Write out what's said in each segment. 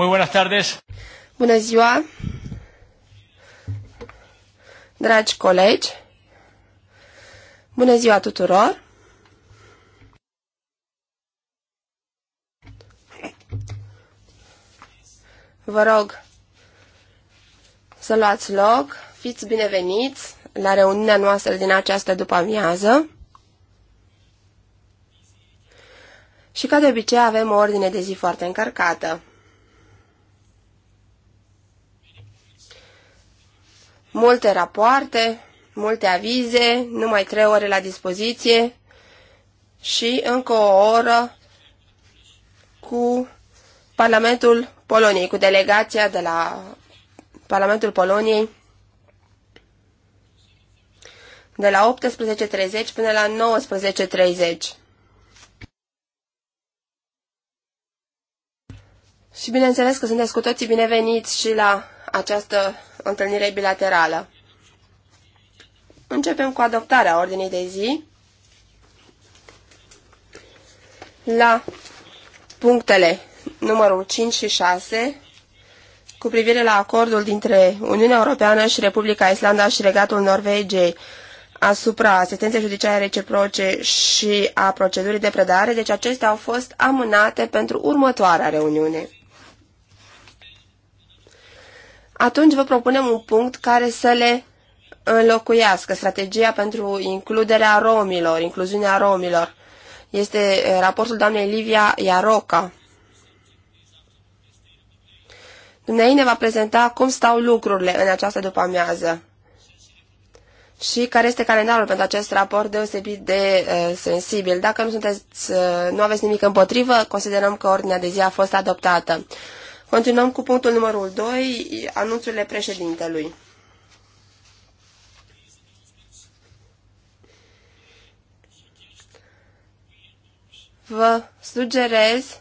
Muy buenas tardes. Bună ziua, dragi colegi. Bună ziua tuturor. Vă rog să luați loc, fiți bineveniți la reuniunea noastră din această după-amiază. Și ca de obicei avem o ordine de zi foarte încărcată. multe rapoarte, multe avize, numai trei ore la dispoziție și încă o oră cu Parlamentul Poloniei, cu delegația de la Parlamentul Poloniei de la 18.30 până la 19.30. Și bineînțeles că sunteți cu toții bineveniți și la această întâlnire bilaterală. Începem cu adoptarea ordinii de zi. La punctele numărul 5 și 6 cu privire la acordul dintre Uniunea Europeană și Republica Islanda și Regatul Norvegiei asupra asistenței judiciare reciproce și a procedurii de predare, deci acestea au fost amânate pentru următoarea reuniune atunci vă propunem un punct care să le înlocuiască strategia pentru includerea romilor, incluziunea romilor. Este eh, raportul doamnei Livia Iaroca. Dumnezeu ne va prezenta cum stau lucrurile în această după-amiază și care este calendarul pentru acest raport deosebit de uh, sensibil. Dacă nu, sunteți, uh, nu aveți nimic împotrivă, considerăm că ordinea de zi a fost adoptată. Continuăm cu punctul numărul 2, anunțurile președintelui. Vă sugerez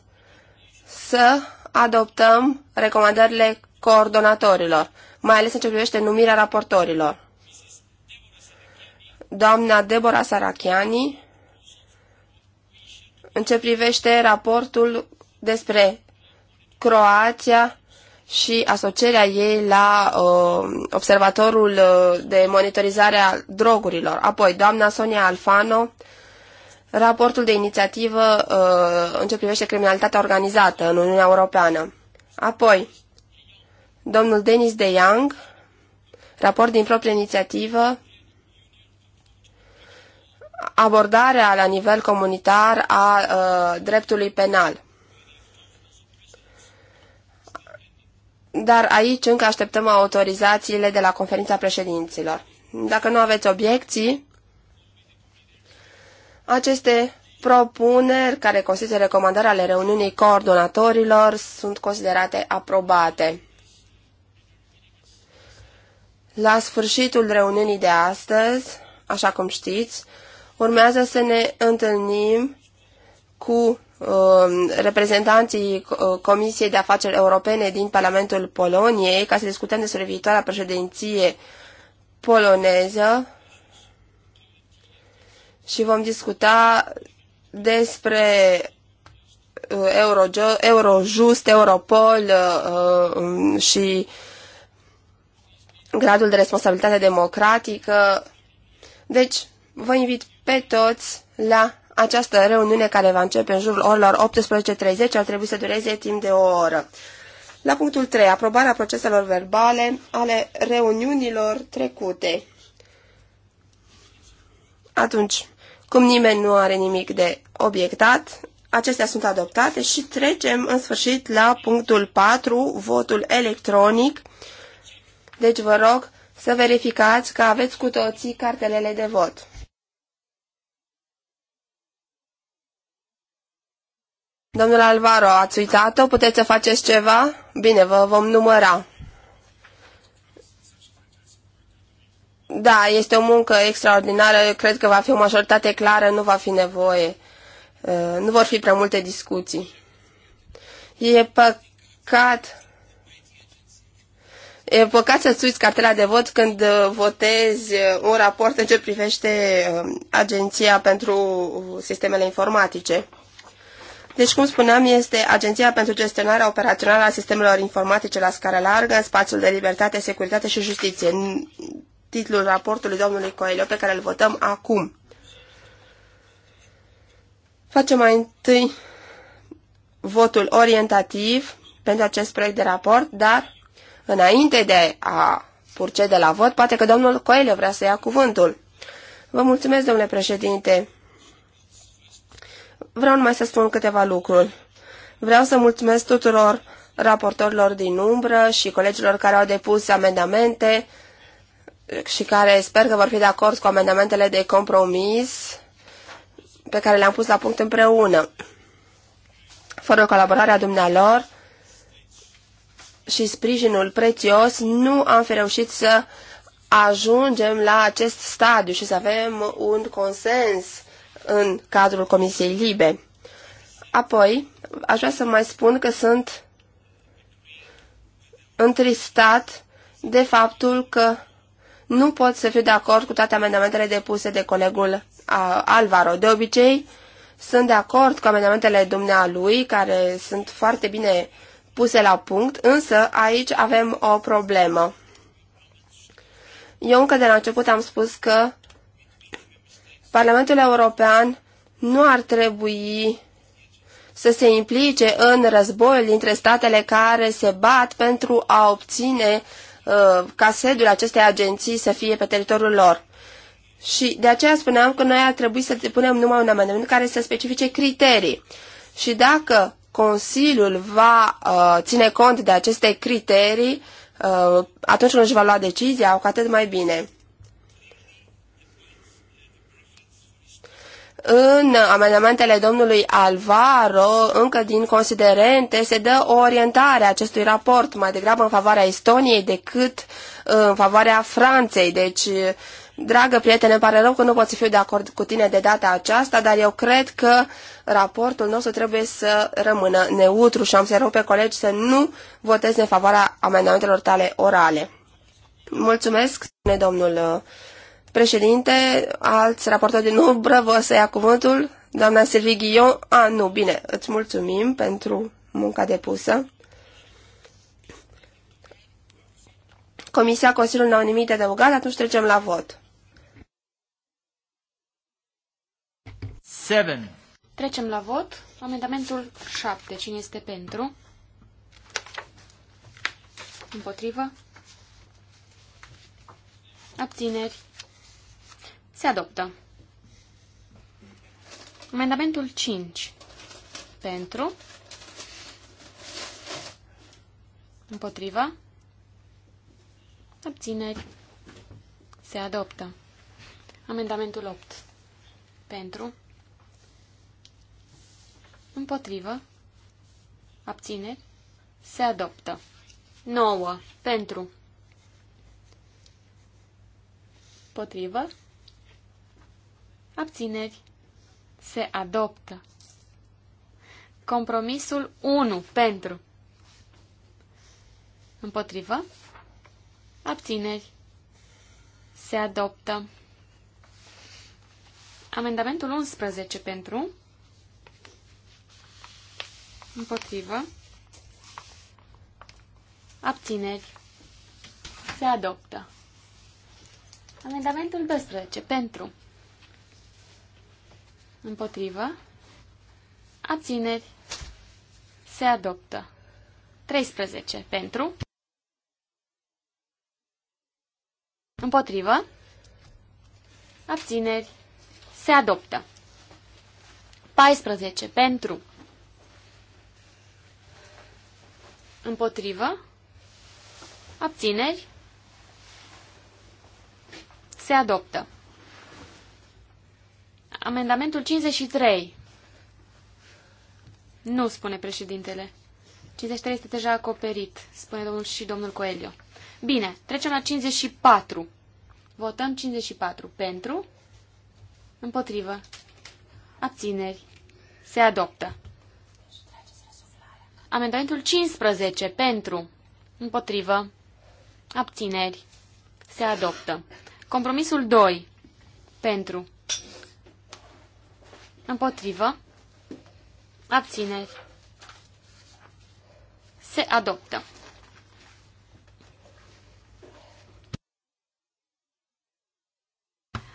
să adoptăm recomandările coordonatorilor, mai ales în ce privește numirea raportorilor. Doamna Deborah Sarachiani, în ce privește raportul despre Croația și asocierea ei la uh, observatorul uh, de monitorizare a drogurilor. Apoi, doamna Sonia Alfano, raportul de inițiativă uh, în ce privește criminalitatea organizată în Uniunea Europeană. Apoi, domnul Denis de Young, raport din proprie inițiativă, abordarea la nivel comunitar a uh, dreptului penal. dar aici încă așteptăm autorizațiile de la conferința președinților. Dacă nu aveți obiecții, aceste propuneri care constituie recomandarea ale reuniunii coordonatorilor sunt considerate aprobate. La sfârșitul reuniunii de astăzi, așa cum știți, urmează să ne întâlnim cu Um, reprezentanții uh, Comisiei de Afaceri Europene din Parlamentul Poloniei ca să discutăm despre viitoarea președinție poloneză și vom discuta despre uh, Eurojust, Europol uh, um, și gradul de responsabilitate democratică. Deci, vă invit pe toți la această reuniune care va începe în jurul orelor 18.30 ar trebui să dureze timp de o oră. La punctul 3. Aprobarea proceselor verbale ale reuniunilor trecute. Atunci, cum nimeni nu are nimic de obiectat, acestea sunt adoptate și trecem în sfârșit la punctul 4, votul electronic. Deci vă rog să verificați că aveți cu toții cartelele de vot. Domnul Alvaro, ați uitat-o? Puteți să faceți ceva? Bine, vă vom număra. Da, este o muncă extraordinară, cred că va fi o majoritate clară, nu va fi nevoie. Uh, nu vor fi prea multe discuții. E păcat. E păcat să-ți uiți cartela de vot când uh, votezi uh, un raport în ce privește Agenția pentru Sistemele Informatice. Deci, cum spuneam, este Agenția pentru Gestionarea Operațională a Sistemelor Informatice la scară largă în spațiul de libertate, securitate și justiție, în titlul raportului domnului Coelho pe care îl votăm acum. Facem mai întâi votul orientativ pentru acest proiect de raport, dar înainte de a purce de la vot, poate că domnul Coelho vrea să ia cuvântul. Vă mulțumesc, domnule președinte. Vreau numai să spun câteva lucruri. Vreau să mulțumesc tuturor raportorilor din umbră și colegilor care au depus amendamente și care sper că vor fi de acord cu amendamentele de compromis pe care le-am pus la punct împreună. Fără colaborarea dumnealor și sprijinul prețios, nu am fi reușit să ajungem la acest stadiu și să avem un consens în cadrul Comisiei Libe. Apoi, aș vrea să mai spun că sunt întristat de faptul că nu pot să fiu de acord cu toate amendamentele depuse de colegul Alvaro. De obicei, sunt de acord cu amendamentele dumnealui, care sunt foarte bine puse la punct, însă aici avem o problemă. Eu încă de la început am spus că Parlamentul European nu ar trebui să se implice în războiul dintre statele care se bat pentru a obține uh, ca sediul acestei agenții să fie pe teritoriul lor. Și de aceea spuneam că noi ar trebui să punem numai un amendament care să specifice criterii. Și dacă Consiliul va uh, ține cont de aceste criterii, uh, atunci când își va lua decizia, o cu atât mai bine. în amendamentele domnului Alvaro, încă din considerente, se dă o orientare a acestui raport, mai degrabă în favoarea Estoniei decât uh, în favoarea Franței. Deci, dragă prietene, îmi pare rău că nu pot să fiu de acord cu tine de data aceasta, dar eu cred că raportul nostru trebuie să rămână neutru și am să rog pe colegi să nu voteze în favoarea amendamentelor tale orale. Mulțumesc, domnule. domnul uh, Președinte, alți raportori din umbră vă să ia cuvântul. Doamna Sylvie Ghion, a, nu, bine, îți mulțumim pentru munca depusă. Comisia Consiliului n-au nimic de adăugat, atunci trecem la vot. 7. Trecem la vot. Amendamentul 7. Cine este pentru? Împotrivă? Abțineri? Se adoptă. Amendamentul 5. Pentru. Împotriva. Abțineri. Se adoptă. Amendamentul 8. Pentru. Împotrivă. Abțineri. Se adoptă. 9. Pentru. Potrivă abțineri, se adoptă. Compromisul 1 pentru. Împotrivă. Abțineri. Se adoptă. Amendamentul 11 pentru. Împotrivă. Abțineri. Se adoptă. Amendamentul 12 pentru. Împotrivă. Abțineri. Se adoptă. 13. Pentru. Împotrivă. Abțineri. Se adoptă. 14. Pentru. Împotrivă. Abțineri. Se adoptă. Amendamentul 53. Nu, spune președintele. 53 este deja acoperit, spune domnul și domnul Coelio. Bine, trecem la 54. Votăm 54. Pentru? Împotrivă. Abțineri. Se adoptă. Amendamentul 15. Pentru. Împotrivă. Abțineri. Se adoptă. Compromisul 2. Pentru. Împotrivă. Abțineri. Se adoptă.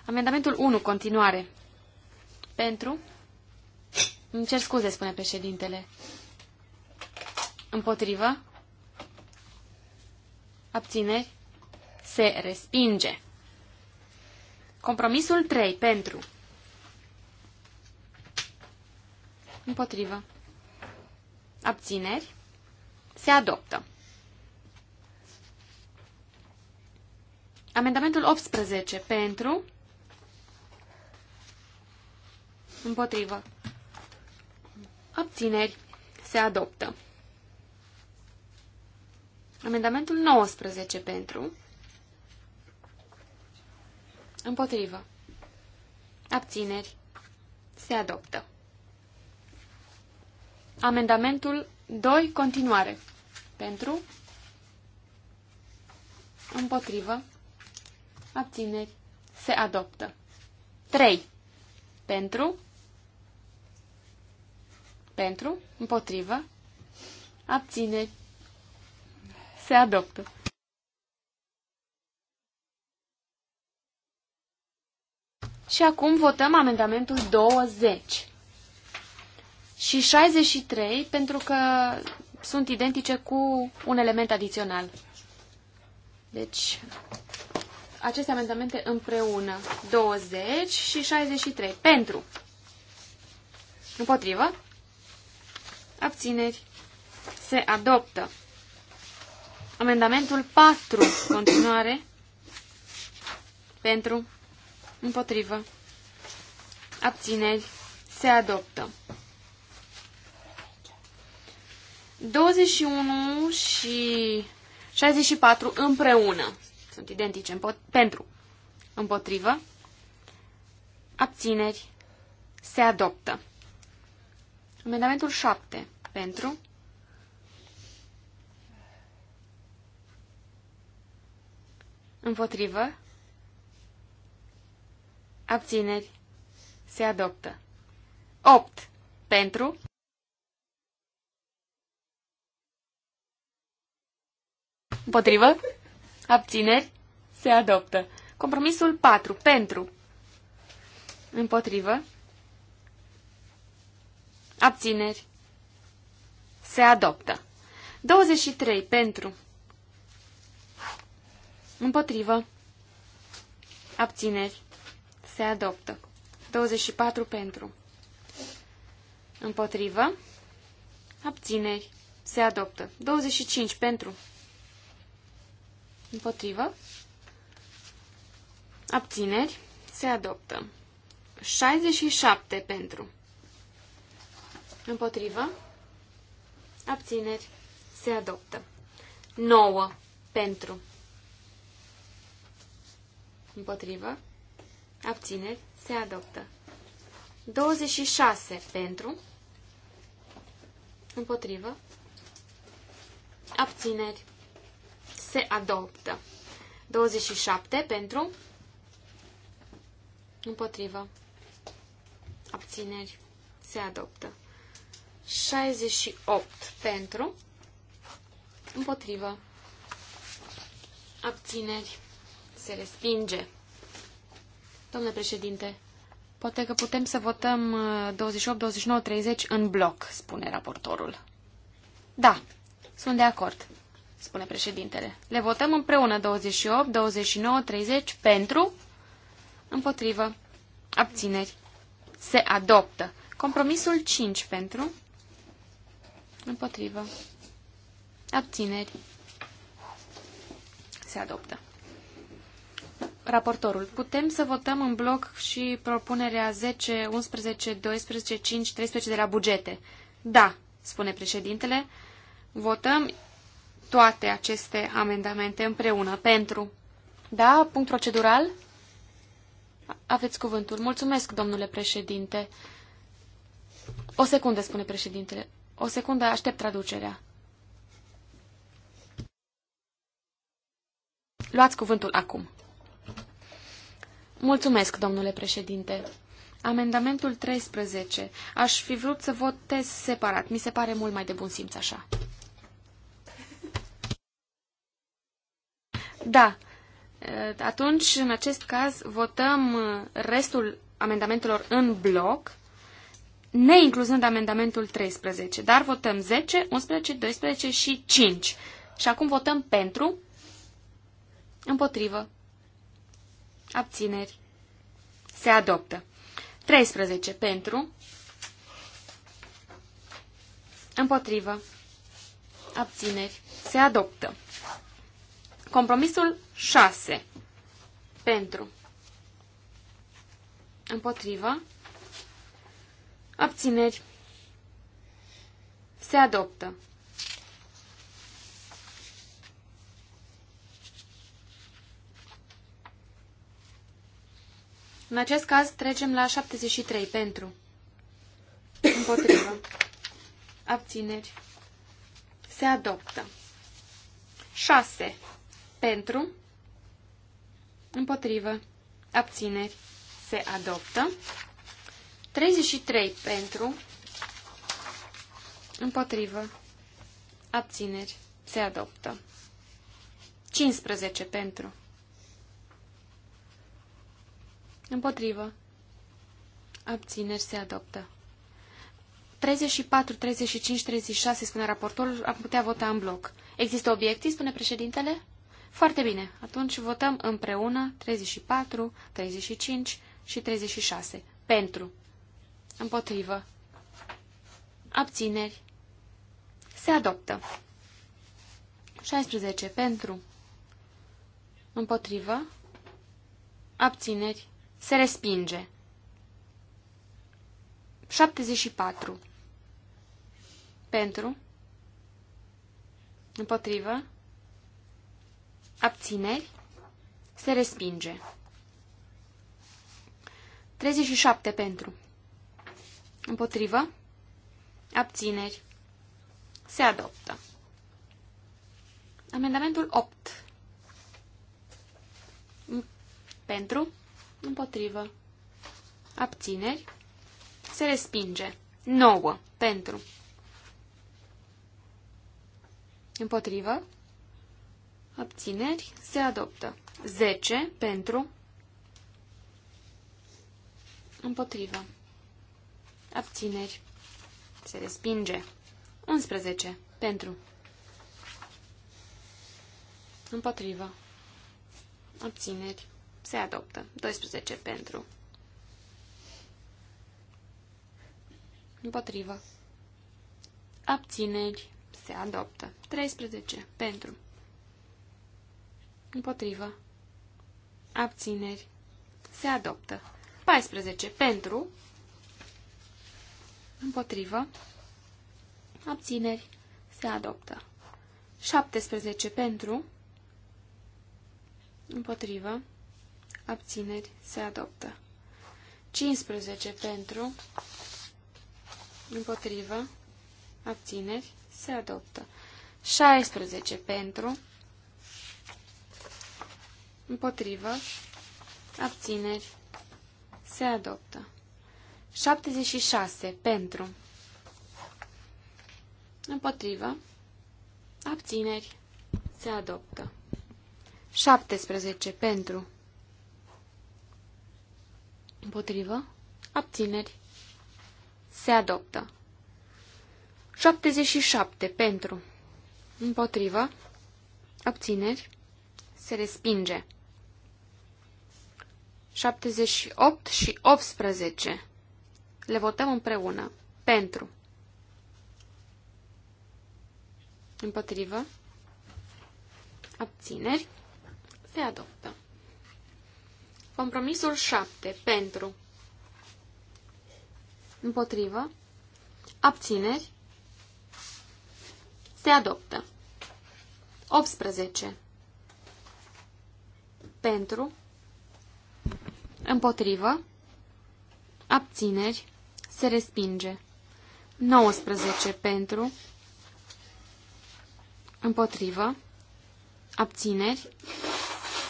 Amendamentul 1, continuare. Pentru? Îmi cer scuze, spune președintele. Împotrivă? Abțineri? Se respinge. Compromisul 3, pentru. Împotrivă. Abțineri. Se adoptă. Amendamentul 18. Pentru. Împotrivă. Abțineri. Se adoptă. Amendamentul 19. Pentru. Împotrivă. Abțineri. Se adoptă. Amendamentul 2, continuare. Pentru, împotrivă, abțineri, se adoptă. 3. Pentru, pentru, împotrivă, abțineri, se adoptă. Și acum votăm amendamentul 20 și 63 pentru că sunt identice cu un element adițional. Deci, aceste amendamente împreună, 20 și 63, pentru, împotrivă, abțineri, se adoptă. Amendamentul 4, continuare, pentru, împotrivă, abțineri, se adoptă. 21 și 64 împreună. Sunt identice împot pentru. Împotrivă. Abțineri. Se adoptă. Amendamentul 7. Pentru. Împotrivă. Abțineri. Se adoptă. 8. Pentru. Împotrivă? Abțineri? Se adoptă. Compromisul 4. Pentru. Împotrivă? Abțineri? Se adoptă. 23. Pentru. Împotrivă. Abțineri. Se adoptă. 24 pentru. Împotrivă. Abțineri. Se adoptă. 25 pentru. Împotrivă. Abțineri. Se adoptă. 67 pentru. Împotrivă. Abțineri. Se adoptă. 9 pentru. Împotrivă. Abțineri. Se adoptă. 26 pentru. Împotrivă. Abțineri se adoptă. 27 pentru, împotrivă, abțineri, se adoptă. 68 pentru, împotrivă, abțineri, se respinge. Domnule președinte, poate că putem să votăm 28, 29, 30 în bloc, spune raportorul. Da, sunt de acord spune președintele. Le votăm împreună 28, 29, 30 pentru, împotrivă, abțineri. Se adoptă. Compromisul 5 pentru, împotrivă, abțineri. Se adoptă. Raportorul, putem să votăm în bloc și propunerea 10, 11, 12, 5, 13 de la bugete. Da, spune președintele. Votăm toate aceste amendamente împreună. Pentru. Da? Punct procedural? Aveți cuvântul. Mulțumesc, domnule președinte. O secundă, spune președintele. O secundă, aștept traducerea. Luați cuvântul acum. Mulțumesc, domnule președinte. Amendamentul 13. Aș fi vrut să votez separat. Mi se pare mult mai de bun simț așa. Da. Atunci, în acest caz, votăm restul amendamentelor în bloc, neincluzând amendamentul 13, dar votăm 10, 11, 12 și 5. Și acum votăm pentru, împotrivă, abțineri, se adoptă. 13 pentru, împotrivă, abțineri, se adoptă. Compromisul 6. Pentru. Împotrivă. Abțineri. Se adoptă. În acest caz trecem la 73. Pentru. Împotrivă. Abțineri. Se adoptă. 6 pentru, împotrivă, abțineri, se adoptă. 33 pentru, împotrivă, abțineri, se adoptă. 15 pentru, împotrivă, abțineri, se adoptă. 34, 35, 36, spune raportorul, am putea vota în bloc. Există obiectii, spune președintele? Foarte bine, atunci votăm împreună 34, 35 și 36. Pentru. Împotrivă. Abțineri. Se adoptă. 16. Pentru. Împotrivă. Abțineri. Se respinge. 74. Pentru. Împotrivă. Abțineri. Se respinge. 37 pentru. Împotrivă. Abțineri. Se adoptă. Amendamentul 8. Pentru. Împotrivă. Abțineri. Se respinge. 9. Pentru. Împotrivă. Abțineri. Se adoptă. 10 pentru. Împotrivă. Abțineri. Se respinge. 11 pentru. Împotrivă. Abțineri. Se adoptă. 12 pentru. Împotrivă. Abțineri. Se adoptă. 13 pentru. Împotrivă. Abțineri. Se adoptă. 14. Pentru. Împotrivă. Abțineri. Se adoptă. 17. Pentru. Împotrivă. Abțineri. Se adoptă. 15. Pentru. Împotrivă. Abțineri. Se adoptă. 16. Pentru. Împotrivă. Abțineri. Se adoptă. 76. Pentru. Împotrivă. Abțineri. Se adoptă. 17. Pentru. Împotrivă. Abțineri. Se adoptă. 77. Pentru. Împotrivă. Abțineri. Se respinge. 78 și 18. Le votăm împreună. Pentru. Împotrivă. Abțineri. Se adoptă. Compromisul 7. Pentru. Împotrivă. Abțineri. Se adoptă. 18. Pentru. Împotrivă. Abțineri. Se respinge. 19 pentru. Împotrivă. Abțineri.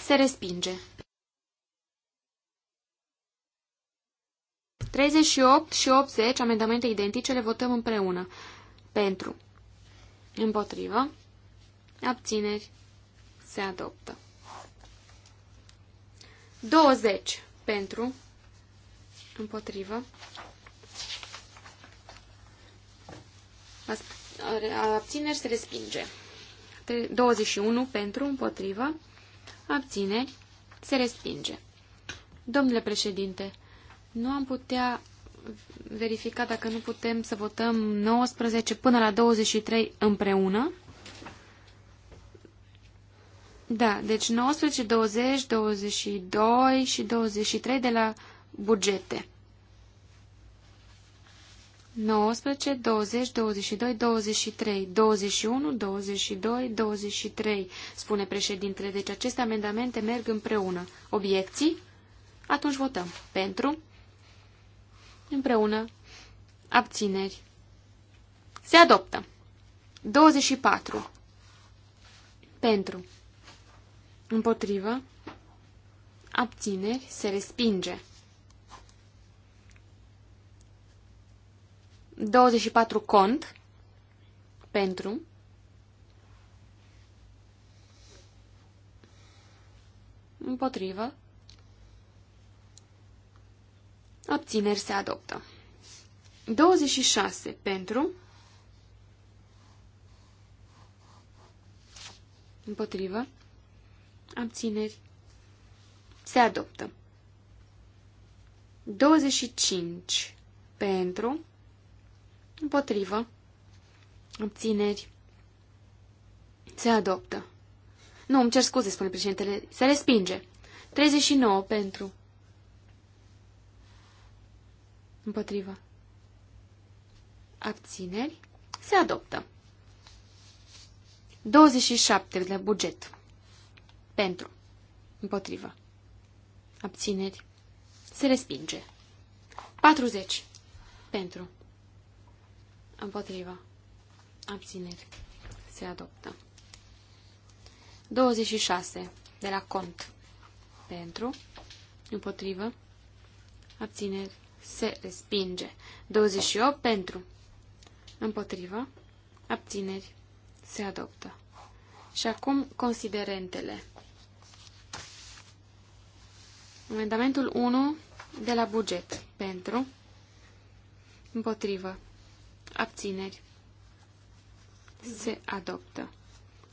Se respinge. 38 și 80, amendamente identice, le votăm împreună. Pentru. Împotrivă. Abțineri. Se adoptă. 20 pentru, împotrivă, abțineri se respinge. 21 pentru, împotrivă, abțineri se respinge. Domnule președinte, nu am putea verifica dacă nu putem să votăm 19 până la 23 împreună? Da, deci 19, 20, 22 și 23 de la bugete. 19, 20, 22, 23, 21, 22, 23, spune președintele. Deci aceste amendamente merg împreună. Obiecții? Atunci votăm. Pentru? Împreună. Abțineri. Se adoptă. 24. Pentru. Împotrivă. Abțineri. Se respinge. 24 cont. Pentru. Împotrivă. Abțineri se adoptă. 26 pentru. Împotrivă abțineri, se adoptă. 25 pentru, împotrivă, abțineri, se adoptă. Nu, îmi cer scuze, spune președintele, se respinge. 39 pentru, împotrivă, abțineri, se adoptă. 27 de buget. Pentru. Împotrivă. Abțineri. Se respinge. 40. Pentru. Împotrivă. Abțineri. Se adoptă. 26. De la cont. Pentru. Împotrivă. Abțineri. Se respinge. 28. Pentru. Împotrivă. Abțineri. Se adoptă. Și acum considerentele. Amendamentul 1 de la buget. Pentru. Împotrivă. Abțineri. Se adoptă.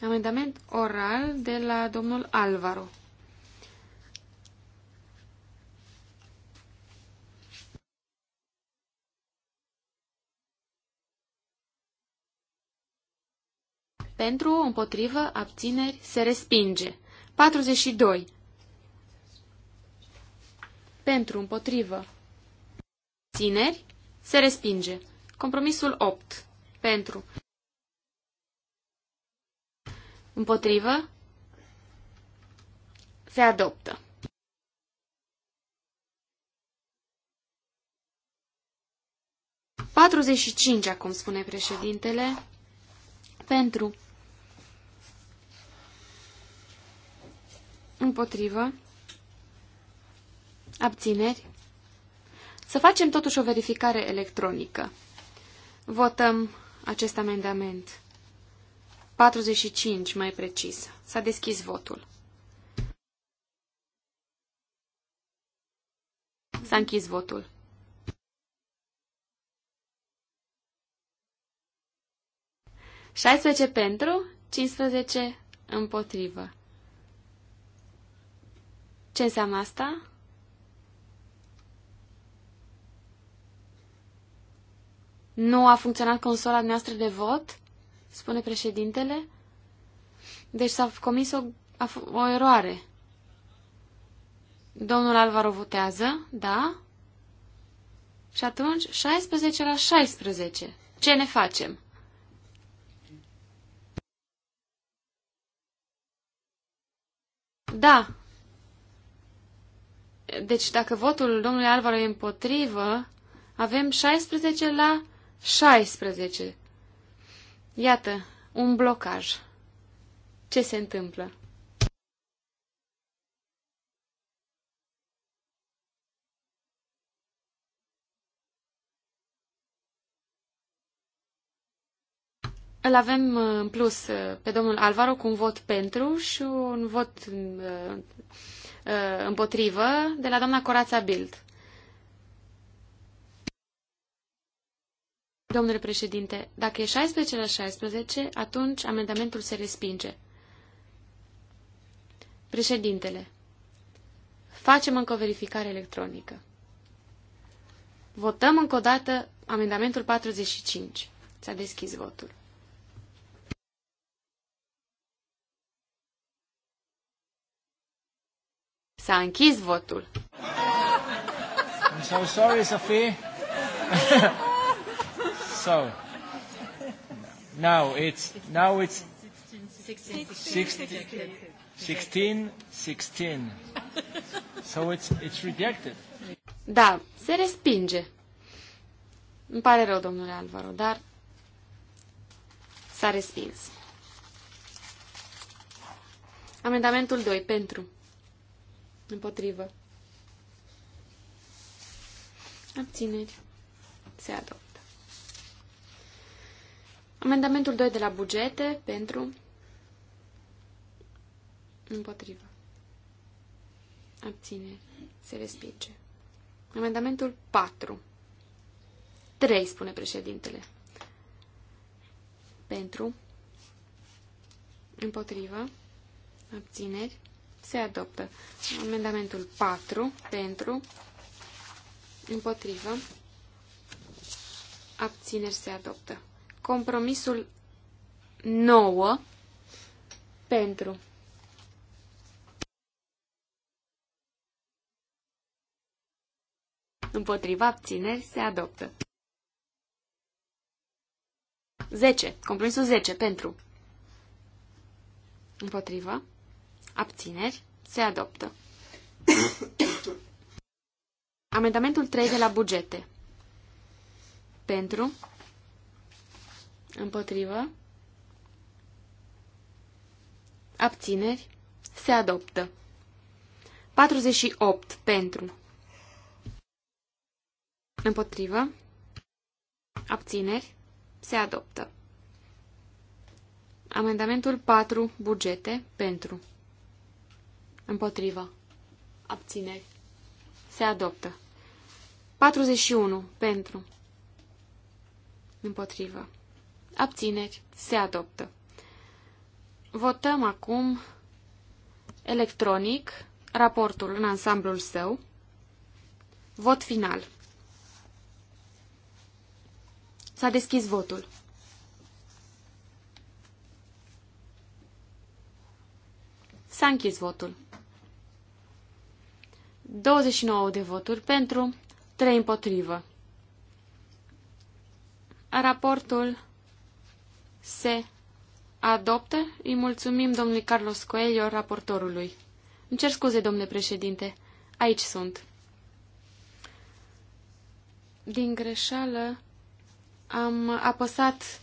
Amendament oral de la domnul Alvaro. Pentru, împotrivă, abțineri, se respinge. 42. Pentru, împotrivă. Țineri? Se respinge. Compromisul 8. Pentru. Împotrivă? Se adoptă. Patruzeci și cinci, acum spune președintele, pentru, împotrivă, Abțineri? Să facem totuși o verificare electronică. Votăm acest amendament. 45, mai precis. S-a deschis votul. S-a închis votul. Șaisprezece pentru, 15 împotrivă. Ce înseamnă asta? Nu a funcționat consola noastră de vot? Spune președintele. Deci s-a comis o, o eroare. Domnul Alvaro votează, da? Și atunci, 16 la 16. Ce ne facem? Da. Deci dacă votul domnului Alvaro e împotrivă, avem 16 la 16. Iată, un blocaj. Ce se întâmplă? Îl avem uh, în plus uh, pe domnul Alvaro cu un vot pentru și un vot uh, împotrivă de la doamna Corața Bild. Domnule președinte, dacă e 16 la 16, atunci amendamentul se respinge. Președintele, facem încă o verificare electronică. Votăm încă o dată amendamentul 45. S-a deschis votul. S-a închis votul. I'm so sorry, Sophie. So now it's now it's 16 16 So it's it's rejected. Da, se respinge. Îmi pare rău, domnule Alvaro, dar s-a respins. Amendamentul 2. Pentru. Împotrivă. Abțineri. Se adoptă. Amendamentul 2 de la bugete pentru împotrivă. Abține. Se respinge. Amendamentul 4. 3, spune președintele. Pentru împotrivă. Abțineri. Se adoptă. Amendamentul 4 pentru împotrivă. Abțineri se adoptă compromisul 9 pentru. Împotriva abțineri se adoptă. 10. Compromisul 10 pentru. Împotriva abțineri se adoptă. Amendamentul 3 de la bugete. Pentru. Împotrivă. Abțineri. Se adoptă. 48. Pentru. Împotrivă. Abțineri. Se adoptă. Amendamentul 4. Bugete. Pentru. Împotrivă. Abțineri. Se adoptă. 41. Pentru. Împotrivă. Abțineri. Se adoptă. Votăm acum electronic raportul în ansamblul său. Vot final. S-a deschis votul. S-a închis votul. 29 de voturi pentru, 3 împotrivă. Raportul se adoptă. Îi mulțumim domnului Carlos Coelho, raportorului. Îmi cer scuze, domnule președinte. Aici sunt. Din greșeală am apăsat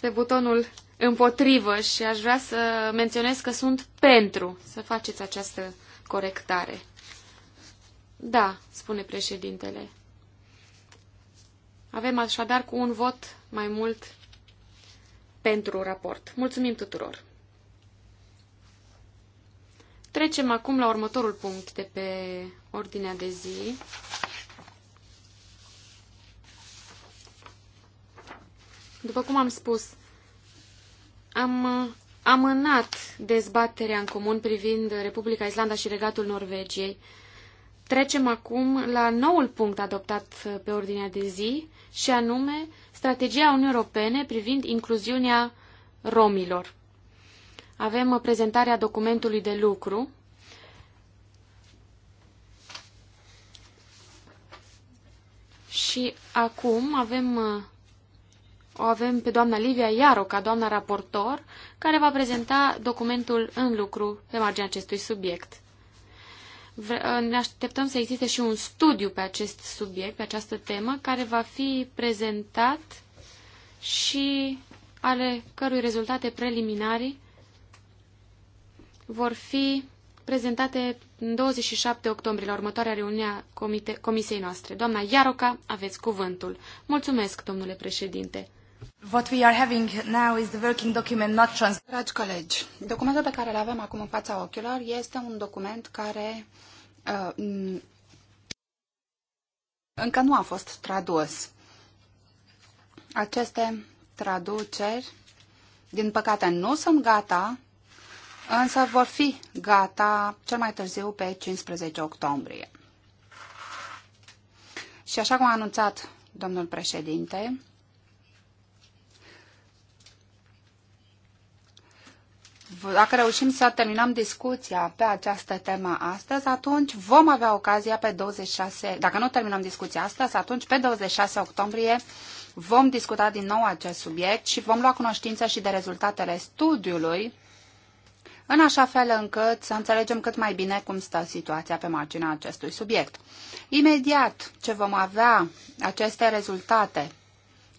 pe butonul împotrivă și aș vrea să menționez că sunt pentru să faceți această corectare. Da, spune președintele. Avem așadar cu un vot mai mult pentru raport. Mulțumim tuturor! Trecem acum la următorul punct de pe ordinea de zi. După cum am spus, am amânat dezbaterea în comun privind Republica Islanda și Regatul Norvegiei. Trecem acum la noul punct adoptat pe ordinea de zi, și anume strategia Uniunii Europene privind incluziunea romilor. Avem uh, prezentarea documentului de lucru. Și acum avem, uh, o avem pe doamna Livia Iaro ca doamna raportor, care va prezenta documentul în lucru pe marginea acestui subiect. Ă, ne așteptăm să existe și un studiu pe acest subiect, pe această temă, care va fi prezentat și ale cărui rezultate preliminare vor fi prezentate în 27 octombrie la următoarea reuniune a comisiei noastre. Doamna Iaroca, aveți cuvântul. Mulțumesc, domnule președinte. What we are having now is the working document not trans Dragi colegi, documentul pe care îl avem acum în fața ochilor este un document care uh, încă nu a fost tradus. Aceste traduceri, din păcate, nu sunt gata, însă vor fi gata cel mai târziu pe 15 octombrie. Și așa cum a anunțat domnul președinte, dacă reușim să terminăm discuția pe această temă astăzi, atunci vom avea ocazia pe 26, dacă nu terminăm discuția astăzi, atunci pe 26 octombrie vom discuta din nou acest subiect și vom lua cunoștință și de rezultatele studiului, în așa fel încât să înțelegem cât mai bine cum stă situația pe marginea acestui subiect. Imediat ce vom avea aceste rezultate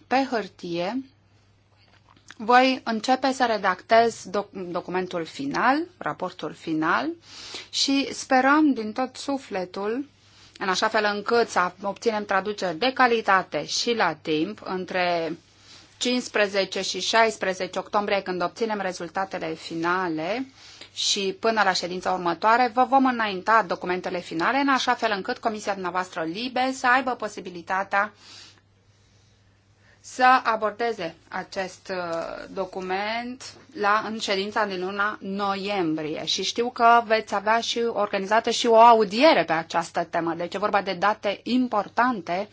pe hârtie, voi începe să redactez doc documentul final, raportul final și sperăm din tot sufletul, în așa fel încât să obținem traduceri de calitate și la timp, între 15 și 16 octombrie, când obținem rezultatele finale și până la ședința următoare, vă vom înainta documentele finale, în așa fel încât Comisia dumneavoastră Libe să aibă posibilitatea să abordeze acest uh, document la, în ședința din luna noiembrie. Și știu că veți avea și organizată și o audiere pe această temă. Deci e vorba de date importante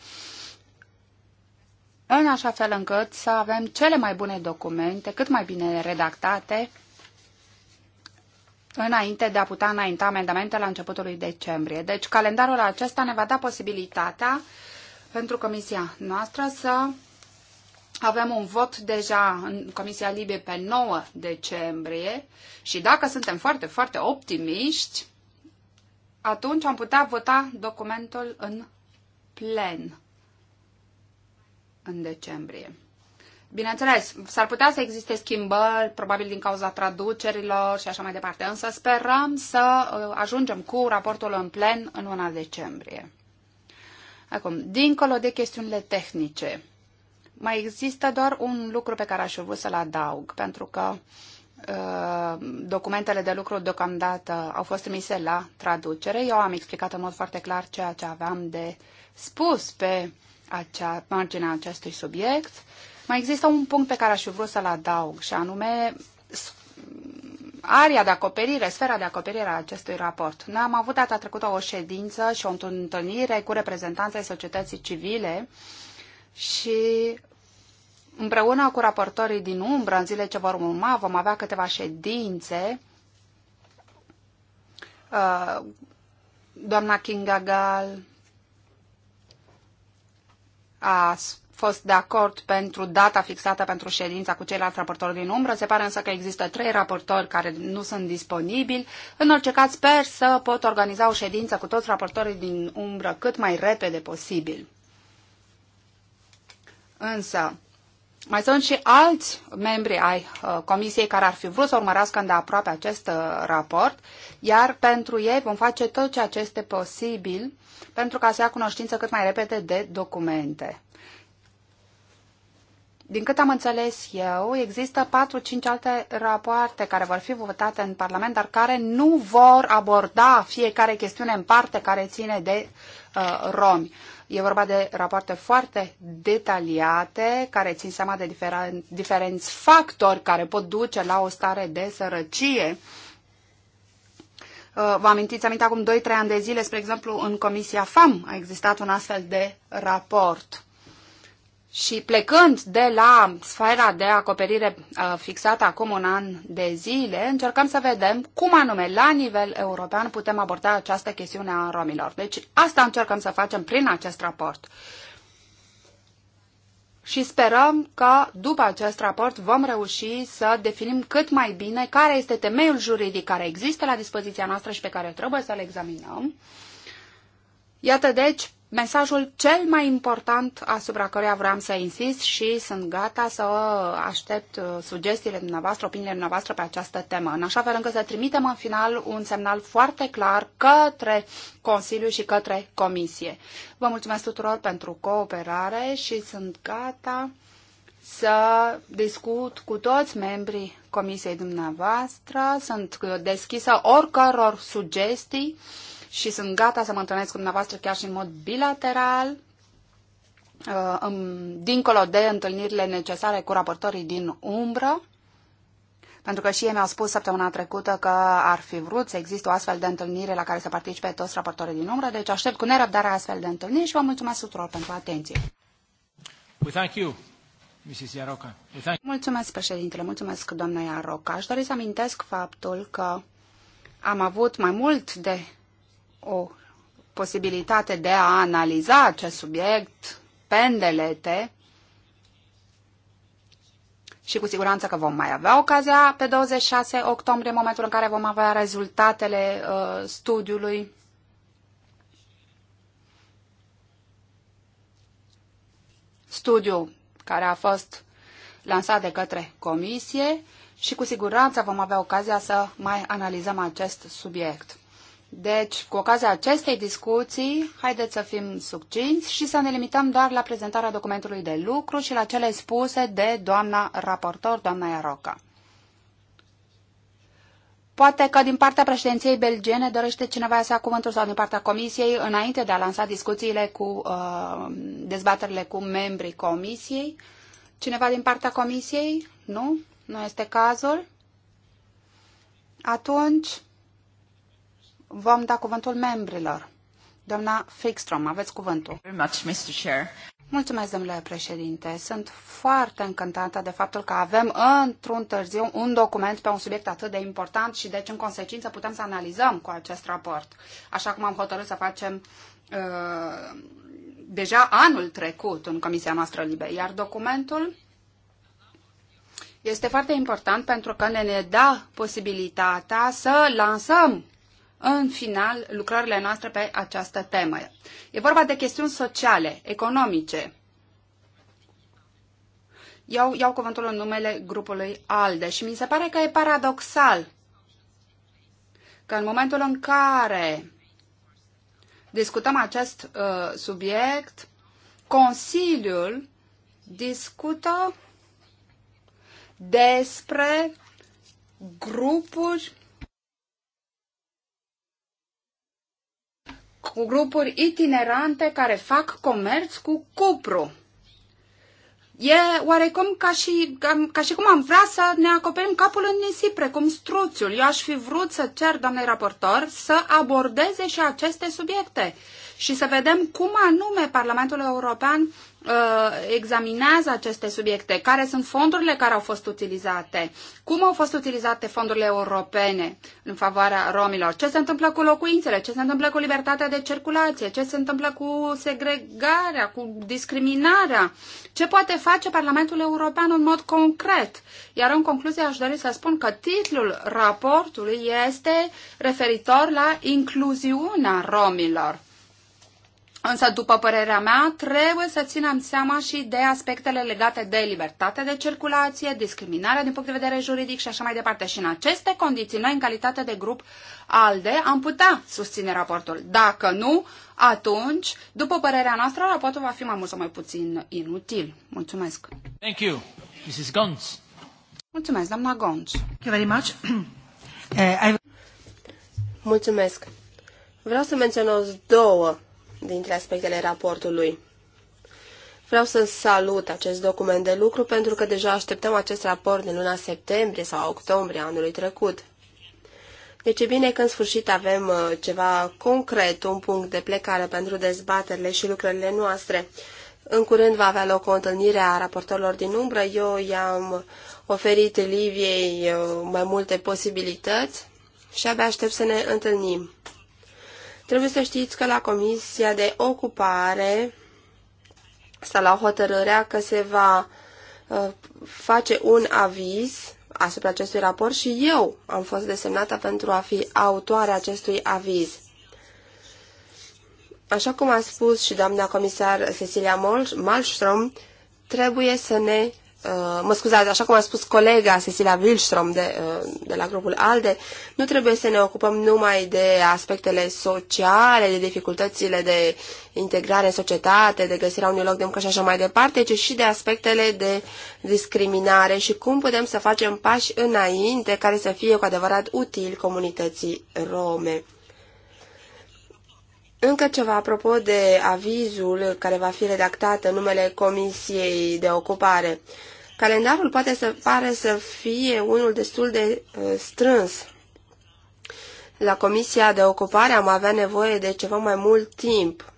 în așa fel încât să avem cele mai bune documente, cât mai bine redactate, înainte de a putea înainta amendamente la începutul lui decembrie. Deci calendarul acesta ne va da posibilitatea pentru comisia noastră să avem un vot deja în Comisia Libie pe 9 decembrie și dacă suntem foarte, foarte optimiști, atunci am putea vota documentul în plen în decembrie. Bineînțeles, s-ar putea să existe schimbări, probabil din cauza traducerilor și așa mai departe, însă sperăm să uh, ajungem cu raportul în plen în luna decembrie. Acum, dincolo de chestiunile tehnice, mai există doar un lucru pe care aș vrea să-l adaug, pentru că uh, documentele de lucru deocamdată au fost trimise la traducere. Eu am explicat în mod foarte clar ceea ce aveam de spus pe acea, marginea acestui subiect. Mai există un punct pe care aș vrea să-l adaug și anume aria de acoperire, sfera de acoperire a acestui raport. Noi am avut data trecută o ședință și o întâlnire cu reprezentanții societății civile uh, și împreună cu raportorii din umbră, în zile ce vor urma, vom avea câteva ședințe. Uh, doamna Kinga Gal a fost de acord pentru data fixată pentru ședința cu ceilalți raportori din umbră. Se pare însă că există trei raportori care nu sunt disponibili. În orice caz, sper să pot organiza o ședință cu toți raportorii din umbră cât mai repede posibil. Însă, mai sunt și alți membri ai uh, comisiei care ar fi vrut să urmărească îndeaproape acest uh, raport, iar pentru ei vom face tot ceea ce este posibil pentru ca să ia cunoștință cât mai repede de documente. Din cât am înțeles eu, există 4-5 alte rapoarte care vor fi votate în Parlament, dar care nu vor aborda fiecare chestiune în parte care ține de uh, romi. E vorba de rapoarte foarte detaliate care țin seama de diferen, diferenți factori care pot duce la o stare de sărăcie. Uh, vă amintiți, aminte acum 2-3 ani de zile, spre exemplu, în Comisia FAM a existat un astfel de raport. Și plecând de la sfera de acoperire uh, fixată acum un an de zile, încercăm să vedem cum anume, la nivel european, putem aborda această chestiune a romilor. Deci asta încercăm să facem prin acest raport. Și sperăm că după acest raport vom reuși să definim cât mai bine care este temeiul juridic care există la dispoziția noastră și pe care trebuie să-l examinăm. Iată deci Mesajul cel mai important asupra căruia vreau să insist și sunt gata să aștept uh, sugestiile dumneavoastră, opiniile dumneavoastră pe această temă, în așa fel încât să trimitem în final un semnal foarte clar către Consiliu și către Comisie. Vă mulțumesc tuturor pentru cooperare și sunt gata să discut cu toți membrii Comisiei dumneavoastră. Sunt deschisă oricăror sugestii și sunt gata să mă întâlnesc cu dumneavoastră chiar și în mod bilateral, uh, dincolo de întâlnirile necesare cu raportorii din umbră, pentru că și ei mi-au spus săptămâna trecută că ar fi vrut să existe o astfel de întâlnire la care să participe toți raportorii din umbră, deci aștept cu nerăbdare astfel de întâlniri și vă mulțumesc tuturor pentru atenție. thank you. Mrs. Mulțumesc, președintele, mulțumesc, doamna Iaroca. Aș dori să amintesc faptul că am avut mai mult de o posibilitate de a analiza acest subiect pendelete și cu siguranță că vom mai avea ocazia pe 26 octombrie, în momentul în care vom avea rezultatele uh, studiului. Studiu care a fost lansat de către comisie și cu siguranță vom avea ocazia să mai analizăm acest subiect. Deci, cu ocazia acestei discuții, haideți să fim succinți și să ne limităm doar la prezentarea documentului de lucru și la cele spuse de doamna raportor, doamna Iaroca. Poate că din partea președinției belgiene dorește cineva să ia cuvântul sau din partea comisiei înainte de a lansa discuțiile cu uh, dezbaterile cu membrii comisiei. Cineva din partea comisiei? Nu? Nu este cazul? Atunci, vom da cuvântul membrilor. Doamna Fickstrom, aveți cuvântul. Mulțumesc, domnule președinte. Sunt foarte încântată de faptul că avem într-un târziu un document pe un subiect atât de important și deci în consecință putem să analizăm cu acest raport, așa cum am hotărât să facem uh, deja anul trecut în Comisia noastră Libe. Iar documentul este foarte important pentru că ne, ne da posibilitatea să lansăm în final lucrările noastre pe această temă. E vorba de chestiuni sociale, economice. Eu iau cuvântul în numele grupului ALDE și mi se pare că e paradoxal că în momentul în care discutăm acest uh, subiect, Consiliul discută despre grupuri cu grupuri itinerante care fac comerț cu cupru. E oarecum ca și, ca, ca și cum am vrea să ne acoperim capul în nisip, precum struțul. Eu aș fi vrut să cer, doamnei raportor, să abordeze și aceste subiecte și să vedem cum anume Parlamentul European Uh, examinează aceste subiecte, care sunt fondurile care au fost utilizate, cum au fost utilizate fondurile europene în favoarea romilor, ce se întâmplă cu locuințele, ce se întâmplă cu libertatea de circulație, ce se întâmplă cu segregarea, cu discriminarea, ce poate face Parlamentul European în mod concret. Iar în concluzie aș dori să spun că titlul raportului este referitor la incluziunea romilor. Însă, după părerea mea, trebuie să ținem seama și de aspectele legate de libertate de circulație, discriminarea din punct de vedere juridic și așa mai departe. Și în aceste condiții, noi, în calitate de grup ALDE, am putea susține raportul. Dacă nu, atunci, după părerea noastră, raportul va fi mai mult sau mai puțin inutil. Mulțumesc! Thank you, Mrs. Gons. Mulțumesc, doamna Gons. Thank you very much. Uh, Mulțumesc! Vreau să menționez două dintre aspectele raportului. Vreau să salut acest document de lucru pentru că deja așteptăm acest raport din luna septembrie sau octombrie anului trecut. Deci e bine că în sfârșit avem uh, ceva concret, un punct de plecare pentru dezbaterile și lucrările noastre. În curând va avea loc o întâlnire a raportorilor din umbră. Eu i-am oferit Liviei uh, mai multe posibilități și abia aștept să ne întâlnim. Trebuie să știți că la Comisia de Ocupare s-a luat hotărârea că se va uh, face un aviz asupra acestui raport și eu am fost desemnată pentru a fi autoare acestui aviz. Așa cum a spus și doamna comisar Cecilia Malmström, trebuie să ne Uh, mă scuzați, așa cum a spus colega Cecilia Wilström de, uh, de la grupul ALDE, nu trebuie să ne ocupăm numai de aspectele sociale, de dificultățile de integrare în societate, de găsirea unui loc de muncă și așa mai departe, ci și de aspectele de discriminare și cum putem să facem pași înainte care să fie cu adevărat util comunității rome. Încă ceva apropo de avizul care va fi redactat în numele Comisiei de Ocupare. Calendarul poate să pare să fie unul destul de uh, strâns. La Comisia de Ocupare am avea nevoie de ceva mai mult timp.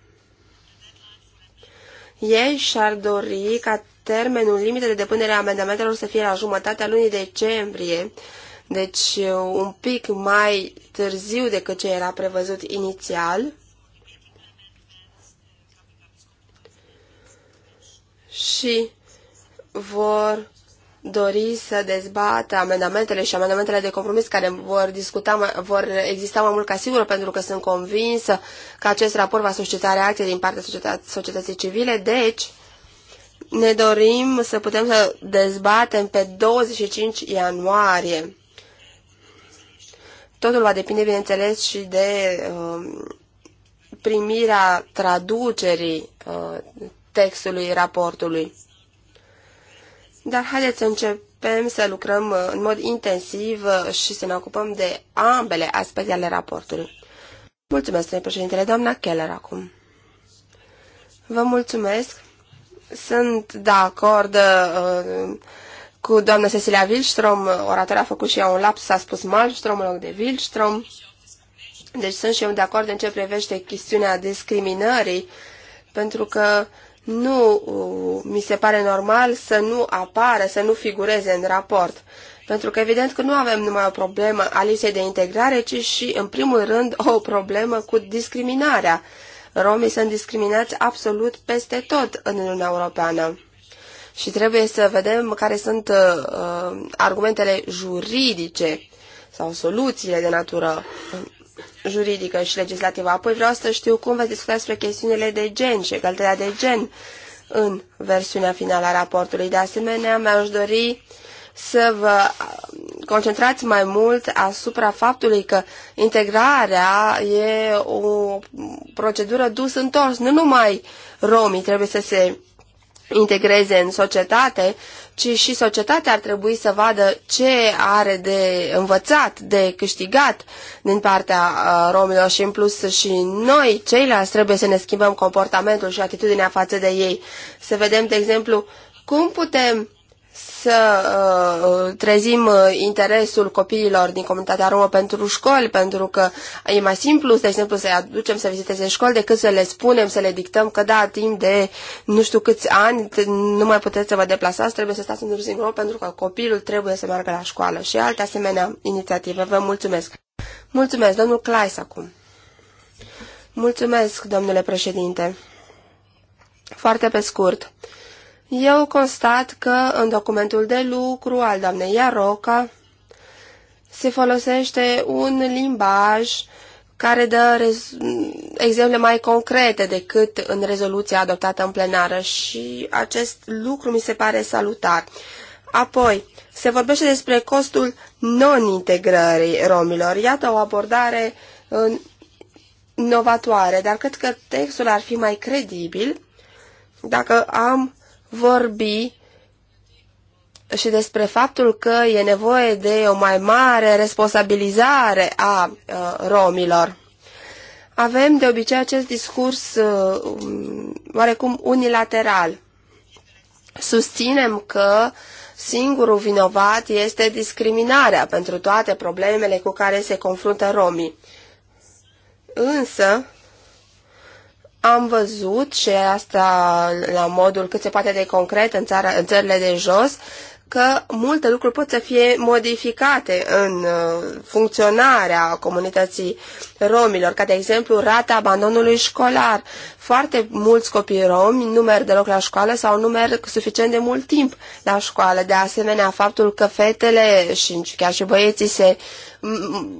Ei și-ar dori ca termenul limite de depunere a amendamentelor să fie la jumătatea lunii decembrie, deci uh, un pic mai târziu decât ce era prevăzut inițial. Și vor dori să dezbată amendamentele și amendamentele de compromis care vor, discuta, vor exista mai mult ca sigur, pentru că sunt convinsă că acest raport va suscita reacție din partea societății civile. Deci, ne dorim să putem să dezbatem pe 25 ianuarie. Totul va depinde, bineînțeles, și de um, primirea traducerii uh, textului raportului. Dar haideți să începem să lucrăm uh, în mod intensiv uh, și să ne ocupăm de ambele aspecte ale raportului. Mulțumesc, domnule președintele. Doamna Keller, acum. Vă mulțumesc. Sunt de acord uh, cu doamna Cecilia Wilström. Oratoria a făcut și ea un laps, s-a spus Malmström în loc de Wilström. Deci sunt și eu de acord în ce privește chestiunea discriminării, pentru că uh, nu uh, mi se pare normal să nu apară, să nu figureze în raport. Pentru că evident că nu avem numai o problemă a lipsei de integrare, ci și, în primul rând, o problemă cu discriminarea. Romii sunt discriminați absolut peste tot în Uniunea Europeană. Și trebuie să vedem care sunt uh, uh argumentele juridice sau soluțiile de natură juridică și legislativă. Apoi vreau să știu cum veți discuta despre chestiunile de gen și egalitatea de gen în versiunea finală a raportului. De asemenea, mi-aș dori să vă concentrați mai mult asupra faptului că integrarea e o procedură dus întors. Nu numai romii trebuie să se integreze în societate, ci și societatea ar trebui să vadă ce are de învățat, de câștigat din partea uh, romilor și în plus și noi, ceilalți, trebuie să ne schimbăm comportamentul și atitudinea față de ei. Să vedem, de exemplu, cum putem să uh, uh, trezim uh, interesul copiilor din comunitatea romă pentru școli, pentru că e mai simplu, de exemplu, să-i aducem să viziteze școli decât să le spunem, să le dictăm că da, timp de nu știu câți ani nu mai puteți să vă deplasați, trebuie să stați în nursing home pentru că copilul trebuie să meargă la școală și alte asemenea inițiative. Vă mulțumesc! Mulțumesc, domnul Clais acum. Mulțumesc, domnule președinte. Foarte pe scurt eu constat că în documentul de lucru al doamnei Iaroca se folosește un limbaj care dă exemple mai concrete decât în rezoluția adoptată în plenară și acest lucru mi se pare salutar. Apoi, se vorbește despre costul non-integrării romilor. Iată o abordare novatoare, dar cred că textul ar fi mai credibil dacă am vorbi și despre faptul că e nevoie de o mai mare responsabilizare a uh, romilor. Avem de obicei acest discurs uh, oarecum unilateral. Susținem că singurul vinovat este discriminarea pentru toate problemele cu care se confruntă romii. Însă, am văzut și asta la modul cât se poate de concret în, țara, în țările de jos, că multe lucruri pot să fie modificate în uh, funcționarea comunității romilor, ca de exemplu rata abandonului școlar. Foarte mulți copii romi nu merg deloc la școală sau nu merg suficient de mult timp la școală. De asemenea, faptul că fetele și chiar și băieții se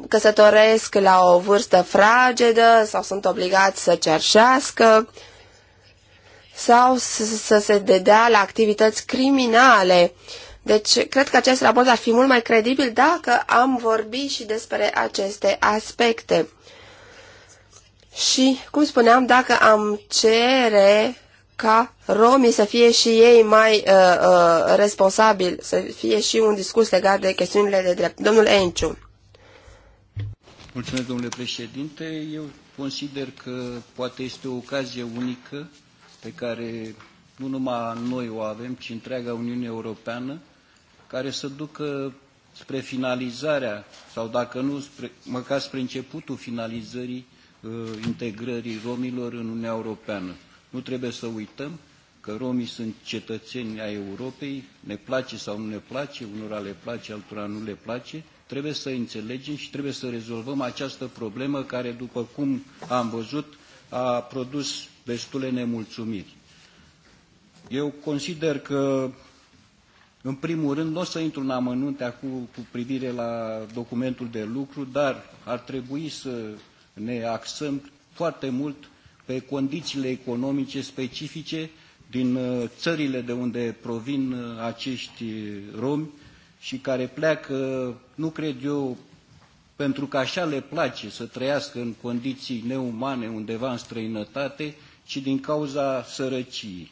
căsătoresc la o vârstă fragedă sau sunt obligați să cerșească sau să se dedea la activități criminale deci, cred că acest raport ar fi mult mai credibil dacă am vorbi și despre aceste aspecte. Și, cum spuneam, dacă am cere ca romii să fie și ei mai uh, uh, responsabili, să fie și un discurs legat de chestiunile de drept. Domnul Enciu. Mulțumesc, domnule președinte. Eu consider că poate este o ocazie unică pe care nu numai noi o avem, ci întreaga Uniune Europeană, care să ducă spre finalizarea sau dacă nu, spre, măcar spre începutul finalizării uh, integrării romilor în Uniunea Europeană. Nu trebuie să uităm că romii sunt cetățeni ai Europei, ne place sau nu ne place, unora le place, altora nu le place, trebuie să înțelegem și trebuie să rezolvăm această problemă care, după cum am văzut, a produs destule nemulțumiri. Eu consider că în primul rând, nu o să intru în amănunte acum cu privire la documentul de lucru, dar ar trebui să ne axăm foarte mult pe condițiile economice specifice din uh, țările de unde provin uh, acești romi și care pleacă, nu cred eu, pentru că așa le place să trăiască în condiții neumane undeva în străinătate, ci din cauza sărăciei.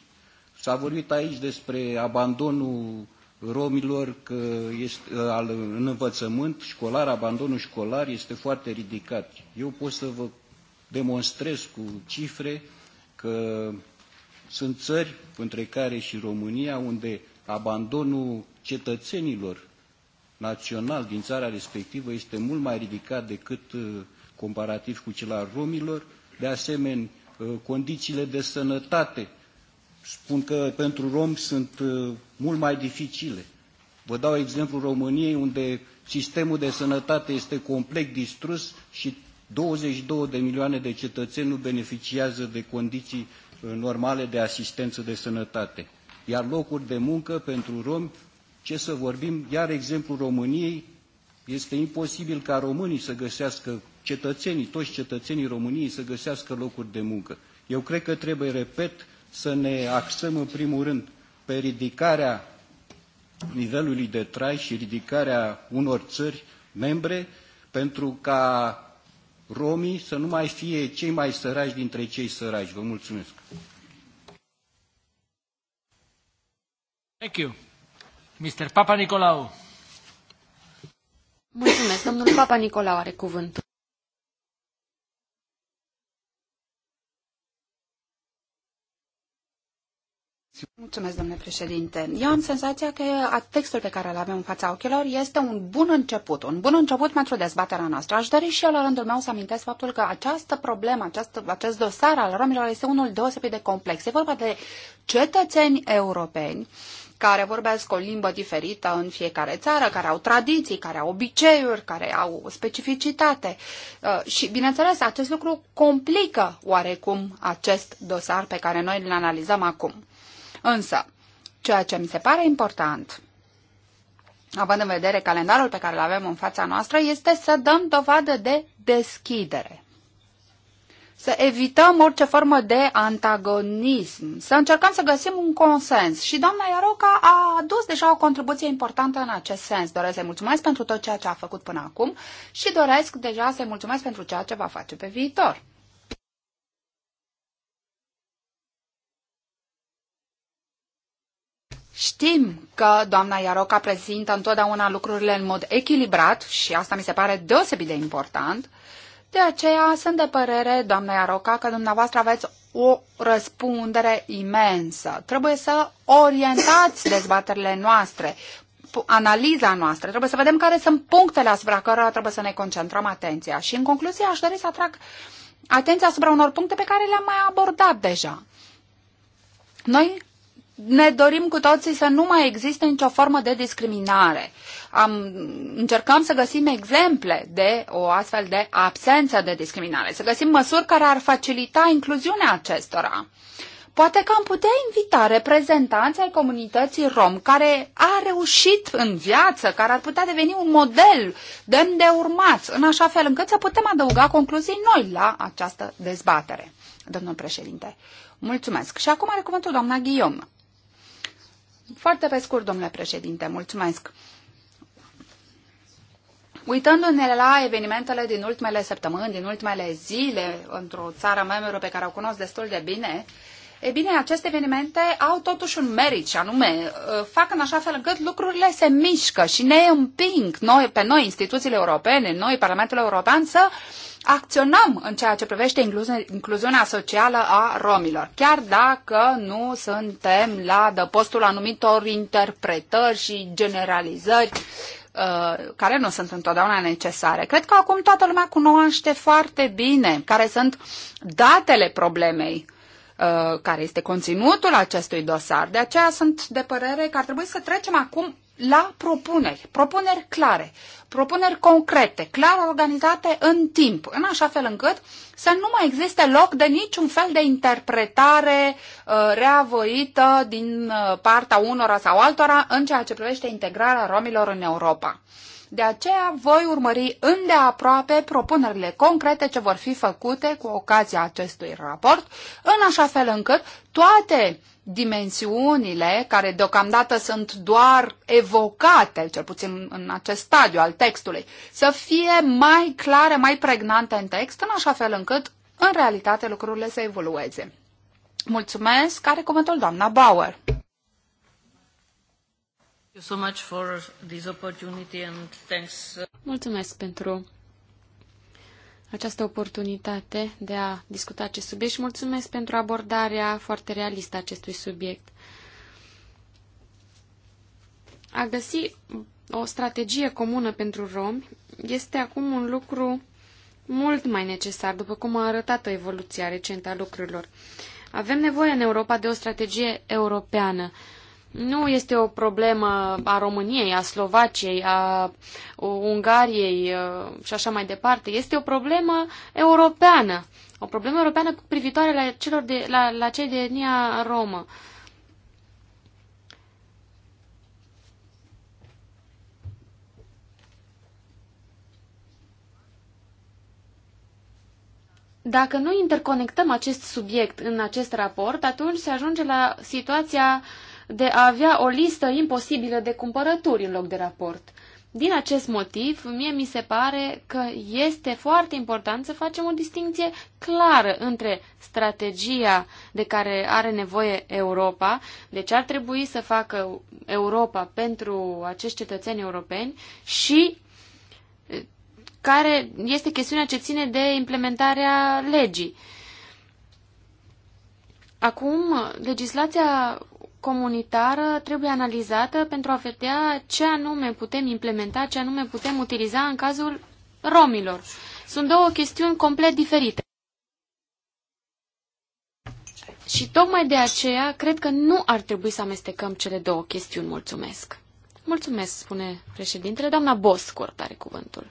S-a vorbit aici despre abandonul romilor, că este, al, în învățământ școlar, abandonul școlar este foarte ridicat. Eu pot să vă demonstrez cu cifre că sunt țări, între care și România, unde abandonul cetățenilor național din țara respectivă este mult mai ridicat decât uh, comparativ cu cel al romilor. De asemenea, uh, condițiile de sănătate spun că pentru romi sunt uh, mult mai dificile. Vă dau exemplul României, unde sistemul de sănătate este complet distrus și 22 de milioane de cetățeni nu beneficiază de condiții uh, normale de asistență de sănătate. Iar locuri de muncă pentru romi, ce să vorbim, iar exemplul României, este imposibil ca românii să găsească, cetățenii, toți cetățenii României să găsească locuri de muncă. Eu cred că trebuie, repet, să ne axăm în primul rând pe ridicarea nivelului de trai și ridicarea unor țări membre pentru ca romii să nu mai fie cei mai săraci dintre cei săraci. Vă mulțumesc. Thank you. Mr. Papa Nicolau. Mulțumesc. Domnul Papa Nicolau are cuvântul. Mulțumesc, domnule președinte. Eu am senzația că textul pe care îl avem în fața ochilor este un bun început, un bun început pentru dezbaterea noastră. Aș dori și eu la rândul meu să amintesc faptul că această problemă, această, acest dosar al romilor este unul deosebit de complex. E vorba de cetățeni europeni care vorbesc o limbă diferită în fiecare țară, care au tradiții, care au obiceiuri, care au specificitate. Uh, și, bineînțeles, acest lucru complică oarecum acest dosar pe care noi îl analizăm acum. Însă, ceea ce mi se pare important, având în vedere calendarul pe care îl avem în fața noastră, este să dăm dovadă de deschidere să evităm orice formă de antagonism, să încercăm să găsim un consens. Și doamna Iaroca a adus deja o contribuție importantă în acest sens. Doresc să-i mulțumesc pentru tot ceea ce a făcut până acum și doresc deja să-i mulțumesc pentru ceea ce va face pe viitor. Știm că doamna Iaroca prezintă întotdeauna lucrurile în mod echilibrat și asta mi se pare deosebit de important. De aceea sunt de părere, doamna Iaroca, că dumneavoastră aveți o răspundere imensă. Trebuie să orientați dezbaterile noastre, analiza noastră. Trebuie să vedem care sunt punctele asupra cărora trebuie să ne concentrăm atenția. Și în concluzie aș dori să atrag atenția asupra unor puncte pe care le-am mai abordat deja. Noi ne dorim cu toții să nu mai existe nicio formă de discriminare. Am, încercăm să găsim exemple de o astfel de absență de discriminare, să găsim măsuri care ar facilita incluziunea acestora. Poate că am putea invita reprezentanți ai comunității rom care a reușit în viață, care ar putea deveni un model demn de urmat, în așa fel încât să putem adăuga concluzii noi la această dezbatere. Domnul președinte, mulțumesc. Și acum are cuvântul doamna Guillaume. Foarte pe scurt, domnule președinte, mulțumesc. Uitându-ne la evenimentele din ultimele săptămâni, din ultimele zile, într-o țară membru pe care o cunosc destul de bine, e bine, aceste evenimente au totuși un merit și anume uh, fac în așa fel încât lucrurile se mișcă și ne împing noi, pe noi, instituțiile europene, noi, Parlamentul European, să uh, acționăm în ceea ce privește incluziunea socială a romilor, chiar dacă nu suntem la dăpostul anumitor interpretări și generalizări uh, care nu sunt întotdeauna necesare. Cred că acum toată lumea cunoaște foarte bine care sunt datele problemei Uh, care este conținutul acestui dosar. De aceea sunt de părere că ar trebui să trecem acum la propuneri, propuneri clare, propuneri concrete, clar organizate în timp, în așa fel încât să nu mai existe loc de niciun fel de interpretare uh, reavoită din uh, partea unora sau altora în ceea ce privește integrarea romilor în Europa. De aceea voi urmări îndeaproape propunerile concrete ce vor fi făcute cu ocazia acestui raport, în așa fel încât toate dimensiunile care deocamdată sunt doar evocate, cel puțin în acest stadiu al textului, să fie mai clare, mai pregnante în text, în așa fel încât în realitate lucrurile să evolueze. Mulțumesc, are cuvântul doamna Bauer. Uh, mulțumesc pentru această oportunitate de a discuta acest subiect și mulțumesc pentru abordarea foarte realistă a acestui subiect. A găsi o strategie comună pentru romi este acum un lucru mult mai necesar, după cum a arătat o evoluție recentă a lucrurilor. Avem nevoie în Europa de o strategie europeană nu este o problemă a României, a Slovaciei, a Ungariei și așa mai departe. Este o problemă europeană. O problemă europeană cu privitoare la, celor de, la, la cei de etnia romă. Dacă nu interconectăm acest subiect în acest raport, atunci se ajunge la situația uh, de a avea o listă imposibilă de cumpărături în loc de raport. Din acest motiv, mie mi se pare că este foarte important să facem o distinție clară între strategia de care are nevoie Europa, de deci ce ar trebui să facă Europa pentru acești cetățeni europeni și eh, care este chestiunea ce ține de implementarea legii. Acum, legislația comunitară trebuie analizată pentru a vedea ce anume putem implementa, ce anume putem utiliza în cazul romilor. Sunt două chestiuni complet diferite. Și tocmai de aceea cred că nu ar trebui să amestecăm cele două chestiuni. Mulțumesc. Mulțumesc, spune președintele. Doamna Boscort are cuvântul.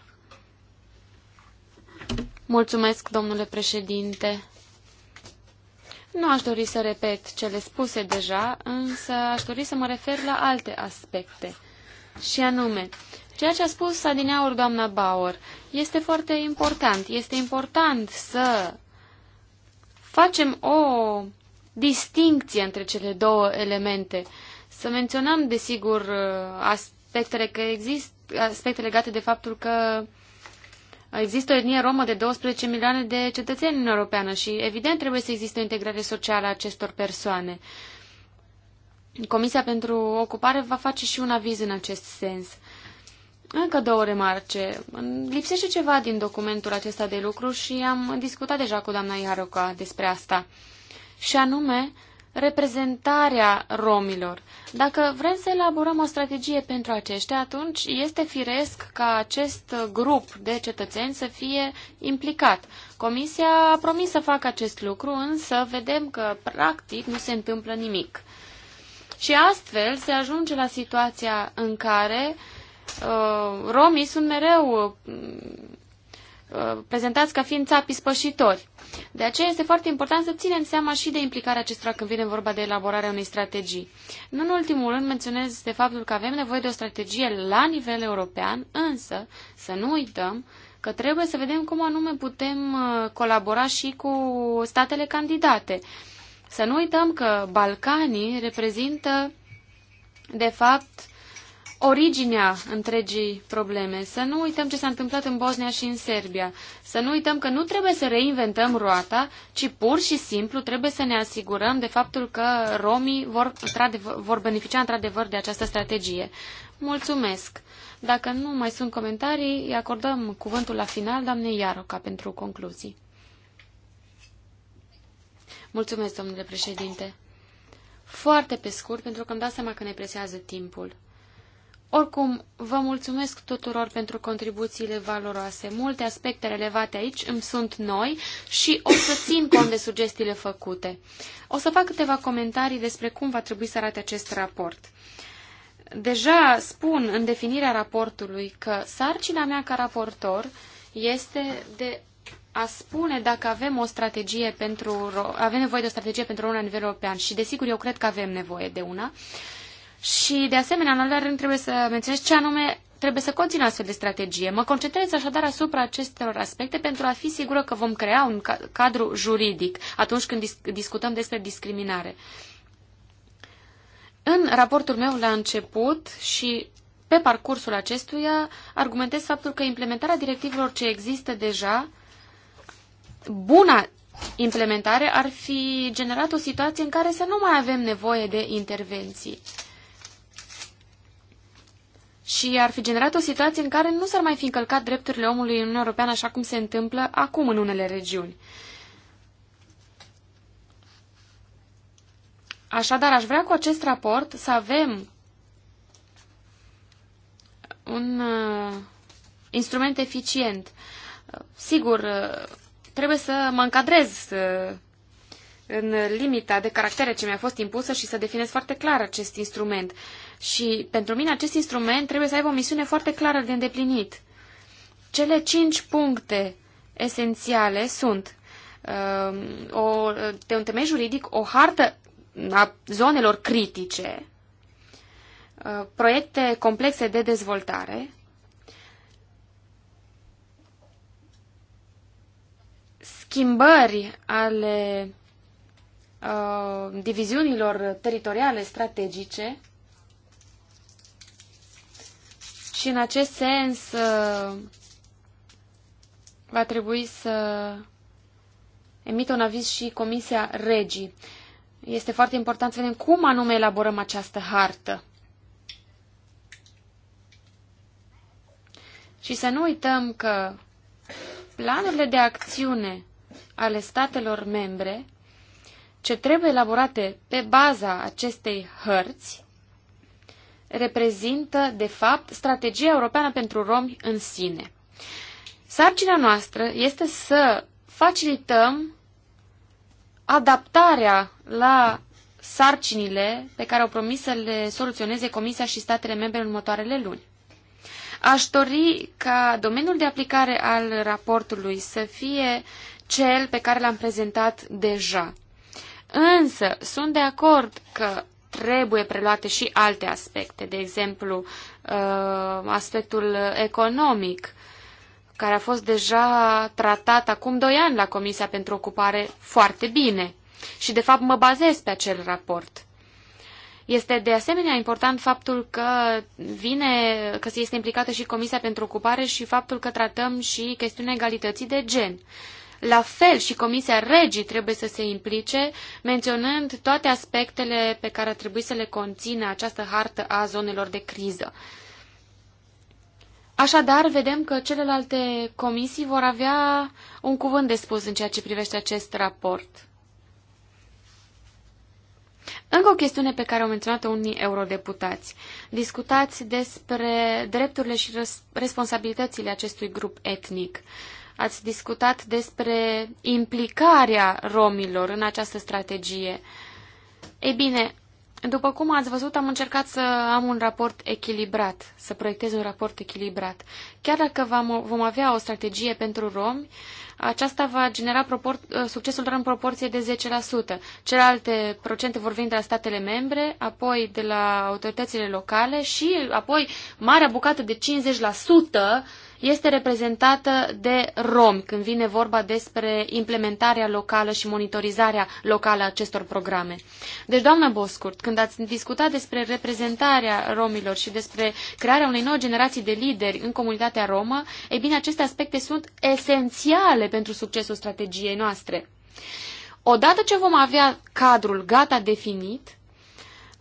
Mulțumesc, domnule președinte. Nu aș dori să repet cele spuse deja, însă aș dori să mă refer la alte aspecte. Și anume, ceea ce a spus Sadineaur doamna Bauer este foarte important. Este important să facem o distincție între cele două elemente. Să menționăm, desigur, aspectele, că exist, aspecte legate de faptul că Există o etnie romă de 12 milioane de cetățeni în Europeană și evident trebuie să existe o integrare socială a acestor persoane. Comisia pentru Ocupare va face și un aviz în acest sens. Încă două remarce. Lipsește ceva din documentul acesta de lucru și am discutat deja cu doamna Iaroca despre asta. Și anume, reprezentarea romilor. Dacă vrem să elaborăm o strategie pentru aceștia, atunci este firesc ca acest grup de cetățeni să fie implicat. Comisia a promis să facă acest lucru, însă vedem că practic nu se întâmplă nimic. Și astfel se ajunge la situația în care uh, romii sunt mereu Uh, prezentați ca fiind țapi spășitori. De aceea este foarte important să ținem seama și de implicarea acestora când vine vorba de elaborarea unei strategii. Nu în ultimul rând menționez de faptul că avem nevoie de o strategie la nivel european, însă să nu uităm că trebuie să vedem cum anume putem uh, colabora și cu statele candidate. Să nu uităm că Balcanii reprezintă, de fapt, originea întregii probleme, să nu uităm ce s-a întâmplat în Bosnia și în Serbia, să nu uităm că nu trebuie să reinventăm roata, ci pur și simplu trebuie să ne asigurăm de faptul că romii vor, vor beneficia într-adevăr de această strategie. Mulțumesc! Dacă nu mai sunt comentarii, îi acordăm cuvântul la final doamne Iaroca pentru concluzii. Mulțumesc, domnule președinte! Foarte pe scurt, pentru că îmi dau seama că ne presează timpul. Oricum, vă mulțumesc tuturor pentru contribuțiile valoroase. Multe aspecte relevate aici îmi sunt noi și o să țin cont de sugestiile făcute. O să fac câteva comentarii despre cum va trebui să arate acest raport. Deja spun în definirea raportului că sarcina mea ca raportor este de a spune dacă avem o strategie pentru, avem nevoie de o strategie pentru una la nivel european și desigur eu cred că avem nevoie de una. Uh, și, de asemenea, în al doilea rând, trebuie să menționez ce anume trebuie să conțină astfel de strategie. Mă concentrez așadar asupra acestor aspecte pentru a fi sigură că vom crea un cadru juridic atunci când dis discutăm despre discriminare. În raportul meu la început și pe parcursul acestuia argumentez faptul că implementarea directivelor ce există deja, buna implementare ar fi generat o situație în care să nu mai avem nevoie de intervenții și ar fi generat o situație în care nu s-ar mai fi încălcat drepturile omului în Uniunea Europeană așa cum se întâmplă acum în unele regiuni. Așadar, aș vrea cu acest raport să avem un uh, instrument eficient. Sigur, uh, trebuie să mă încadrez uh, în limita de caractere ce mi-a fost impusă și să definez foarte clar acest instrument. Uh, și pentru mine acest instrument trebuie să aibă o misiune foarte clară de îndeplinit. Cele cinci puncte esențiale sunt uh, o, de un temei juridic, o hartă a zonelor critice, uh, proiecte complexe de dezvoltare, schimbări ale uh, diviziunilor teritoriale strategice, Și în acest sens uh, va trebui să emită un aviz și Comisia Regii. Este foarte important să vedem cum anume elaborăm această hartă. Și să nu uităm că planurile de acțiune ale statelor membre, ce trebuie elaborate pe baza acestei hărți, reprezintă, de fapt, strategia europeană pentru romi în sine. Sarcina noastră este să facilităm adaptarea la sarcinile pe care au promis să le soluționeze Comisia și statele membre în următoarele luni. Aș dori ca domeniul de aplicare al raportului să fie cel pe care l-am prezentat deja. Însă, sunt de acord că trebuie preluate și alte aspecte, de exemplu uh, aspectul economic, care a fost deja tratat acum doi ani la Comisia pentru Ocupare foarte bine. Și, de fapt, mă bazez pe acel raport. Este de asemenea important faptul că vine, că se este implicată și Comisia pentru Ocupare și faptul că tratăm și chestiunea egalității de gen. Uh, la fel și Comisia Regii trebuie să se implice, menționând toate aspectele pe care ar trebui să le conțină această hartă a zonelor de criză. Așadar, vedem că celelalte comisii vor avea un cuvânt de spus în ceea ce privește acest raport. Încă o chestiune pe care au menționat-o unii eurodeputați. Discutați despre drepturile și responsabilitățile acestui grup etnic. Uh, Ați discutat despre implicarea romilor în această strategie. Ei bine, după cum ați văzut, am încercat să am un raport echilibrat, să proiectez un raport echilibrat. Chiar dacă vom avea o strategie pentru romi, aceasta va genera uh, succesul doar în proporție de 10%. Celelalte procente vor veni de la statele membre, apoi de la autoritățile locale și apoi marea bucată de este reprezentată de romi când vine vorba despre implementarea locală și monitorizarea locală a acestor programe. Deci, doamna Boscurt, când ați discutat despre reprezentarea romilor și despre crearea unei noi generații de lideri în comunitatea romă, ei bine, aceste aspecte sunt esențiale pentru succesul strategiei noastre. Odată ce vom avea cadrul gata definit,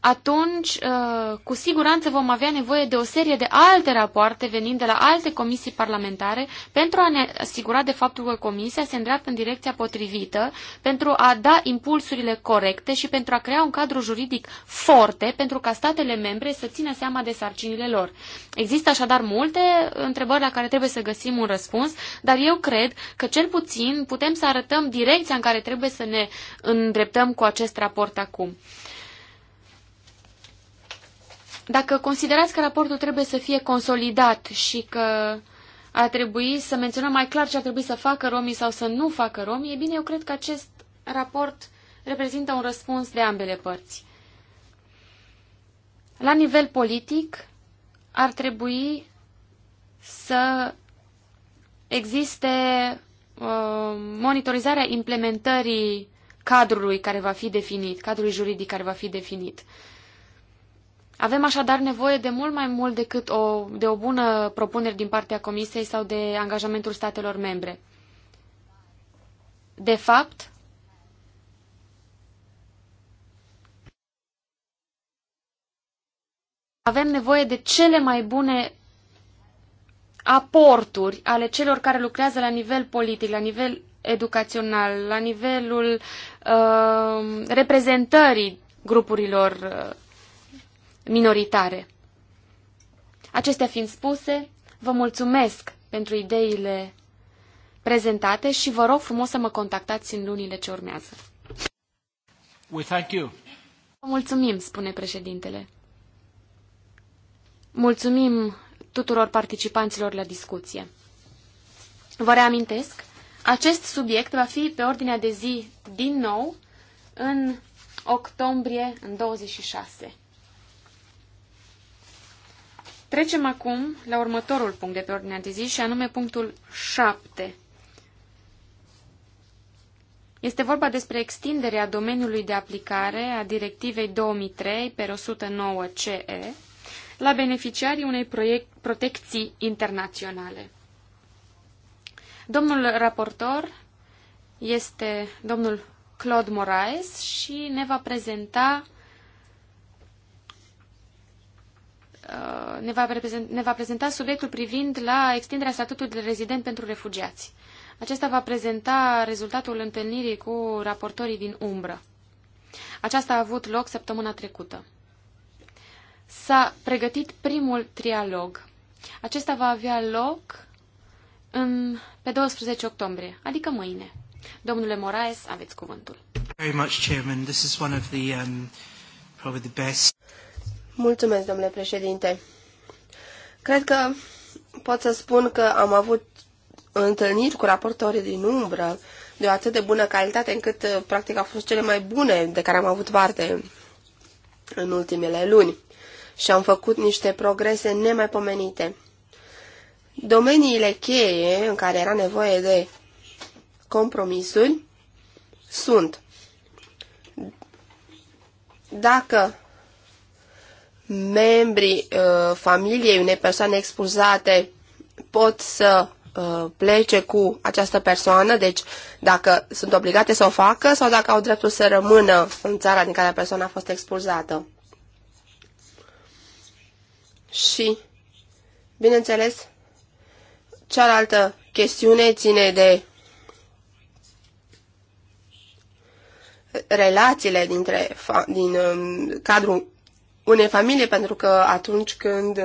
atunci uh, cu siguranță vom avea nevoie de o serie de alte rapoarte venind de la alte comisii parlamentare pentru a ne asigura de faptul că comisia se îndreaptă în direcția potrivită, pentru a da impulsurile corecte și pentru a crea un cadru juridic forte pentru ca statele membre să țină seama de sarcinile lor. Există așadar multe întrebări la care trebuie să găsim un răspuns, dar eu cred că cel puțin putem să arătăm direcția în care trebuie să ne îndreptăm cu acest raport acum. Dacă considerați că raportul trebuie să fie consolidat și că ar trebui să menționăm mai clar ce ar trebui să facă romii sau să nu facă romii, e bine, eu cred că acest raport reprezintă un răspuns de ambele părți. La nivel politic, ar trebui să existe uh, monitorizarea implementării cadrului care va fi definit, cadrului juridic care va fi definit. Uh, avem așadar nevoie de mult mai mult decât o, de o bună propunere din partea Comisiei sau de angajamentul statelor membre. De fapt, avem nevoie de cele mai bune aporturi ale celor care lucrează la nivel politic, la nivel educațional, la nivelul uh, reprezentării grupurilor uh, minoritare. Acestea fiind spuse, vă mulțumesc pentru ideile prezentate și vă rog frumos să mă contactați în lunile ce urmează. We thank you. Vă mulțumim, spune președintele. Mulțumim tuturor participanților la discuție. Vă reamintesc, acest subiect va fi pe ordinea de zi din nou în octombrie, în 26. Trecem acum la următorul punct de pe ordinea de zi și anume punctul 7. Este vorba despre extinderea domeniului de aplicare a Directivei 2003 per 109 CE la beneficiarii unei protecții internaționale. Domnul raportor este domnul Claude Moraes și ne va prezenta Uh, ne va, prezenta, ne va prezenta subiectul privind la extinderea statutului de rezident pentru refugiați. Acesta va prezenta rezultatul întâlnirii cu raportorii din umbră. Aceasta a avut loc săptămâna trecută. S-a pregătit primul trialog. Acesta va avea loc în, pe 12 octombrie, adică mâine. Domnule Moraes, aveți cuvântul. Very much, Chairman. This is one of the, um, probably the best. Mulțumesc, domnule președinte. Cred că pot să spun că am avut întâlniri cu raportori din umbră de o atât de bună calitate încât uh, practic au fost cele mai bune de care am avut parte în ultimele luni și am făcut niște progrese nemaipomenite. Domeniile cheie în care era nevoie de compromisuri sunt dacă membrii uh, familiei unei persoane expulzate pot să uh, plece cu această persoană, deci dacă sunt obligate să o facă sau dacă au dreptul să rămână în țara din care persoana a fost expulzată. Și, bineînțeles, cealaltă chestiune ține de relațiile dintre, din um, cadrul unei familii, pentru că atunci când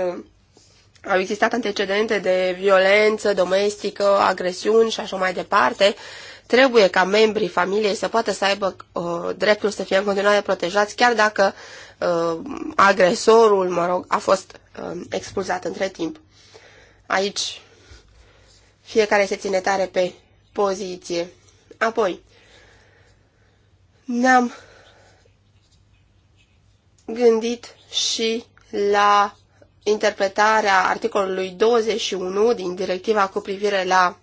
au existat antecedente de violență domestică, agresiuni și așa mai departe, trebuie ca membrii familiei să poată să aibă uh, dreptul să fie în continuare protejați, chiar dacă uh, agresorul, mă rog, a fost uh, expulzat între timp. Aici fiecare se ține tare pe poziție. Apoi, ne-am gândit și la interpretarea articolului 21 din directiva cu privire la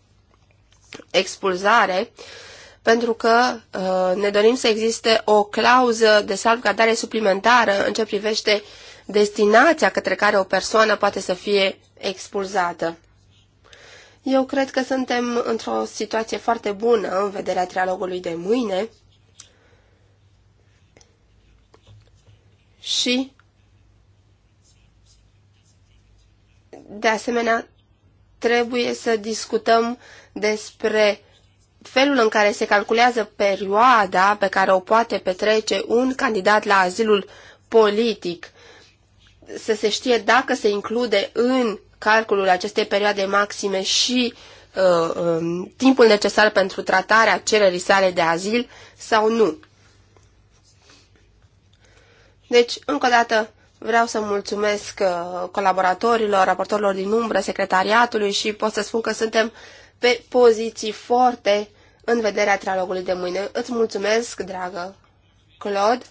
expulzare, pentru că uh, ne dorim să existe o clauză de salvgardare suplimentară în ce privește destinația către care o persoană poate să fie expulzată. Eu cred că suntem într-o situație foarte bună în vederea trialogului de mâine și de asemenea trebuie să discutăm despre felul în care se calculează perioada pe care o poate petrece un candidat la azilul politic, să se știe dacă se include în calculul acestei perioade maxime și uh, um, timpul necesar pentru tratarea cererii sale de azil sau nu. Deci, încă o dată, vreau să mulțumesc uh, colaboratorilor, raportorilor din umbră, secretariatului și pot să spun că suntem pe poziții forte în vederea trialogului de mâine. Îți mulțumesc, dragă Claude.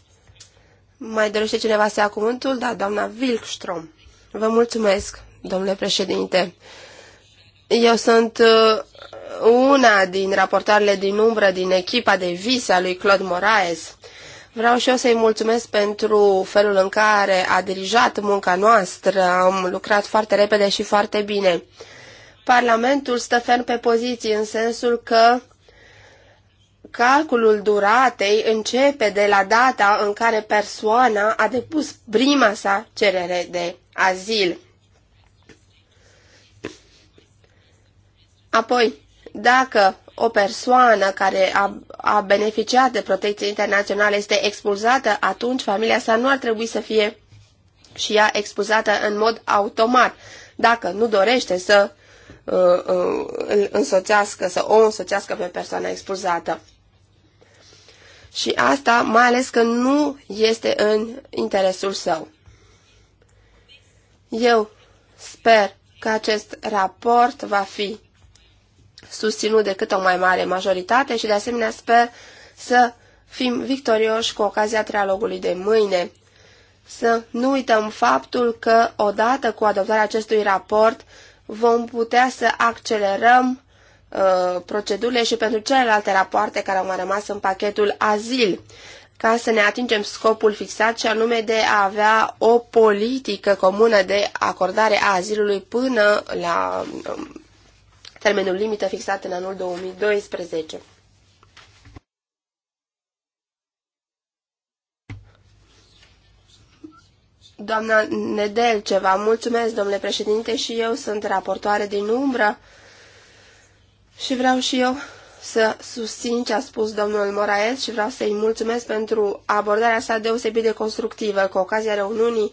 Mai dorește cineva să ia cuvântul? Da, doamna Wilkstrom. Vă mulțumesc, domnule președinte. Eu sunt uh, una din raportoarele din umbră din echipa de visa a lui Claude Moraes Vreau și eu să-i mulțumesc pentru felul în care a dirijat munca noastră. Am lucrat foarte repede și foarte bine. Parlamentul stă ferm pe poziții în sensul că calculul duratei începe de la data în care persoana a depus prima sa cerere de azil. Apoi, dacă o persoană care a, a beneficiat de protecție internațională este expulzată, atunci familia sa nu ar trebui să fie și ea expulzată în mod automat, dacă nu dorește să uh, uh, însoțească, să o însoțească pe persoana expulzată. Și asta mai ales că nu este în interesul său. Eu sper că acest raport va fi susținut de cât o mai mare majoritate și de asemenea sper să fim victorioși cu ocazia trialogului de mâine. Să nu uităm faptul că odată cu adoptarea acestui raport vom putea să accelerăm uh, procedurile și pentru celelalte rapoarte care au mai rămas în pachetul azil ca să ne atingem scopul fixat și anume de a avea o politică comună de acordare a azilului până la um, termenul limită fixat în anul 2012. Doamna Nedelceva, mulțumesc, domnule președinte, și eu sunt raportoare din umbră și vreau și eu să susțin ce a spus domnul Moraes și vreau să-i mulțumesc pentru abordarea sa deosebit de constructivă cu ocazia reuniunii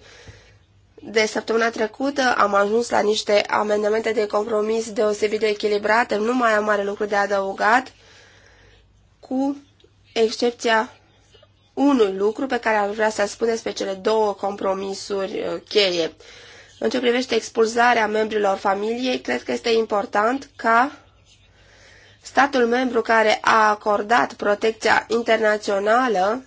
de săptămâna trecută am ajuns la niște amendamente de compromis deosebit de echilibrate, nu mai am mare lucru de adăugat, cu excepția unui lucru pe care ar vrea să-l spun despre cele două compromisuri uh, cheie. În ce privește expulzarea membrilor familiei, cred că este important ca statul membru care a acordat protecția internațională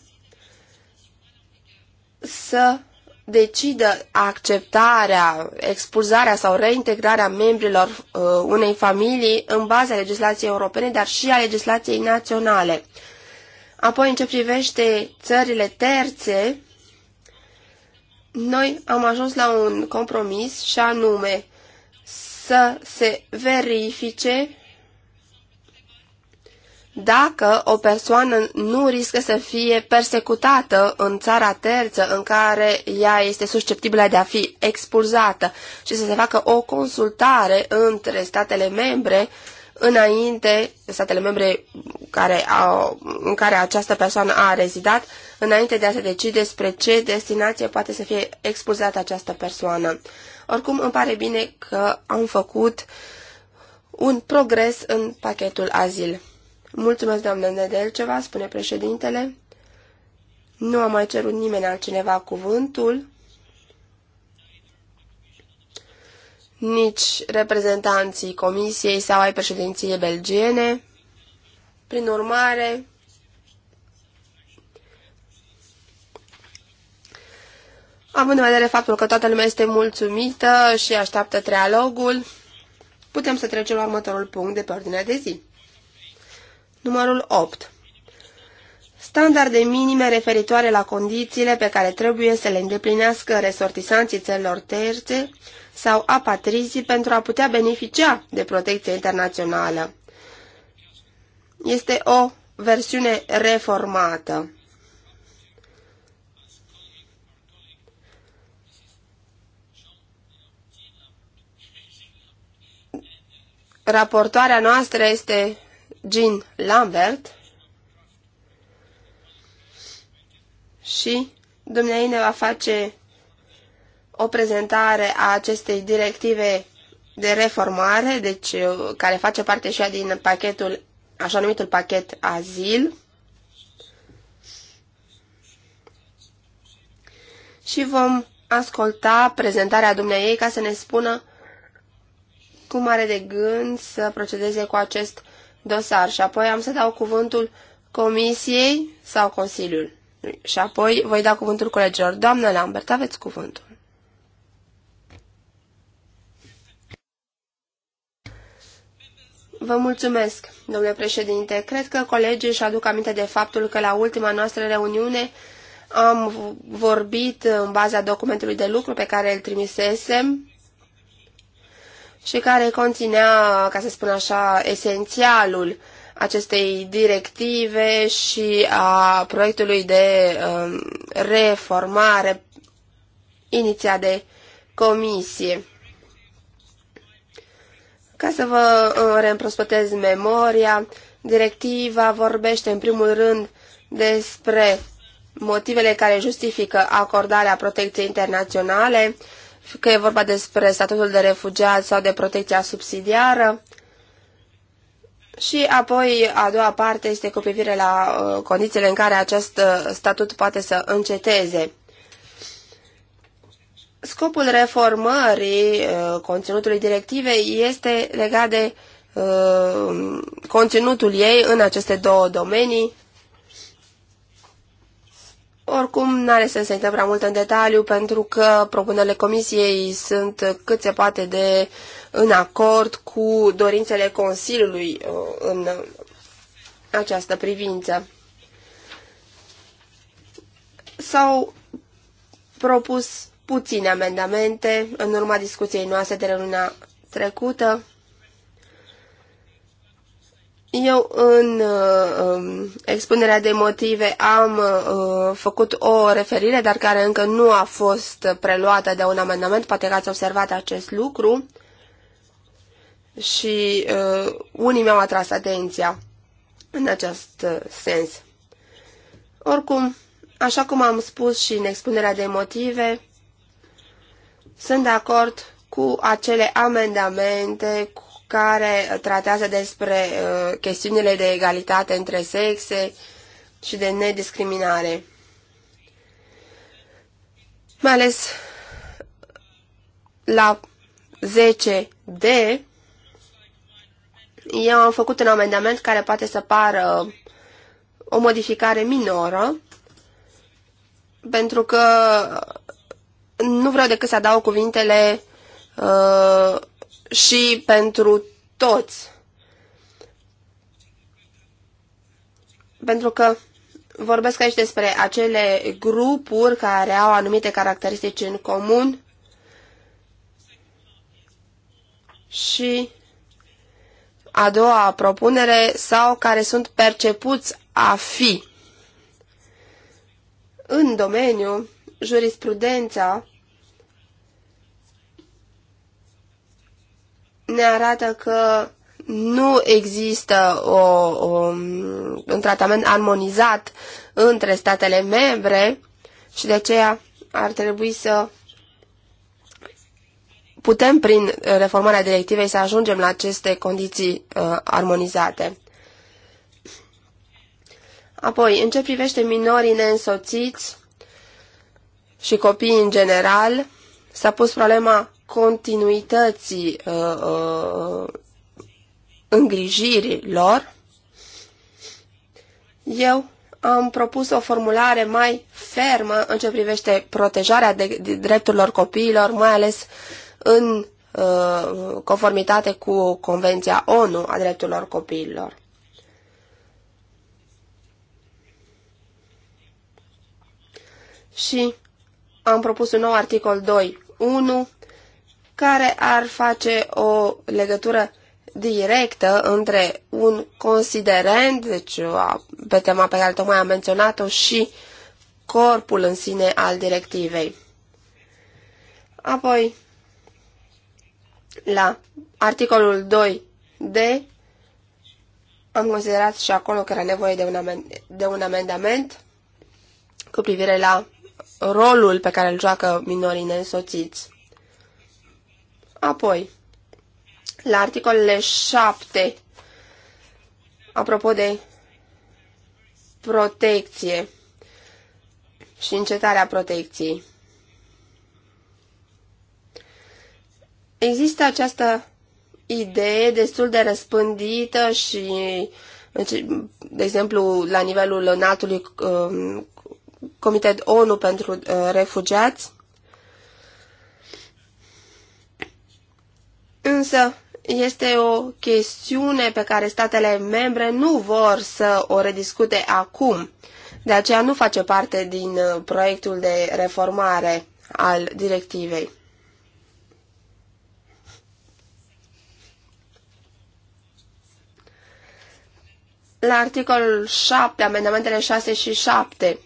să decidă acceptarea, expulzarea sau reintegrarea membrilor uh, unei familii în baza legislației europene, dar și a legislației naționale. Apoi, în ce privește țările terțe, noi am ajuns la un compromis și anume să se verifice dacă o persoană nu riscă să fie persecutată în țara terță în care ea este susceptibilă de a fi expulzată și să se facă o consultare între statele membre înainte, statele membre care au, în care această persoană a rezidat, înainte de a se decide spre ce destinație poate să fie expulzată această persoană. Oricum, îmi pare bine că am făcut un progres în pachetul azil. Mulțumesc, doamnă va spune președintele. Nu a mai cerut nimeni altcineva cuvântul. Nici reprezentanții comisiei sau ai președinției belgiene. Prin urmare, Având în vedere faptul că toată lumea este mulțumită și așteaptă trialogul, putem să trecem la următorul punct de pe ordinea de zi. Numărul 8. Standarde minime referitoare la condițiile pe care trebuie să le îndeplinească resortisanții țărilor terțe sau apatrizii pentru a putea beneficia de protecție internațională. Este o versiune reformată. Raportoarea noastră este Jean Lambert și dumneavoastră ne va face o prezentare a acestei directive de reformare, deci uh, care face parte și ea din pachetul, așa numitul pachet azil. Și vom asculta prezentarea dumneavoastră ca să ne spună cum are de gând să procedeze cu acest dosar și apoi am să dau cuvântul Comisiei sau Consiliul. Și apoi voi da cuvântul colegilor. Doamnă Lambert, aveți cuvântul. Vă mulțumesc, domnule președinte. Cred că colegii își aduc aminte de faptul că la ultima noastră reuniune am vorbit în baza documentului de lucru pe care îl trimisesem și care conținea, ca să spun așa, esențialul acestei directive și a proiectului de um, reformare inițiat de comisie. Ca să vă uh, reîmprospătez memoria, directiva vorbește în primul rând despre motivele care justifică acordarea protecției internaționale, că e vorba despre statutul de refugiat sau de protecția subsidiară. Și apoi, a doua parte este cu privire la uh, condițiile în care acest uh, statut poate să înceteze. Scopul reformării uh, conținutului directivei este legat de conținutul ei în aceste două domenii, oricum, nu are sens să intre prea mult în detaliu, pentru că propunerile comisiei sunt cât se poate de în acord cu dorințele Consiliului uh, în această privință. S-au propus puține amendamente în urma discuției noastre de luna trecută. Eu în uh, um, expunerea de motive am uh, făcut o referire, dar care încă nu a fost preluată de un amendament, poate că ați observat acest lucru și uh, unii mi-au atras atenția în acest uh, sens. Oricum, așa cum am spus și în expunerea de motive, sunt de acord cu acele amendamente, care tratează despre uh, chestiunile de egalitate între sexe și de nediscriminare. Mai ales la 10D, eu am făcut un amendament care poate să pară o modificare minoră, pentru că nu vreau decât să adaug cuvintele uh, și pentru toți. Pentru că vorbesc aici despre acele grupuri care au anumite caracteristici în comun și a doua propunere sau care sunt percepuți a fi. În domeniu, jurisprudența ne arată că nu există o, o, un tratament armonizat între statele membre și de aceea ar trebui să putem prin reformarea directivei să ajungem la aceste condiții uh, armonizate. Apoi, în ce privește minorii neînsoțiți și copiii în general, s-a pus problema continuității uh, uh, îngrijirii lor, eu am propus o formulare mai fermă în ce privește protejarea de, de drepturilor copiilor, mai ales în uh, conformitate cu Convenția ONU a drepturilor copiilor. Și am propus un nou articol 2.1 care ar face o legătură directă între un considerent, deci pe tema pe care tocmai am menționat-o, și corpul în sine al directivei. Apoi, la articolul 2d, am considerat și acolo că era nevoie de un, amend- de un amendament cu privire la rolul pe care îl joacă minorii neînsoțiți. Apoi, la articolele 7, apropo de protecție și încetarea protecției. Există această idee destul de răspândită și, de exemplu, la nivelul înaltului um, Comitet ONU pentru uh, refugiați, Însă este o chestiune pe care statele membre nu vor să o rediscute acum. De aceea nu face parte din uh, proiectul de reformare al directivei. La articolul 7, amendamentele 6 și 7,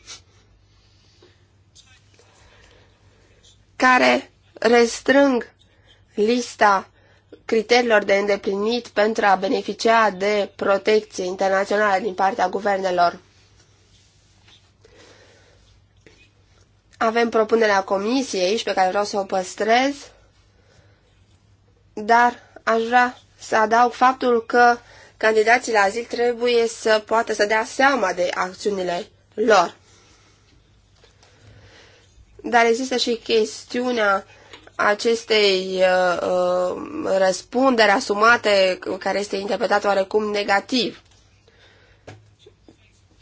care restrâng lista criteriilor de îndeplinit pentru a beneficia de protecție internațională din partea guvernelor. Avem propunerea comisiei aici pe care vreau să o păstrez, dar aș vrea să adaug faptul că candidații la azil trebuie să poată să dea seama de acțiunile lor. Dar există și chestiunea acestei uh, uh, răspunderi asumate care este interpretată oarecum negativ,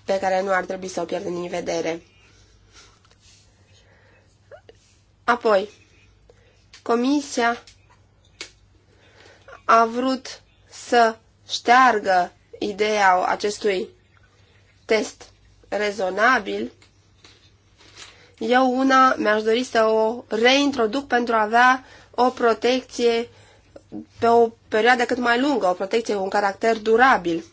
pe care nu ar trebui să o pierdem din vedere. Apoi, comisia a vrut să șteargă ideea acestui test rezonabil eu una mi-aș dori să o reintroduc pentru a avea o protecție pe o perioadă cât mai lungă, o protecție cu un caracter durabil.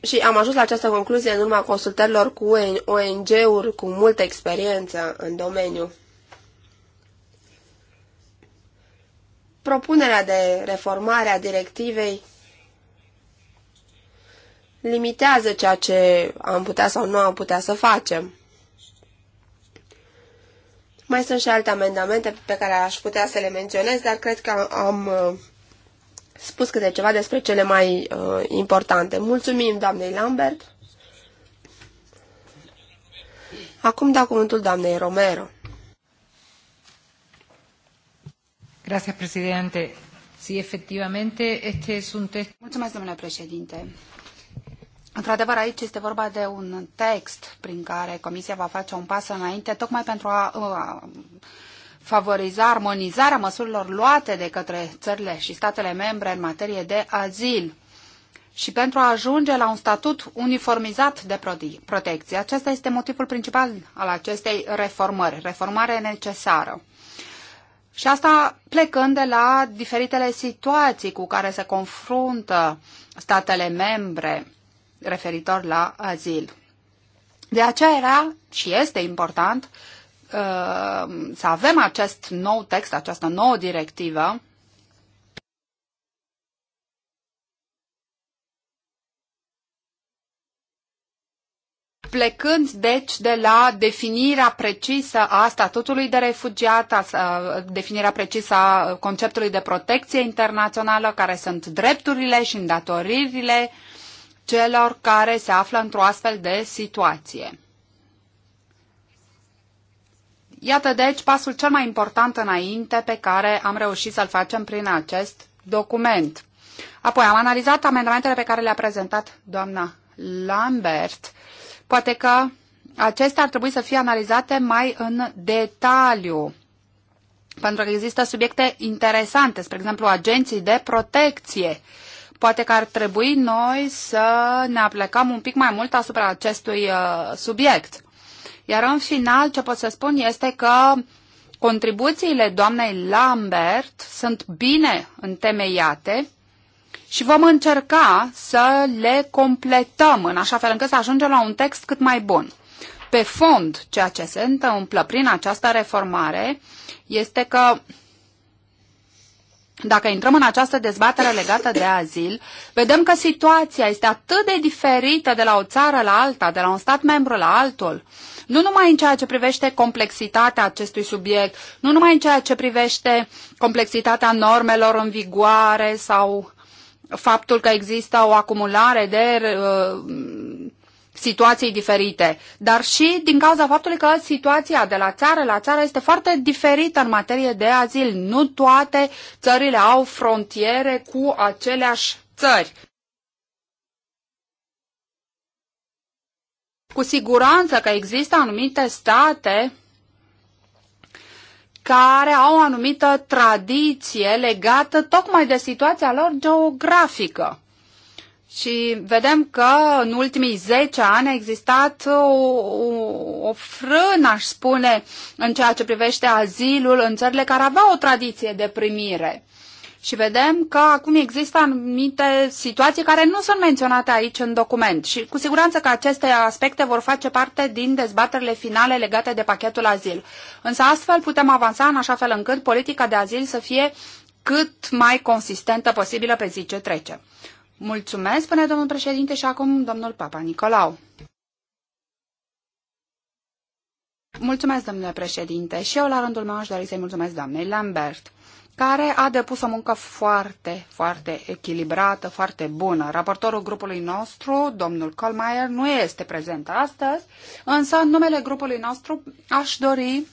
Și am ajuns la această concluzie în urma consultărilor cu ONG-uri cu multă experiență în domeniu. Propunerea de reformare a directivei limitează ceea ce am putea sau nu am putea să facem. Mai sunt și alte amendamente pe care aș putea să le menționez, dar cred că am uh, spus câte ceva despre cele mai uh, importante. Mulțumim doamnei Lambert. Acum dau cuvântul doamnei Romero. Gracias, presidente. Sí, efectivamente, este es un text. Mulțumesc, domnule președinte. Într-adevăr, aici este vorba de un text prin care Comisia va face un pas înainte, tocmai pentru a, uh, a favoriza armonizarea măsurilor luate de către țările și statele membre în materie de azil și pentru a ajunge la un statut uniformizat de protecție. Acesta este motivul principal al acestei reformări, reformare necesară. Și asta plecând de la diferitele situații cu care se confruntă statele membre referitor la azil. De aceea era și este important uh, să avem acest nou text, această nouă directivă, plecând deci de la definirea precisă a statutului de refugiat, a, definirea precisă a conceptului de protecție internațională, care sunt drepturile și îndatoririle uh, celor care se află într-o astfel de situație. Iată deci pasul cel mai important înainte pe care am reușit să-l facem prin acest document. Apoi am analizat amendamentele pe care le-a prezentat doamna Lambert. Poate că acestea ar trebui să fie analizate mai în detaliu, pentru că există subiecte interesante, spre exemplu agenții de protecție Poate că ar trebui noi să ne aplecăm un pic mai mult asupra acestui uh, subiect. Iar în final, ce pot să spun este că contribuțiile doamnei Lambert sunt bine întemeiate și vom încerca să le completăm în așa fel încât să ajungem la un text cât mai bun. Pe fond, ceea ce se întâmplă prin această reformare este că dacă intrăm în această dezbatere legată de azil, vedem că situația este atât de diferită de la o țară la alta, de la un stat membru la altul, nu numai în ceea ce privește complexitatea acestui subiect, nu numai în ceea ce privește complexitatea normelor în vigoare sau faptul că există o acumulare de uh, situații diferite, dar și din cauza faptului că situația de la țară la țară este foarte diferită în materie de azil. Nu toate țările au frontiere cu aceleași țări. Cu siguranță că există anumite state care au o anumită tradiție legată tocmai de situația lor geografică. Și vedem că în ultimii 10 ani a existat o, o, o frână, aș spune, în ceea ce privește azilul în țările care aveau o tradiție de primire. Și vedem că acum există anumite situații care nu sunt menționate aici în document și cu siguranță că aceste aspecte vor face parte din dezbaterile finale legate de pachetul azil. Însă astfel putem avansa în așa fel încât politica de azil să fie cât mai consistentă posibilă pe zi ce trece. Mulțumesc, spune domnul președinte, și acum domnul Papa Nicolau. Mulțumesc, domnule președinte, și eu la rândul meu aș dori să-i mulțumesc doamnei Lambert care a depus o muncă foarte, foarte echilibrată, foarte bună. Raportorul grupului nostru, domnul Colmeier, nu este prezent astăzi, însă în numele grupului nostru aș dori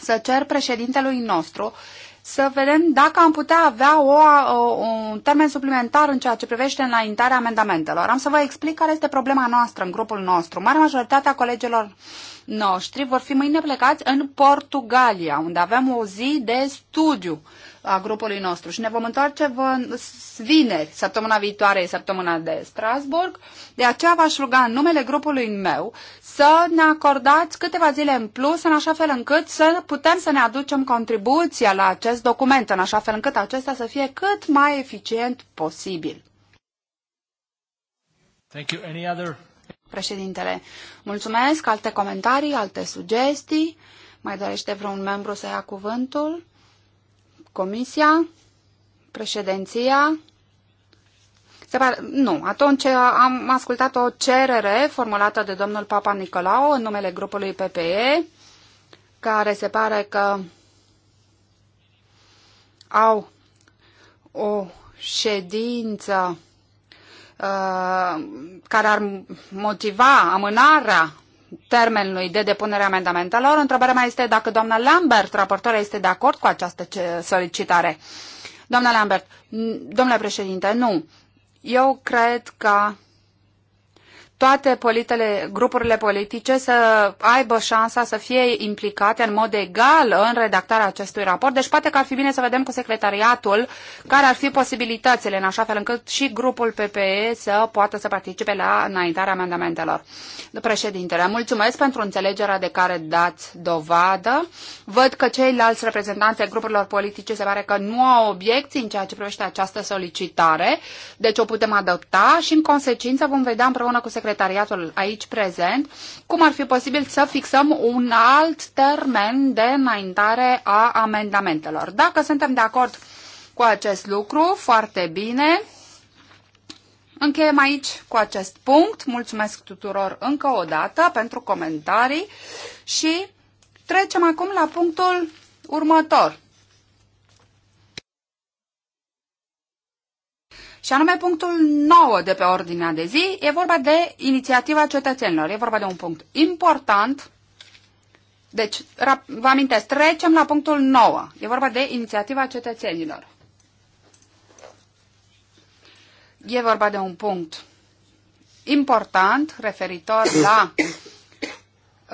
să cer președintelui nostru să vedem dacă am putea avea o, o, un termen suplimentar în ceea ce privește înaintarea amendamentelor. Am să vă explic care este problema noastră în grupul nostru. Marea majoritatea colegilor noștri vor fi mâine plecați în Portugalia, unde avem o zi de studiu a grupului nostru și ne vom întoarce vă, vineri, săptămâna viitoare, săptămâna de Strasburg. De aceea v-aș ruga în numele grupului meu să ne acordați câteva zile în plus, în așa fel încât să putem să ne aducem contribuția la acest document, în așa fel încât acesta să fie cât mai eficient posibil. Thank you. Any other președintele. Mulțumesc, alte comentarii, alte sugestii. Mai dorește vreun membru să ia cuvântul? Comisia? Președinția? Se pare, nu, atunci uh, am ascultat o cerere formulată de domnul Papa Nicolau în numele grupului PPE, care se pare că au o ședință uh, care ar motiva amânarea termenului de depunere a amendamentelor. Întrebarea mai este dacă doamna Lambert, raportoarea, este de acord cu această solicitare. Doamna Lambert, domnule președinte, nu. Eu cred că toate politele, grupurile politice să aibă șansa să fie implicate în mod egal în redactarea acestui raport. Deci poate că ar fi bine să vedem cu secretariatul care ar fi posibilitățile în așa fel încât și grupul PPE să poată să participe la înaintarea amendamentelor. Președintele, mulțumesc pentru înțelegerea de care dați dovadă. Văd că ceilalți reprezentanți ai grupurilor politice se pare că nu au obiecții în ceea ce privește această solicitare, deci o putem adopta și în consecință vom vedea împreună cu secretariatul secretariatul aici prezent, cum ar fi posibil să fixăm un alt termen de înaintare a amendamentelor. Dacă suntem de acord cu acest lucru, foarte bine. Încheiem aici cu acest punct. Mulțumesc tuturor încă o dată pentru comentarii și trecem acum la punctul următor. Și anume punctul 9 de pe ordinea de zi, e vorba de inițiativa cetățenilor. E vorba de un punct important. Deci, vă amintesc, trecem la punctul 9. E vorba de inițiativa cetățenilor. E vorba de un punct important referitor la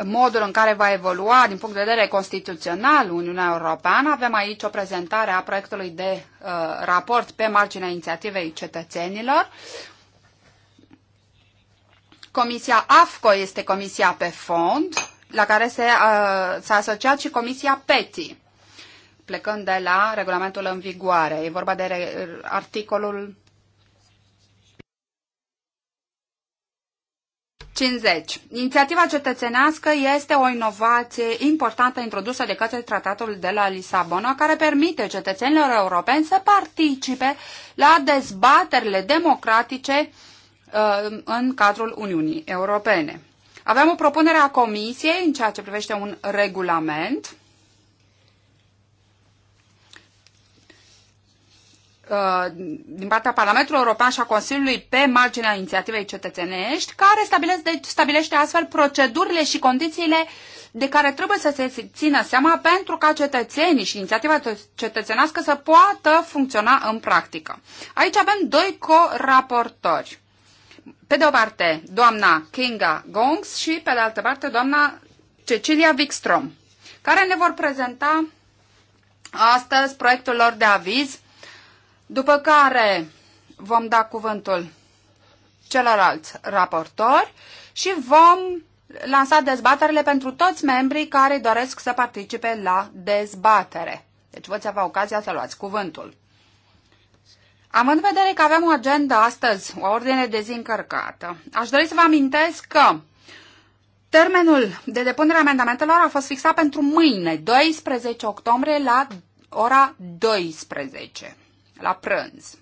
modul în care va evolua din punct de vedere constituțional Uniunea Europeană. Avem aici o prezentare a proiectului de uh, raport pe marginea inițiativei cetățenilor. Comisia AFCO este comisia pe fond, la care se, uh, s-a asociat și comisia PETI, plecând de la regulamentul în vigoare. E vorba de articolul 50. Inițiativa cetățenească este o inovație importantă introdusă de către Tratatul de la Lisabona, care permite cetățenilor europeni să participe la dezbaterile democratice uh, în cadrul Uniunii Europene. Avem o propunere a Comisiei în ceea ce privește un regulament Uh, din partea Parlamentului European și a Consiliului pe marginea inițiativei cetățenești, care stabilește astfel procedurile și condițiile de care trebuie să se țină seama pentru ca cetățenii și inițiativa cetățenească să poată funcționa în practică. Aici avem doi co-raportori. Pe de o parte, doamna Kinga Gongs și pe de altă parte, doamna Cecilia Wikstrom, care ne vor prezenta astăzi proiectul lor de aviz după care vom da cuvântul celorlalți raportori și vom lansa dezbaterele pentru toți membrii care doresc să participe la dezbatere. Deci voți avea ocazia să luați cuvântul. Am în vedere că avem o agenda astăzi, o ordine de zi încărcată, aș dori să vă amintesc că termenul de depunere a amendamentelor a fost fixat pentru mâine, 12 octombrie, la ora 12 la prânz.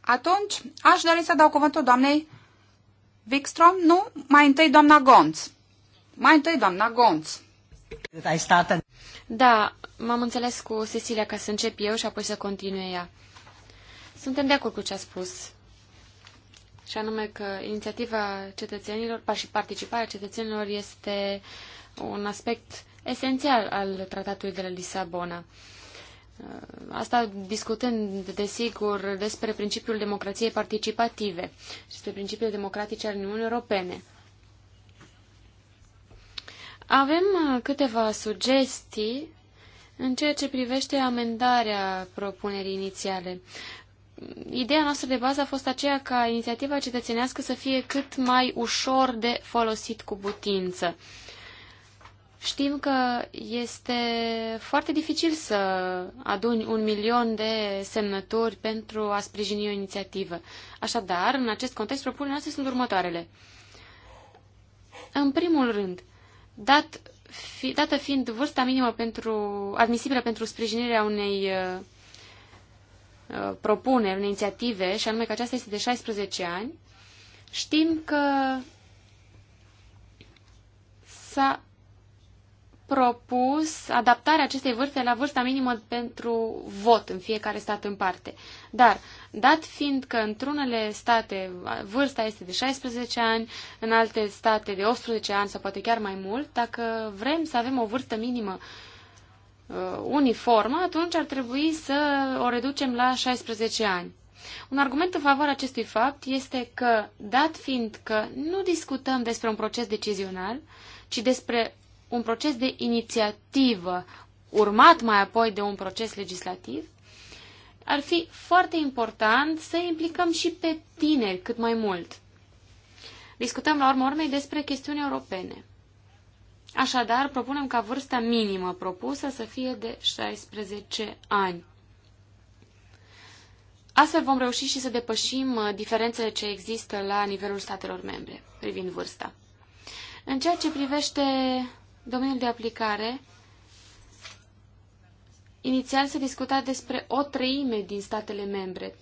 Atunci, aș dori să dau cuvântul doamnei Wikstrom, nu? Mai întâi doamna Gonț. Mai întâi doamna Gonț. Da, m-am înțeles cu Cecilia ca să încep eu și apoi să continue ea. Suntem de acord cu ce a spus. Și anume că inițiativa cetățenilor și participarea cetățenilor este un aspect esențial al tratatului de la Lisabona. Uh, asta discutând, desigur, despre principiul democrației participative și despre principiile democratice ale Uniunii Europene. Avem uh, câteva sugestii în ceea ce privește amendarea propunerii inițiale. Ideea noastră de bază a fost aceea ca inițiativa cetățenească să fie cât mai ușor de folosit cu putință. Uh, Știm că este foarte dificil să aduni un milion de semnături pentru a sprijini o inițiativă. Așadar, în acest context, propunerile noastre sunt următoarele. În primul rând, dat fi, dată fiind vârsta minimă pentru, admisibilă pentru sprijinirea unei uh, uh propuneri, unei inițiative, și anume că aceasta este de 16 ani, știm că s-a propus adaptarea acestei vârste la vârsta minimă pentru vot în fiecare stat în parte. Dar, dat fiind că într-unele state vârsta este de 16 ani, în alte state de 18 ani sau poate chiar mai mult, dacă vrem să avem o vârstă minimă uh, uniformă, atunci ar trebui să o reducem la 16 ani. Un argument în favoarea acestui fapt este că, dat fiind că nu discutăm despre un proces decizional, ci despre un proces de inițiativă urmat mai apoi de un proces legislativ, ar fi foarte important să implicăm și pe tineri cât mai mult. Discutăm la urmă urmei despre chestiuni europene. Așadar, propunem ca vârsta minimă propusă să fie de 16 ani. Astfel vom reuși și să depășim uh, diferențele ce există la nivelul statelor membre privind vârsta. În ceea ce privește domeniul de aplicare, inițial se discuta despre o treime din statele membre.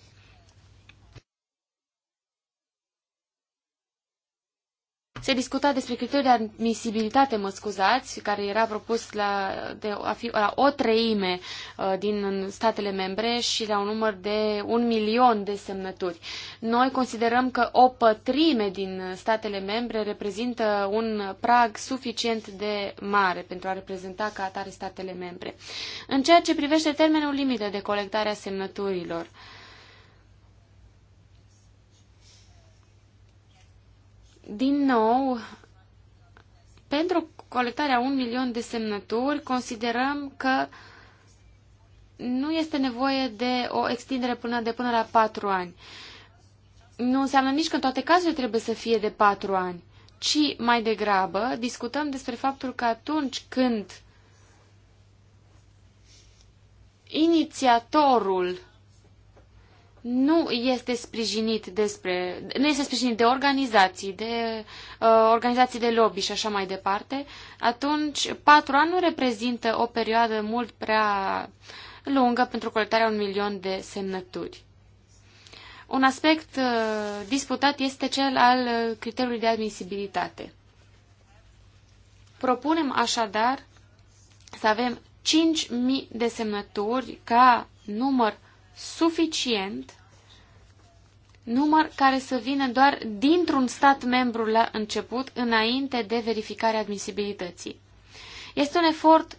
Se discuta despre criteriul de admisibilitate, mă scuzați, care era propus la, de, a fi, la o treime uh, din statele membre și la un număr de un milion de semnături. Noi considerăm că o pătrime din statele membre reprezintă un prag suficient de mare pentru a reprezenta ca atare statele membre. În ceea ce privește termenul limită de colectare a semnăturilor, uh, Din nou, pentru colectarea un milion de semnături, considerăm că nu este nevoie de o extindere până de până la patru ani. Nu înseamnă nici că în toate cazurile trebuie să fie de patru ani, ci mai degrabă discutăm despre faptul că atunci când inițiatorul nu este sprijinit despre, nu este sprijinit de organizații, de uh, organizații de lobby și așa mai departe, atunci patru ani nu reprezintă o perioadă mult prea lungă pentru colectarea un milion de semnături. Un aspect uh, disputat este cel al uh, criteriului de admisibilitate. Propunem așadar să avem 5.000 de semnături ca număr suficient număr care să vină doar dintr-un stat membru la început, înainte de verificarea admisibilității. Este un efort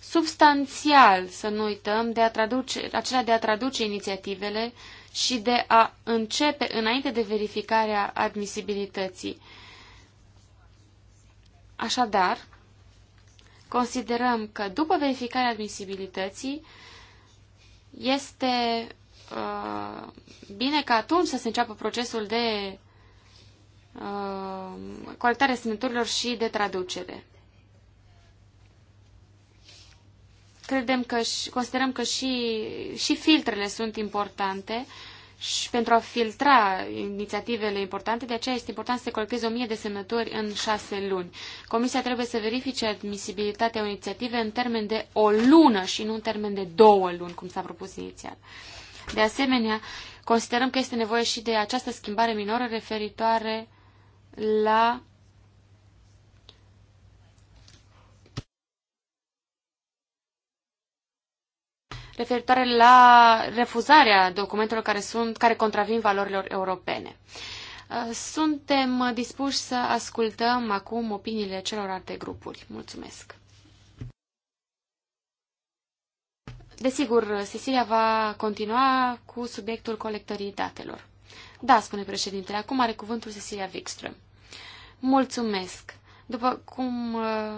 substanțial, să nu uităm, de a traduce, acela de a traduce inițiativele și de a începe înainte de verificarea admisibilității. Așadar, considerăm că după verificarea admisibilității este Uh, bine ca atunci să se înceapă procesul de uh, colectare semnăturilor și de traducere. Credem că și, considerăm că și, și filtrele sunt importante și pentru a filtra inițiativele importante, de aceea este important să se colecteze o mie de semnături în șase luni. Comisia trebuie să verifice admisibilitatea inițiative în termen de o lună și nu în termen de două luni, cum s-a propus inițial. De asemenea, considerăm că este nevoie și de această schimbare minoră referitoare la referitoare la refuzarea documentelor care, sunt, care contravin valorilor europene. Uh, suntem dispuși să ascultăm acum opiniile celor alte grupuri. Mulțumesc! Desigur, Cecilia va continua cu subiectul colectării datelor. Da, spune președintele, acum are cuvântul Cecilia Wikström. Mulțumesc. După cum uh,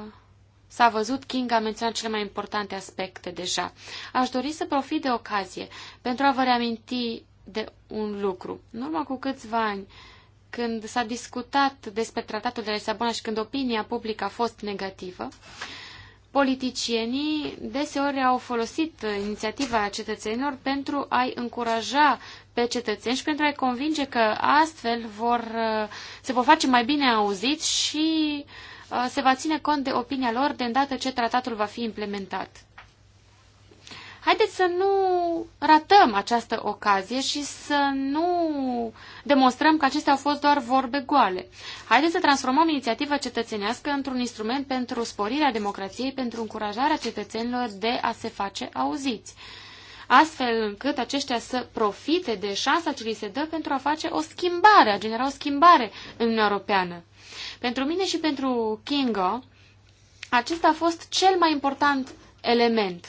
s-a văzut, King a menționat cele mai importante aspecte deja. Aș dori să profit de ocazie pentru a vă reaminti de un lucru. În urmă cu câțiva ani, când s-a discutat despre tratatul de la Lisabona și când opinia publică a fost negativă, uh, politicienii deseori au folosit inițiativa cetățenilor pentru a-i încuraja pe cetățeni și pentru a-i convinge că astfel vor, uh, se vor face mai bine auziți și uh, se va ține cont de opinia lor de îndată ce tratatul va fi implementat. Haideți să nu ratăm această ocazie și să nu demonstrăm că acestea au fost doar vorbe goale. Haideți să transformăm inițiativa cetățenească într-un instrument pentru sporirea democrației, pentru încurajarea cetățenilor de a se face auziți astfel încât aceștia să profite de șansa ce li se dă pentru a face o schimbare, a genera o schimbare în Uniunea Europeană. Pentru mine și pentru Kingo, acesta a fost cel mai important element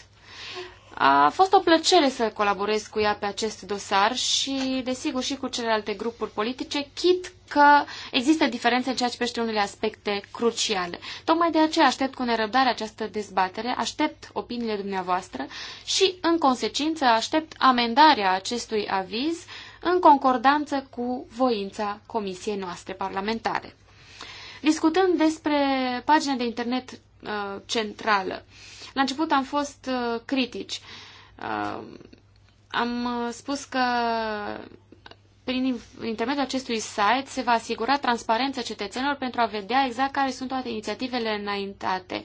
a fost o plăcere să colaborez cu ea pe acest dosar și, desigur, și cu celelalte grupuri politice, chit că există diferențe în ceea ce privește unele aspecte cruciale. Tocmai de aceea aștept cu nerăbdare această dezbatere, aștept opiniile dumneavoastră și, în consecință, aștept amendarea acestui aviz în concordanță cu voința comisiei noastre parlamentare. Discutând despre pagina de internet uh, centrală, uh, la început am fost uh, critici. Uh, am uh, spus că prin intermediul acestui site se va asigura transparența cetățenilor pentru a vedea exact care sunt toate inițiativele înaintate.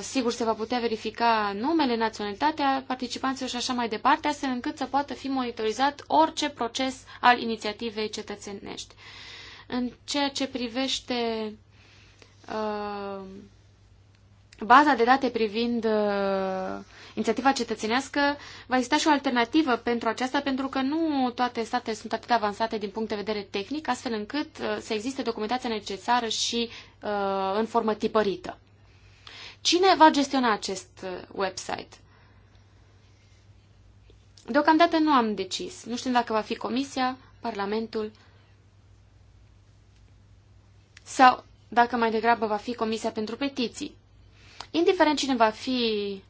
Sigur, se va putea verifica numele, naționalitatea participanților și așa mai departe, astfel încât să poată fi monitorizat orice proces al inițiativei cetățenești. În ceea ce privește uh, baza de date privind uh, inițiativa cetățenească va exista și o alternativă pentru aceasta, pentru că nu toate statele sunt atât de avansate din punct de vedere tehnic, astfel încât uh, să existe documentația necesară și uh, în formă tipărită. Cine va gestiona acest uh, website? Deocamdată nu am decis. Nu știm dacă va fi Comisia, Parlamentul sau dacă mai degrabă va fi Comisia pentru Petiții. Indiferent cine va fi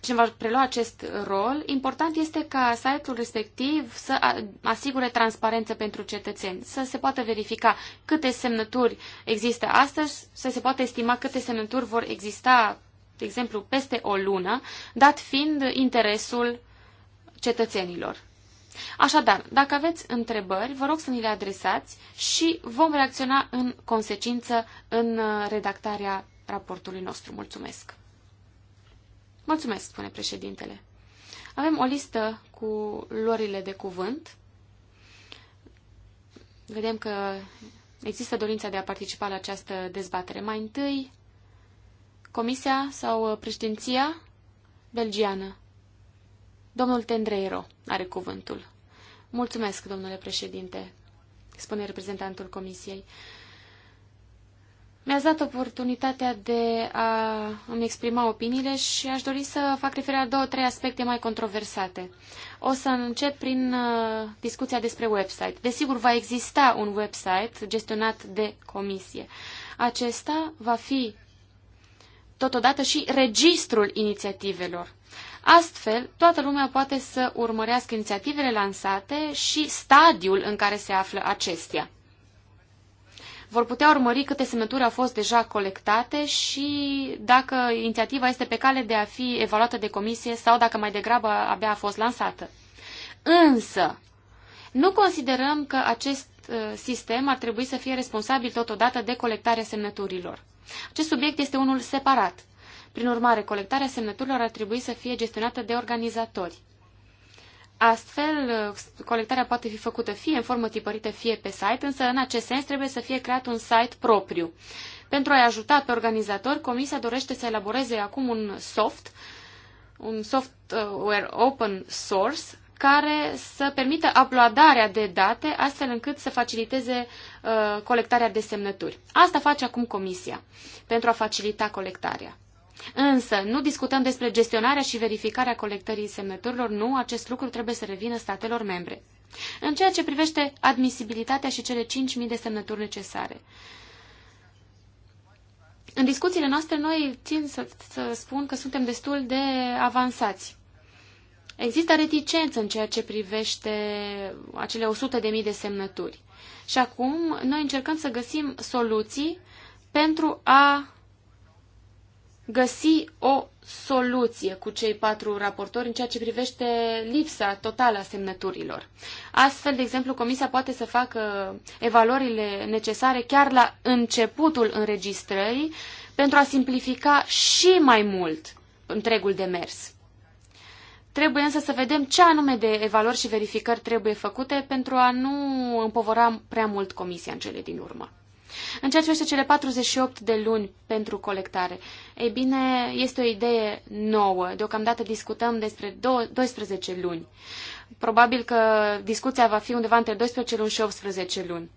cine va prelua acest rol, important este ca site-ul respectiv să asigure transparență pentru cetățeni, să se poată verifica câte semnături există astăzi, să se poată estima câte semnături vor exista, de exemplu, peste o lună, dat fiind interesul cetățenilor. Așadar, dacă aveți întrebări, vă rog să ni le adresați și vom reacționa în consecință în redactarea raportului nostru. Mulțumesc! Mulțumesc, spune președintele. Avem o listă cu lorile de cuvânt. Vedem că există dorința de a participa la această dezbatere. Mai întâi, Comisia sau președinția belgiană. Domnul Tendreiro are cuvântul. Mulțumesc, domnule președinte, spune reprezentantul Comisiei. Mi-ați dat oportunitatea de a îmi exprima opiniile și aș dori să fac referire la două, trei aspecte mai controversate. O să încep prin uh, discuția despre website. Desigur, va exista un website gestionat de comisie. Acesta va fi totodată și registrul inițiativelor. Astfel, toată lumea poate să urmărească inițiativele lansate și stadiul în care se află acestea vor putea urmări câte semnături au fost deja colectate și dacă inițiativa este pe cale de a fi evaluată de comisie sau dacă mai degrabă abia a fost lansată. Însă, nu considerăm că acest uh, sistem ar trebui să fie responsabil totodată de colectarea semnăturilor. Acest subiect este unul separat. Prin urmare, colectarea semnăturilor ar trebui să fie gestionată de organizatori. Astfel, colectarea poate fi făcută fie în formă tipărită, fie pe site, însă în acest sens trebuie să fie creat un site propriu. Pentru a-i ajuta pe organizatori, Comisia dorește să elaboreze acum un soft, un software uh, open source, care să permită uploadarea de date astfel încât să faciliteze uh, colectarea de semnături. Asta face acum Comisia pentru a facilita colectarea. Însă, nu discutăm despre gestionarea și verificarea colectării semnăturilor, nu, acest lucru trebuie să revină statelor membre. În ceea ce privește admisibilitatea și cele 5.000 de semnături necesare. În discuțiile noastre, noi țin să, să spun că suntem destul de avansați. Există reticență în ceea ce privește acele 100.000 de, de semnături. Și acum noi încercăm să găsim soluții pentru a găsi o soluție cu cei patru raportori în ceea ce privește lipsa totală a semnăturilor. Astfel, de exemplu, Comisia poate să facă evaluările necesare chiar la începutul înregistrării pentru a simplifica și mai mult întregul demers. Trebuie însă să vedem ce anume de evaluări și verificări trebuie făcute pentru a nu împovora prea mult Comisia în cele din urmă. În ceea ce este cele 48 de luni pentru colectare, ei bine, este o idee nouă. Deocamdată discutăm despre 12 luni. Probabil că discuția va fi undeva între 12 luni și 18 luni.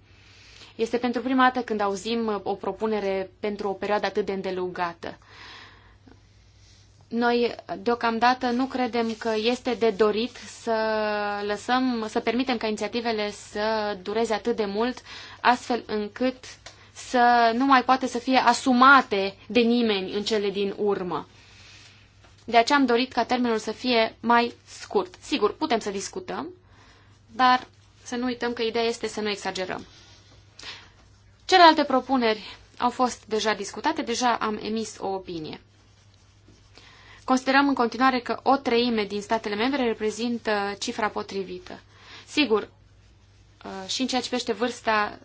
Este pentru prima dată când auzim o propunere pentru o perioadă atât de îndelugată. Noi, deocamdată, nu credem că este de dorit să lăsăm, să permitem ca inițiativele să dureze atât de mult, astfel încât să nu mai poate să fie asumate de nimeni în cele din urmă. De aceea am dorit ca termenul să fie mai scurt. Sigur, putem să discutăm, dar să nu uităm că ideea este să nu exagerăm. Celelalte propuneri au fost deja discutate, deja am emis o opinie. Considerăm în continuare că o treime din statele membre reprezintă cifra potrivită. Sigur, uh, și în ceea ce privește vârsta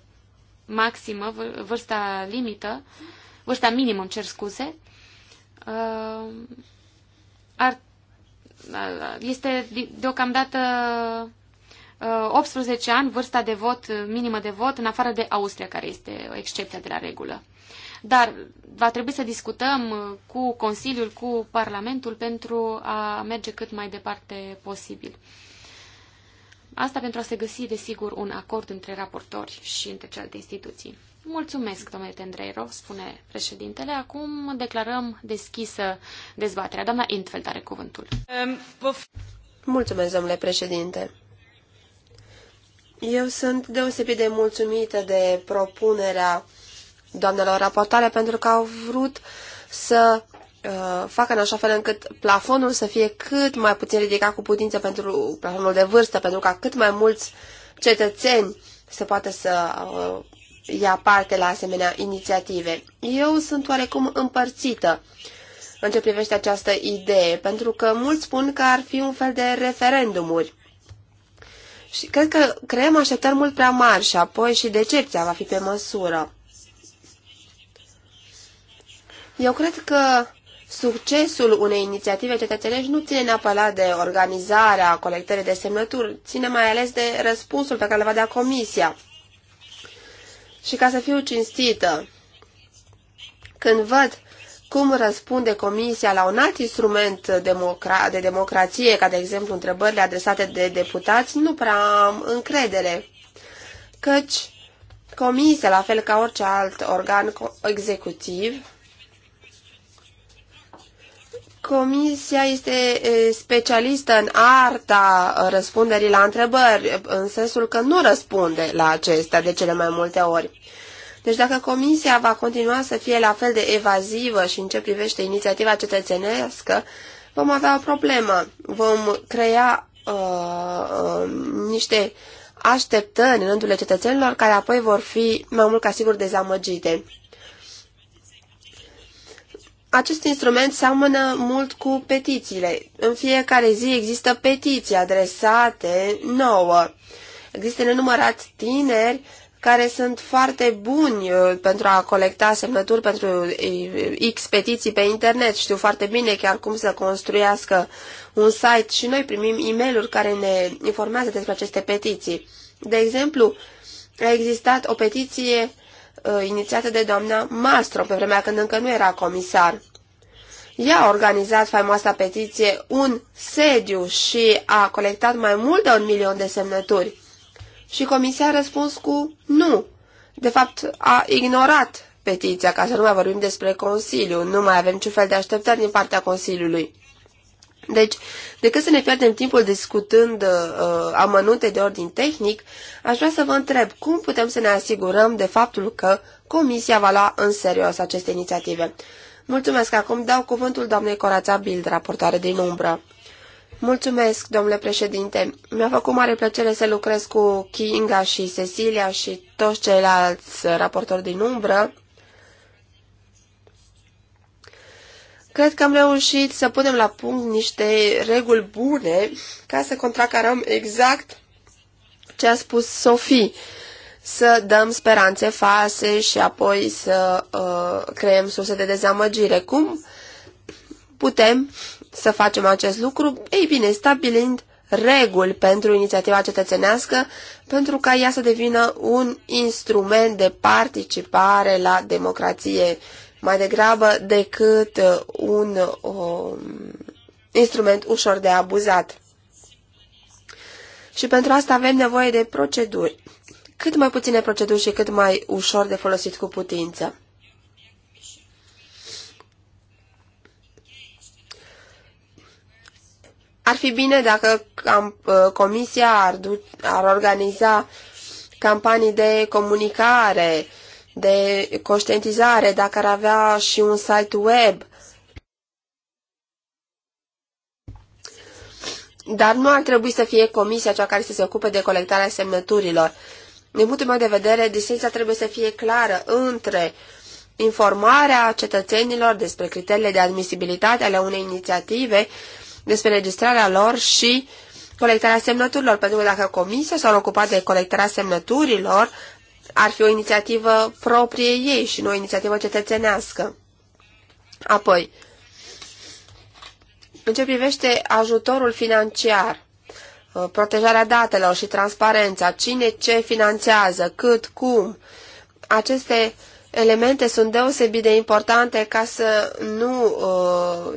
maximă, vârsta limită, vârsta minimă, îmi cer scuze, uh, ar, uh, este deocamdată 18 uh, ani, vârsta de vot, minimă de vot, în afară de Austria, care este o excepție de la regulă. Dar va trebui să discutăm cu Consiliul, cu Parlamentul pentru a merge cât mai departe posibil. Asta pentru a se găsi, desigur, un acord între raportori și între celelalte instituții. Mulțumesc, domnule Tendreiro, spune președintele. Acum declarăm deschisă dezbaterea. Doamna Intfeld are cuvântul. Ehm, Mulțumesc, domnule președinte. Eu sunt deosebit de mulțumită de propunerea doamnelor raportare pentru că au vrut să Uh, facă în așa fel încât plafonul să fie cât mai puțin ridicat cu putință pentru plafonul de vârstă, pentru ca cât mai mulți cetățeni se poate să uh, ia parte la asemenea inițiative. Eu sunt oarecum împărțită în ce privește această idee, pentru că mulți spun că ar fi un fel de referendumuri. Și cred că creăm așteptări mult prea mari și apoi și decepția va fi pe măsură. Eu cred că succesul unei inițiative cetățenești nu ține neapărat de organizarea colectării de semnături, ține mai ales de răspunsul pe care le va da comisia. Și ca să fiu cinstită, când văd cum răspunde comisia la un alt instrument democra de democrație, ca de exemplu întrebările adresate de deputați, nu prea am încredere, căci comisia, la fel ca orice alt organ executiv, Comisia este specialistă în arta răspunderii la întrebări, în sensul că nu răspunde la acestea de cele mai multe ori. Deci dacă Comisia va continua să fie la fel de evazivă și în ce privește inițiativa cetățenească, vom avea o problemă. Vom crea uh, uh niște așteptări în rândul cetățenilor care apoi vor fi mai mult ca sigur dezamăgite. Acest instrument seamănă mult cu petițiile. În fiecare zi există petiții adresate nouă. Există nenumărat tineri care sunt foarte buni uh, pentru a colecta semnături pentru uh, X petiții pe internet. Știu foarte bine chiar cum să construiască un site și noi primim e mail care ne informează despre aceste petiții. De exemplu, a existat o petiție Uh, inițiată de doamna Mastro, pe vremea când încă nu era comisar. Ea a organizat faimoasa petiție Un sediu și a colectat mai mult de un milion de semnături. Și comisia a răspuns cu nu. De fapt, a ignorat petiția, ca să nu mai vorbim despre Consiliu. Nu mai avem ce fel de așteptări din partea Consiliului. Deci, decât să ne pierdem timpul discutând uh, amănunte de ordin tehnic, aș vrea să vă întreb cum putem să ne asigurăm de faptul că Comisia va lua în serios aceste inițiative. Mulțumesc, acum dau cuvântul doamnei Corața Bild, raportoare din umbră. Mulțumesc, domnule președinte. Mi-a făcut mare plăcere să lucrez cu Kinga și Cecilia și toți ceilalți raportori din umbră Cred că am reușit să punem la punct niște reguli bune ca să contracarăm exact ce a spus Sofie, să dăm speranțe false și apoi să uh, creăm surse de dezamăgire. Cum putem să facem acest lucru? Ei bine, stabilind reguli pentru inițiativa cetățenească, pentru ca ea să devină un instrument de participare la democrație mai degrabă decât uh, un um, instrument ușor de abuzat. Și pentru asta avem nevoie de proceduri. Cât mai puține proceduri și cât mai ușor de folosit cu putință. Ar fi bine dacă uh, comisia ar, du- ar organiza campanii de comunicare, de conștientizare, dacă ar avea și un site web. Dar nu ar trebui să fie comisia cea care să se ocupe de colectarea semnăturilor. Din punctul meu de vedere, distinția trebuie să fie clară între informarea cetățenilor despre criteriile de admisibilitate ale unei inițiative, despre registrarea lor și colectarea semnăturilor, pentru că dacă comisia s a ocupat de colectarea semnăturilor, ar fi o inițiativă proprie ei și nu o inițiativă cetățenească. Apoi, în ce privește ajutorul financiar, uh, protejarea datelor și transparența, cine ce finanțează, cât, cum, aceste elemente sunt deosebit de importante ca să nu uh,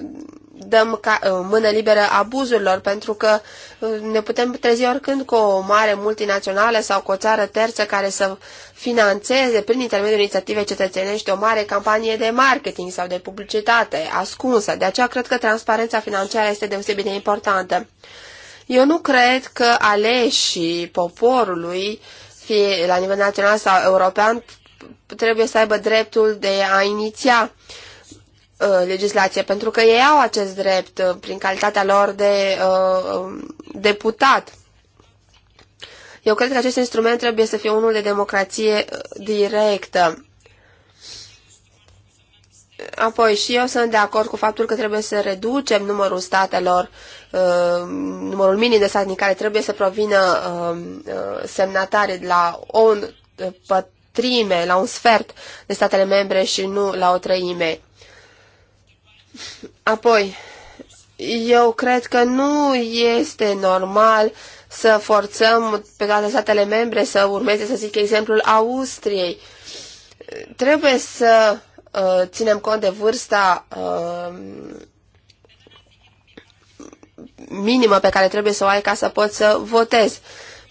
dăm ca, uh, mână liberă abuzurilor, pentru că uh, ne putem trezi oricând cu o mare multinațională sau cu o țară terță care să financeze prin intermediul inițiativei cetățenești o mare campanie de marketing sau de publicitate ascunsă. De aceea cred că transparența financiară este deosebit de importantă. Eu nu cred că aleșii poporului, fie la nivel național sau european, trebuie să aibă dreptul de a iniția uh, Uh, legislație, pentru că ei au acest drept uh, prin calitatea lor de uh, um, deputat. Eu cred că acest instrument trebuie să fie unul de democrație uh, directă. Apoi și eu sunt de acord cu faptul că trebuie să reducem numărul statelor, uh, numărul minim de stat din care trebuie să provină uh, semnatare la o pătrime, la un sfert de statele membre și nu la o treime. Apoi, eu cred că nu este normal să forțăm pe toate statele membre să urmeze, să zic, exemplul Austriei. Trebuie să uh, ținem cont de vârsta uh, minimă pe care trebuie să o ai ca să poți să votezi.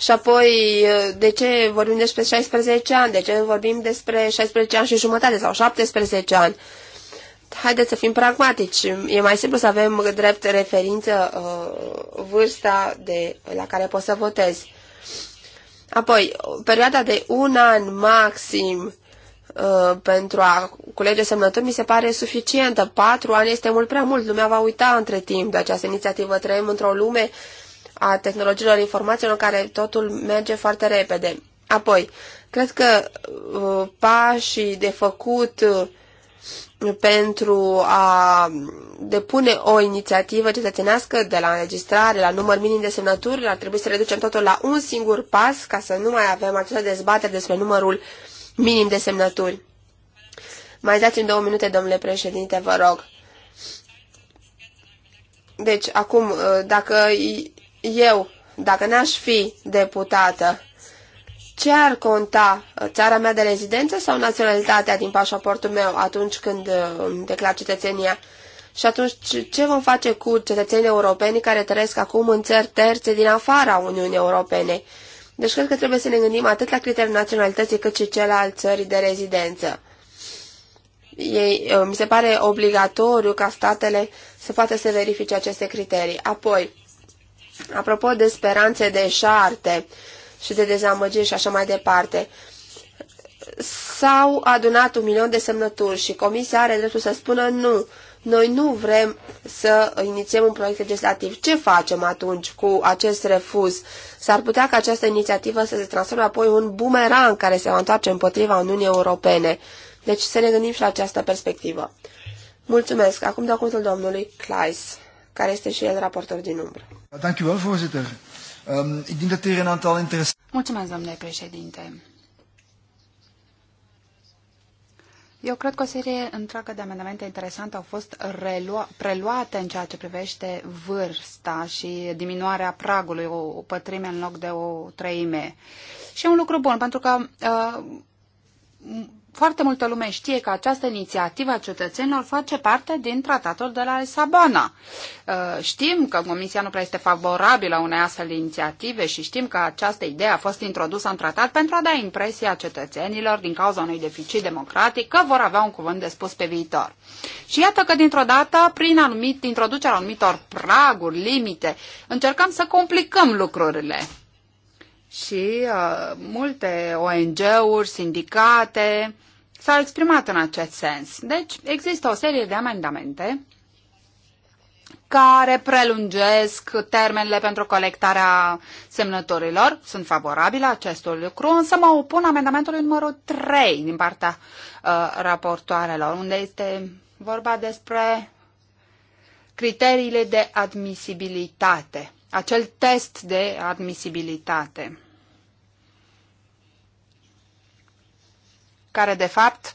Și apoi, uh, de ce vorbim despre 16 ani? De ce vorbim despre 16 ani și jumătate sau 17 ani? Uh, haideți să fim pragmatici. E mai simplu să avem drept referință uh, vârsta de, la care poți să votezi. Apoi, perioada de un an maxim uh, pentru a culege semnături mi se pare suficientă. Patru ani este mult prea mult. Lumea va uita între timp de această inițiativă. Trăim într-o lume a tehnologiilor informațiilor în care totul merge foarte repede. Apoi, cred că uh, pașii de făcut uh, pentru a depune o inițiativă cetățenească de la înregistrare, la număr minim de semnături, ar trebui să reducem totul la un singur pas ca să nu mai avem această dezbatere despre numărul minim de semnături. Mai dați-mi două minute, domnule președinte, vă rog. Deci, acum, dacă eu, dacă n-aș fi deputată, ce ar conta uh, țara mea de rezidență sau naționalitatea din pașaportul meu atunci când uh, îmi declar cetățenia? Și atunci ce vom face cu cetățenii europeni care trăiesc acum în țări terțe din afara Uniunii Europene? Deci cred că trebuie să ne gândim atât la criteriul naționalității cât și cel al țării de rezidență. Ei, uh, mi se pare obligatoriu ca statele să poată să verifice aceste criterii. Apoi, apropo de speranțe de șarte, și de dezamăgiri și așa mai departe. S-au adunat un milion de semnături și comisia are dreptul să spună nu, noi nu vrem să inițiem un proiect legislativ. Ce facem atunci cu acest refuz? S-ar putea ca această inițiativă să se transforme apoi un bumerang care se va întoarce împotriva Uniunii Europene. Deci să ne gândim și la această perspectivă. Mulțumesc. Acum dau cuvântul domnului Kleis, care este și el raportor din umbră. Thank you, Um, ik denk dat hier een aantal interessante... Mulțumesc, domnule președinte. Eu cred că o serie întreagă de amendamente interesante au fost relua, preluate în ceea ce privește vârsta și diminuarea pragului, o, o pătrime în loc de o treime. Și e un lucru bun, pentru că uh, foarte multă lume știe că această inițiativă a cetățenilor face parte din tratatul de la Lisabona. Uh, știm că Comisia nu prea este favorabilă unei astfel de inițiative și știm că această idee a fost introdusă în tratat pentru a da impresia cetățenilor din cauza unui deficit democratic că vor avea un cuvânt de spus pe viitor. Și iată că dintr-o dată, prin anumit, introducerea anumitor praguri, limite, încercăm să complicăm lucrurile și uh, multe ONG-uri, sindicate s-au exprimat în acest sens. Deci există o serie de amendamente care prelungesc termenele pentru colectarea semnăturilor. Sunt favorabile acestui lucru, însă mă opun amendamentului numărul 3 din partea uh, raportoarelor, unde este vorba despre criteriile de admisibilitate acel test de admisibilitate, care de fapt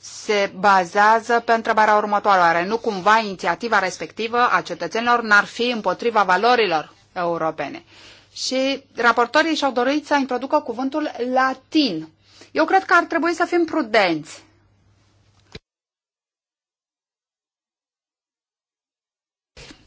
se bazează pe întrebarea următoare. Nu cumva inițiativa respectivă a cetățenilor n-ar fi împotriva valorilor europene. Și raportorii și-au dorit să introducă cuvântul latin. Eu cred că ar trebui să fim prudenți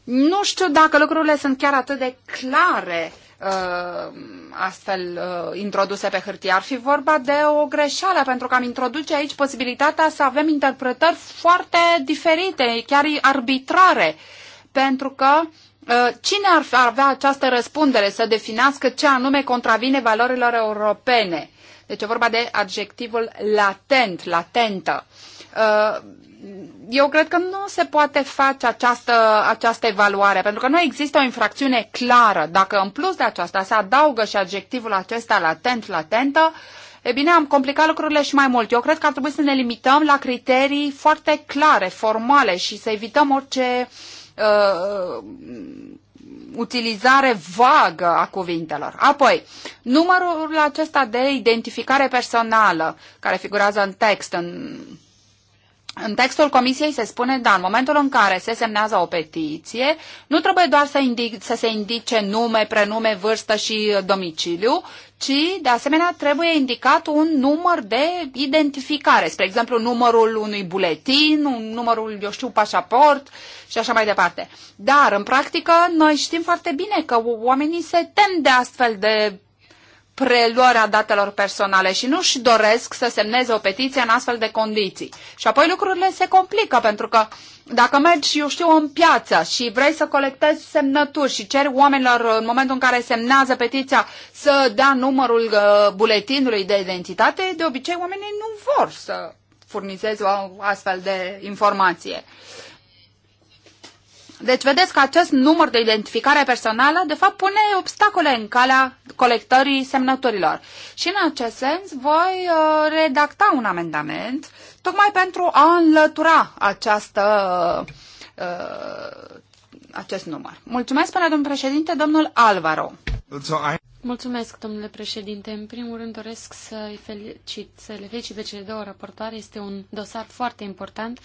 Nu știu dacă lucrurile sunt chiar atât de clare uh, astfel uh, introduse pe hârtie. Ar fi vorba de o greșeală, pentru că am introduce aici posibilitatea să avem interpretări foarte diferite, chiar arbitrare, pentru că uh, cine ar avea această răspundere să definească ce anume contravine valorilor europene? Deci e vorba de adjectivul latent, latentă eu cred că nu se poate face această, această evaluare, pentru că nu există o infracțiune clară. Dacă în plus de aceasta se adaugă și adjectivul acesta latent, latentă, e bine, am complicat lucrurile și mai mult. Eu cred că ar trebui să ne limităm la criterii foarte clare, formale și să evităm orice uh, utilizare vagă a cuvintelor. Apoi, numărul acesta de identificare personală care figurează în text, în în textul comisiei se spune, da, în momentul în care se semnează o petiție, nu trebuie doar să, indic, să se indice nume, prenume, vârstă și uh, domiciliu, ci, de asemenea, trebuie indicat un număr de identificare, spre exemplu, numărul unui buletin, un numărul, eu știu, pașaport și așa mai departe. Dar, în practică, noi știm foarte bine că oamenii se tem de astfel de preluarea datelor personale și nu-și doresc să semneze o petiție în astfel de condiții. Și apoi lucrurile se complică pentru că dacă mergi, eu știu, în piață și vrei să colectezi semnături și ceri oamenilor în momentul în care semnează petiția să dea numărul uh, buletinului de identitate, de obicei oamenii nu vor să furnizeze o astfel de informație. Uh, deci vedeți că acest număr de identificare personală, de fapt, pune obstacole în calea colectării semnăturilor. Și în acest sens voi uh, redacta un amendament tocmai pentru a înlătura această, uh, uh, acest număr. Mulțumesc până domnul președinte, domnul Alvaro. Mulțumesc, domnule președinte. În primul rând doresc să, felicit, să le felicit pe cele două raportoare. Este un dosar foarte important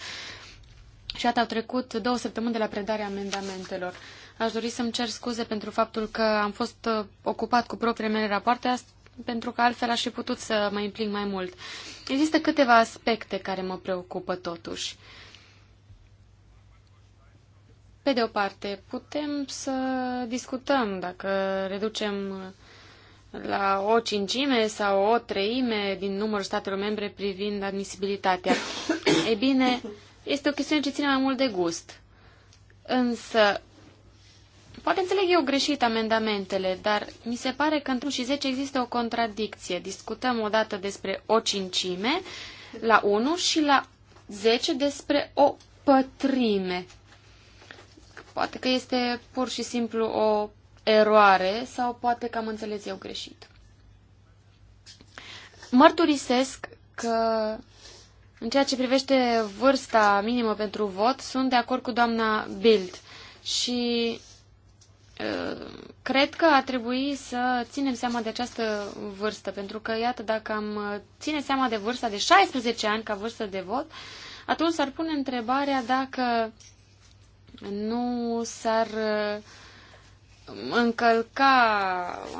și atât au trecut două săptămâni de la predarea amendamentelor. Aș dori să-mi cer scuze pentru faptul că am fost uh, ocupat cu propriile mele rapoarte, pentru că altfel aș fi putut să mă implic mai mult. Există câteva aspecte care mă preocupă totuși. Pe de o parte, putem să discutăm dacă reducem uh, la o cincime sau o treime din numărul statelor membre privind admisibilitatea. Ei bine, este o chestiune ce ține mai mult de gust. Însă, poate înțeleg eu greșit amendamentele, dar mi se pare că într-un și 10 există o contradicție. Discutăm odată despre o cincime la 1 și la 10 despre o pătrime. Poate că este pur și simplu o eroare sau poate că am înțeles eu greșit. Mărturisesc că în ceea ce privește vârsta minimă pentru vot, sunt de acord cu doamna Bild și cred că ar trebui să ținem seama de această vârstă, pentru că, iată, dacă am ține seama de vârsta de 16 ani ca vârstă de vot, atunci s-ar pune întrebarea dacă nu s-ar uh, încălca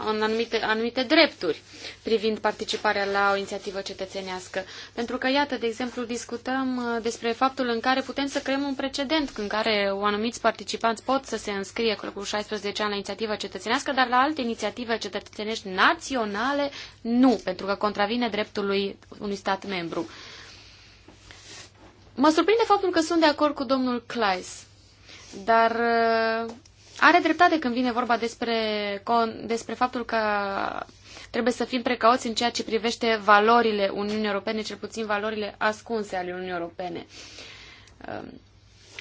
în anumite, anumite drepturi privind participarea la o inițiativă cetățenească. Pentru că, iată, de exemplu, discutăm uh, despre faptul în care putem să creăm un precedent în care o anumiți participanți pot să se înscrie cu 16 ani la inițiativă cetățenească, dar la alte inițiative cetățenești naționale nu, pentru că contravine dreptului unui stat membru. Mă surprinde faptul că sunt de acord cu domnul Kleis, dar uh, are dreptate când vine vorba despre, despre faptul că trebuie să fim precauți în ceea ce privește valorile Uniunii Europene, cel puțin valorile ascunse ale Uniunii Europene. Ehm,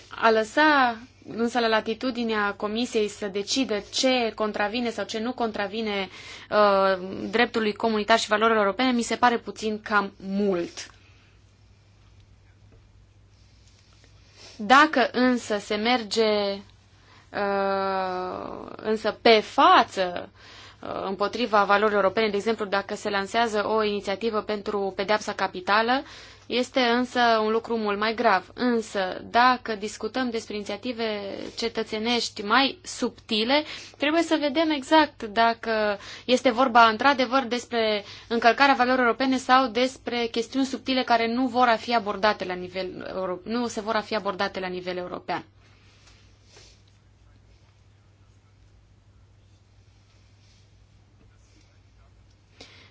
a lăsa însă la latitudinea Comisiei să decidă ce contravine sau ce nu contravine ehm, dreptului comunitar și valorilor europene, mi se pare puțin cam mult. Dacă însă se merge Uh, însă pe față uh, împotriva valorilor europene, de exemplu, dacă se lansează o inițiativă pentru pedeapsa capitală, este însă un lucru mult mai grav. Însă, dacă discutăm despre inițiative cetățenești mai subtile, trebuie să vedem exact dacă este vorba într-adevăr despre încălcarea valorilor europene sau despre chestiuni subtile care nu vor a fi abordate la nivel, nu se vor a fi abordate la nivel european.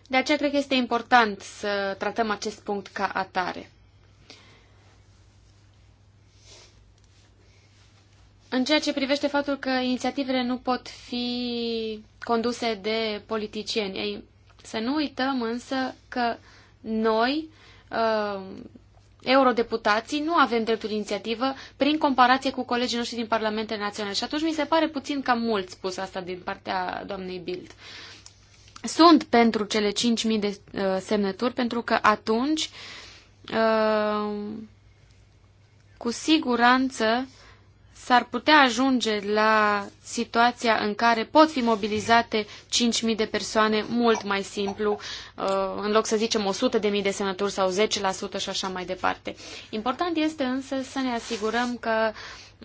De aceea cred că este important să tratăm acest punct ca atare. În ceea ce privește faptul că inițiativele nu pot fi conduse de politicieni, ei, să nu uităm însă că noi, uh, eurodeputații, nu avem dreptul de inițiativă prin comparație cu colegii noștri din Parlamentele Naționale. Și atunci mi se pare puțin cam mult spus asta din partea doamnei Bild. Uh, sunt pentru cele 5.000 de uh, semnături, pentru că atunci, uh, cu siguranță, s-ar putea ajunge la situația în care pot fi mobilizate 5.000 de persoane mult mai simplu, uh, în loc să zicem 100.000 de semnături sau 10% și așa mai departe. Important este însă să ne asigurăm că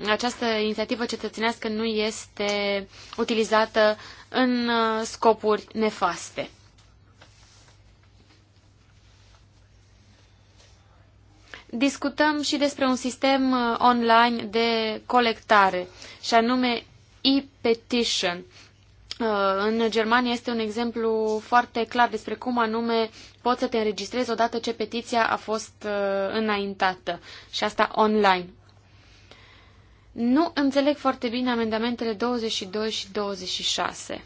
această inițiativă cetățenească nu este utilizată în uh, scopuri nefaste. Discutăm și despre un sistem uh, online de colectare, și anume e-petition. Uh, în Germania este un exemplu foarte clar despre cum anume poți să te înregistrezi odată ce petiția a fost înaintată și asta online, nu înțeleg foarte bine amendamentele 22 și 26.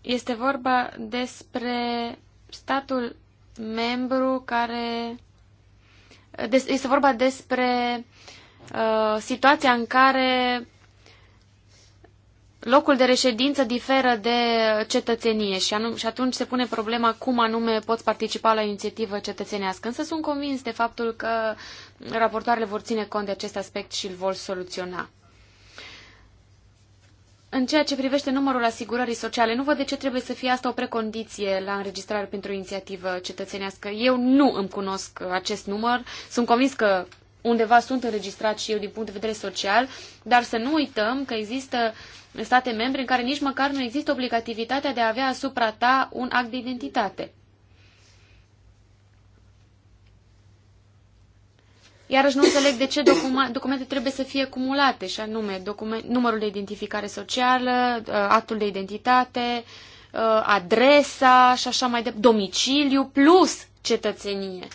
Este vorba despre statul membru care... Este vorba despre uh, situația în care locul de reședință diferă de cetățenie și, anum- și atunci se pune problema cum anume poți participa la o inițiativă cetățenească. Însă sunt convins de faptul că raportoarele vor ține cont de acest aspect și îl vor soluționa. În ceea ce privește numărul asigurării sociale, nu văd de ce trebuie să fie asta o precondiție la înregistrare pentru o inițiativă cetățenească. Eu nu îmi cunosc acest număr. Sunt convins că undeva sunt înregistrat și eu din punct de vedere social, dar să nu uităm că există uh, state membre în care nici măcar nu există obligativitatea de a avea asupra ta un act de identitate. Iarăși nu înțeleg de ce documente trebuie să fie cumulate, și anume document, numărul de identificare socială, uh, actul de identitate, uh, adresa și așa mai departe, domiciliu plus cetățenie.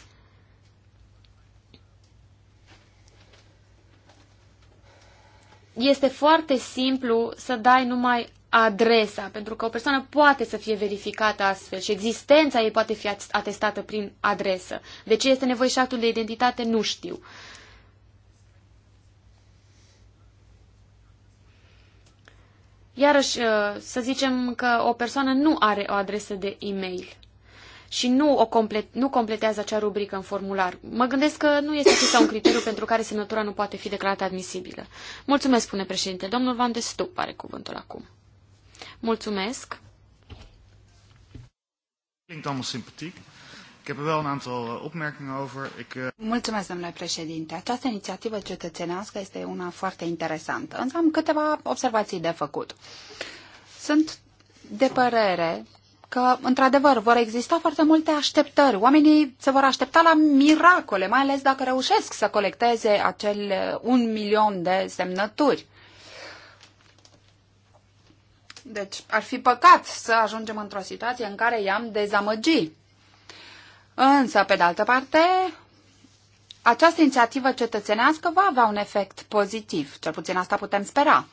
este foarte simplu să dai numai adresa, pentru că o persoană poate să fie verificată astfel și existența ei poate fi atestată prin adresă. De ce este nevoie și actul de identitate, nu știu. Iarăși, uh, să zicem că o persoană nu are o adresă de e-mail și nu, o complet, nu completează acea rubrică în formular. Mă gândesc că nu este acesta un criteriu pentru care semnătura nu poate fi declarată admisibilă. Mulțumesc, spune președinte. Domnul Van de Stup are cuvântul acum. Mulțumesc. Klinkt allemaal sympathiek. Ik heb er wel een aantal eh, opmerkingen over. Ik, uh... Mulțumesc, domnule președinte. Această inițiativă cetățenească este una foarte interesantă, însă am câteva observații de făcut. Sunt de părere că, într-adevăr, vor exista foarte multe așteptări. Oamenii se vor aștepta la miracole, mai ales dacă reușesc să colecteze acel uh, un milion de semnături. Deci ar fi păcat să ajungem într-o situație în care i-am dezamăgi. Însă, pe de altă parte, această inițiativă cetățenească va avea un efect pozitiv, cel puțin asta putem spera.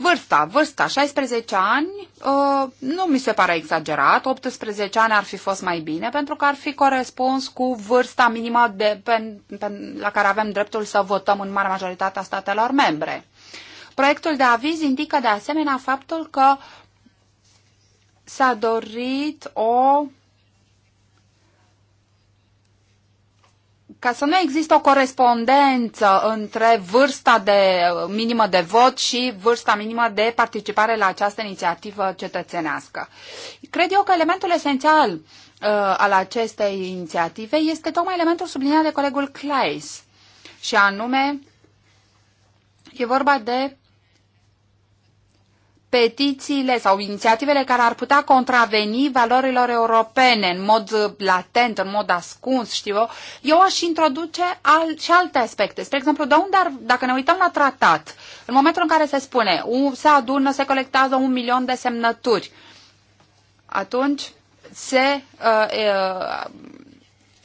Vârsta, vârsta, 16 ani, ă, nu mi se pare exagerat, 18 ani ar fi fost mai bine, pentru că ar fi corespuns cu vârsta minimă de, pe, pe, la care avem dreptul să votăm în mare majoritatea statelor membre. Proiectul de aviz indică de asemenea faptul că s-a dorit o ca să nu există o corespondență între vârsta de minimă de vot și vârsta minimă de participare la această inițiativă cetățenească. Cred eu că elementul esențial uh, al acestei inițiative este tocmai elementul subliniat de colegul Claes, și anume e vorba de petițiile sau inițiativele care ar putea contraveni valorilor europene în mod latent, în mod ascuns, știu eu, eu aș introduce al, și alte aspecte. Spre exemplu, de unde ar, dacă ne uităm la tratat, în momentul în care se spune se adună, se colectează un milion de semnături, atunci se uh, uh,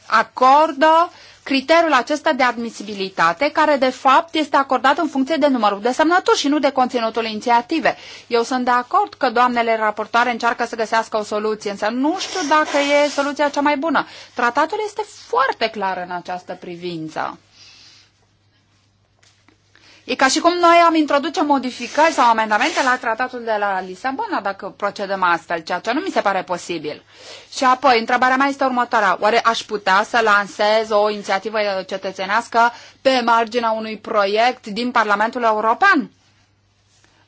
acordă uh, criteriul acesta de admisibilitate, care de fapt este acordat în funcție de numărul de semnături și nu de conținutul inițiative. Eu sunt de acord că doamnele raportoare încearcă să găsească o soluție, însă nu știu dacă e soluția cea mai bună. Tratatul este foarte clar în această privință. E ca și cum noi am introduce modificări sau amendamente la tratatul de la Lisabona, dacă procedăm astfel, ceea ce nu mi se pare posibil. Și apoi, întrebarea mea este următoarea. Oare aș putea să lansez o inițiativă cetățenească pe marginea unui proiect din Parlamentul European?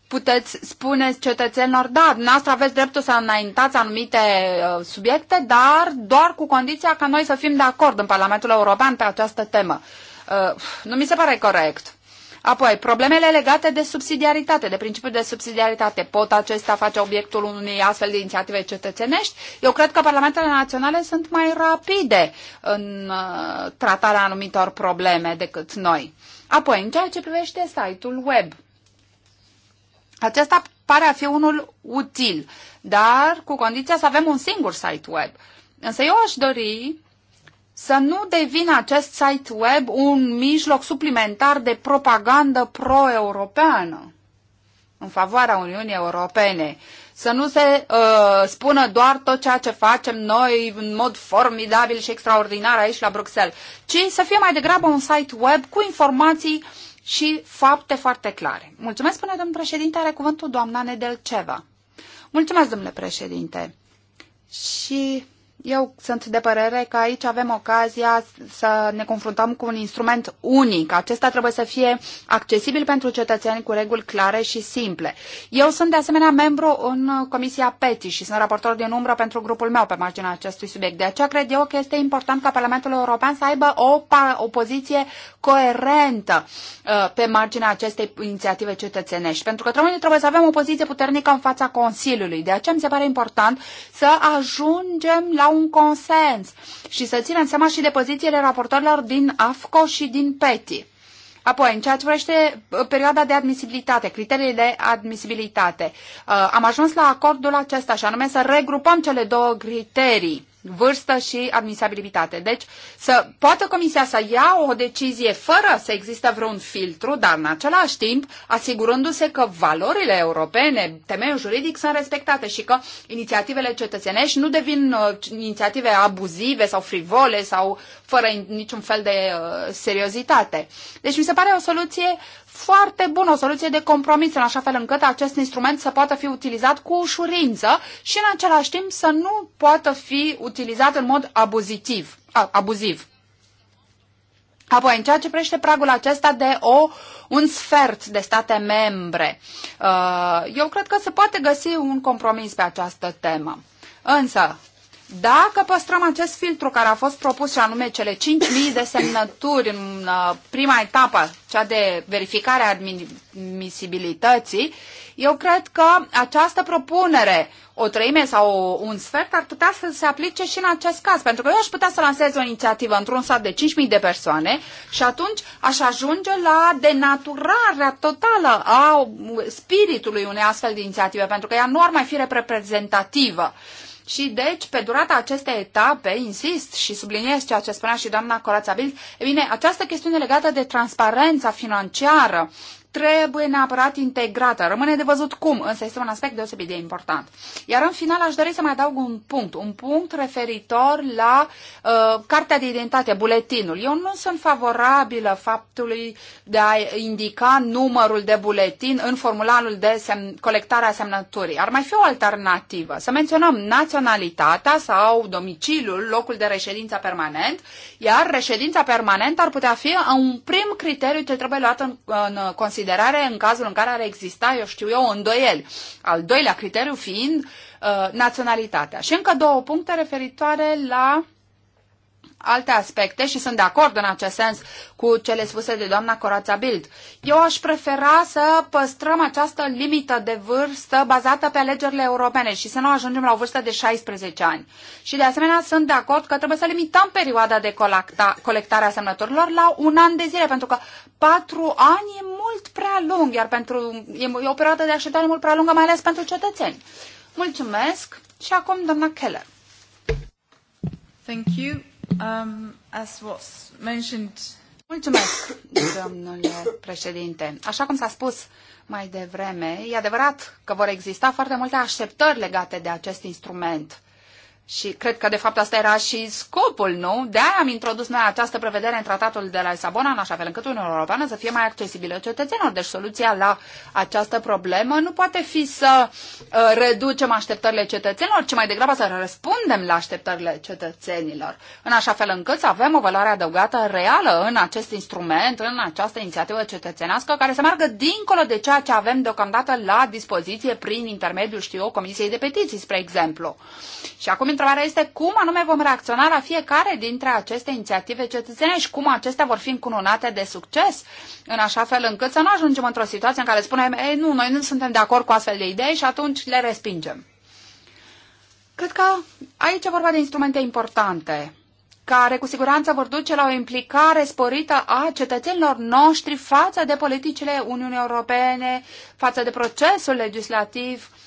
Puteți spune cetățenilor, da, dumneavoastră aveți dreptul să înaintați anumite uh, subiecte, dar doar cu condiția ca noi să fim de acord în Parlamentul European pe această temă. Uh, nu mi se pare corect. Apoi, problemele legate de subsidiaritate, de principiul de subsidiaritate. Pot acesta face obiectul unei astfel de inițiative cetățenești? Eu cred că parlamentele naționale sunt mai rapide în uh, tratarea anumitor probleme decât noi. Apoi, în ceea ce privește site-ul web, acesta pare a fi unul util, dar cu condiția să avem un singur site web. Însă eu aș dori să nu devină acest site web un mijloc suplimentar de propagandă pro-europeană în favoarea Uniunii Europene. Să nu se uh, spună doar tot ceea ce facem noi în mod formidabil și extraordinar aici la Bruxelles, ci să fie mai degrabă un site web cu informații și fapte foarte clare. Mulțumesc, până domnul președinte, are cuvântul doamna Nedelceva. Mulțumesc, domnule președinte. Și eu sunt de părere că aici avem ocazia să ne confruntăm cu un instrument unic. Acesta trebuie să fie accesibil pentru cetățeni cu reguli clare și simple. Eu sunt de asemenea membru în Comisia PETI și sunt raportor din umbră pentru grupul meu pe marginea acestui subiect. De aceea cred eu că este important ca Parlamentul European să aibă o, o poziție coerentă uh, pe marginea acestei inițiative cetățenești. Pentru că trebuie, trebuie să avem o poziție puternică în fața Consiliului. De aceea mi se pare important să ajungem la un consens și să ținem seama și de pozițiile raportorilor din AFCO și din PETI. Apoi, în ceea ce vrește uh, perioada de admisibilitate, criteriile de admisibilitate, uh, am ajuns la acordul acesta și anume să regrupăm cele două criterii vârstă și admisabilitate. Deci, să poată comisia să ia o decizie fără să există vreun filtru, dar în același timp asigurându-se că valorile europene, temeiul juridic sunt respectate și că inițiativele cetățenești nu devin uh, inițiative abuzive sau frivole sau fără niciun fel de uh, seriozitate. Deci mi se pare o soluție foarte bună, o soluție de compromis, în așa fel încât acest instrument să poată fi utilizat cu ușurință și în același timp să nu poată fi utilizat în mod abuzitiv. A, abuziv. Apoi, în ceea ce prește pragul acesta de o, un sfert de state membre, uh, eu cred că se poate găsi un compromis pe această temă. Însă, dacă păstrăm acest filtru care a fost propus și anume cele 5.000 de semnături în uh, prima etapă, cea de verificare a admisibilității, eu cred că această propunere, o treime sau un sfert, ar putea să se aplice și în acest caz. Pentru că eu aș putea să lansez o inițiativă într-un sat de 5.000 de persoane și atunci aș ajunge la denaturarea totală a spiritului unei astfel de inițiative, pentru că ea nu ar mai fi reprezentativă. Și deci, pe durata acestei etape, insist și subliniez ceea ce spunea și doamna Corațabil, e bine, această chestiune legată de transparența financiară trebuie neapărat integrată. Rămâne de văzut cum, însă este un aspect deosebit de important. Iar în final aș dori să mai adaug un punct, un punct referitor la uh, cartea de identitate, buletinul. Eu nu sunt favorabilă faptului de a indica numărul de buletin în formularul de sem- colectare a semnăturii. Ar mai fi o alternativă, să menționăm naționalitatea sau domiciliul, locul de reședință permanent, iar reședința permanentă ar putea fi un prim criteriu ce trebuie luat în, în considerare considerare în cazul în care ar exista, eu știu eu, îndoieli. Al doilea criteriu fiind uh, naționalitatea. Și încă două puncte referitoare la alte aspecte și sunt de acord în acest sens cu cele spuse de doamna Corața Bild. Eu aș prefera să păstrăm această limită de vârstă bazată pe alegerile europene și să nu ajungem la o vârstă de 16 ani. Și de asemenea sunt de acord că trebuie să limităm perioada de colecta, colectare a semnăturilor la un an de zile, pentru că patru ani e mult prea lung, iar pentru, e o perioadă de așteptare mult prea lungă, mai ales pentru cetățeni. Mulțumesc și acum doamna Keller. Thank you. Um, as was mentioned... Mulțumesc, domnule președinte. Așa cum s-a spus mai devreme, e adevărat că vor exista foarte multe așteptări legate de acest instrument. Și cred că, de fapt, asta era și scopul, nu? De aia am introdus noi această prevedere în tratatul de la Lisabona, în așa fel încât Uniunea Europeană să fie mai accesibilă cetățenilor. Deci soluția la această problemă nu poate fi să ă, reducem așteptările cetățenilor, ci mai degrabă să răspundem la așteptările cetățenilor, în așa fel încât să avem o valoare adăugată reală în acest instrument, în această inițiativă cetățenească, care să meargă dincolo de ceea ce avem deocamdată la dispoziție prin intermediul, știu eu, Comisiei de Petiții, spre exemplu. Și acum întrebarea este cum anume vom reacționa la fiecare dintre aceste inițiative cetățenești, cum acestea vor fi încununate de succes, în așa fel încât să nu ajungem într-o situație în care spunem, ei, nu, noi nu suntem de acord cu astfel de idei și atunci le respingem. Cred că aici e vorba de instrumente importante care cu siguranță vor duce la o implicare sporită a cetățenilor noștri față de politicile Uniunii Europene, față de procesul legislativ uh,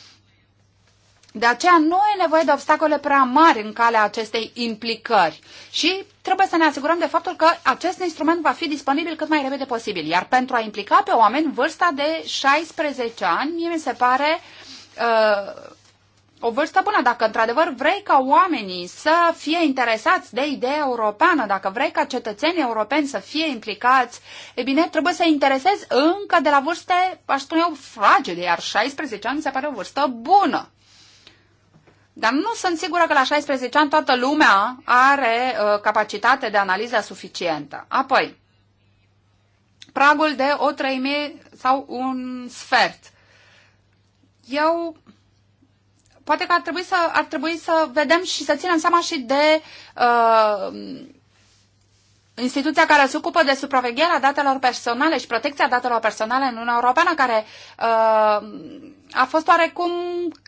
de aceea nu e nevoie de obstacole prea mari în calea acestei implicări și trebuie să ne asigurăm de faptul că acest instrument va fi disponibil cât mai repede posibil. Iar pentru a implica pe oameni vârsta de 16 ani, mie mi se pare uh, o vârstă bună. Dacă într-adevăr vrei ca oamenii să fie interesați de ideea europeană, dacă vrei ca cetățenii europeni să fie implicați, e bine, trebuie să interesezi încă de la vârste, aș spune eu, fragede, iar 16 ani se pare o vârstă bună. Dar nu sunt sigură că la 16 ani toată lumea are uh, capacitate de analiză suficientă. Apoi, pragul de o treime sau un sfert. Eu poate că ar trebui să, ar trebui să vedem și să ținem seama și de uh, instituția care se ocupă de supravegherea datelor personale și protecția datelor personale în Uniunea Europeană, care uh, a fost oarecum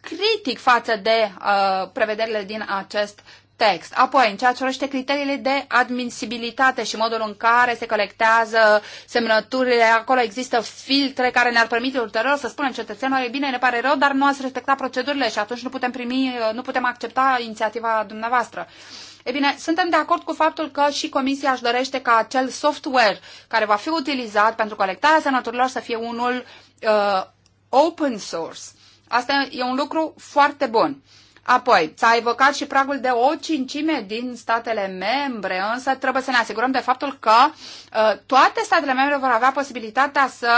critic față de uh, prevederile din acest text. Apoi, în ceea ce urăște criteriile de admisibilitate și modul în care se colectează semnăturile, acolo există filtre care ne-ar permite ulterior să spunem cetățenilor, e bine, ne pare rău, dar nu ați respectat procedurile și atunci nu putem primi, nu putem accepta inițiativa dumneavoastră. Uh, E bine, suntem de acord cu faptul că și Comisia își dorește ca acel software care va fi utilizat pentru colectarea semnăturilor să fie unul uh, open source. Asta e un lucru foarte bun. Apoi, s-a evocat și pragul de o cincime din statele membre, însă trebuie să ne asigurăm de faptul că uh, toate statele membre vor avea posibilitatea să,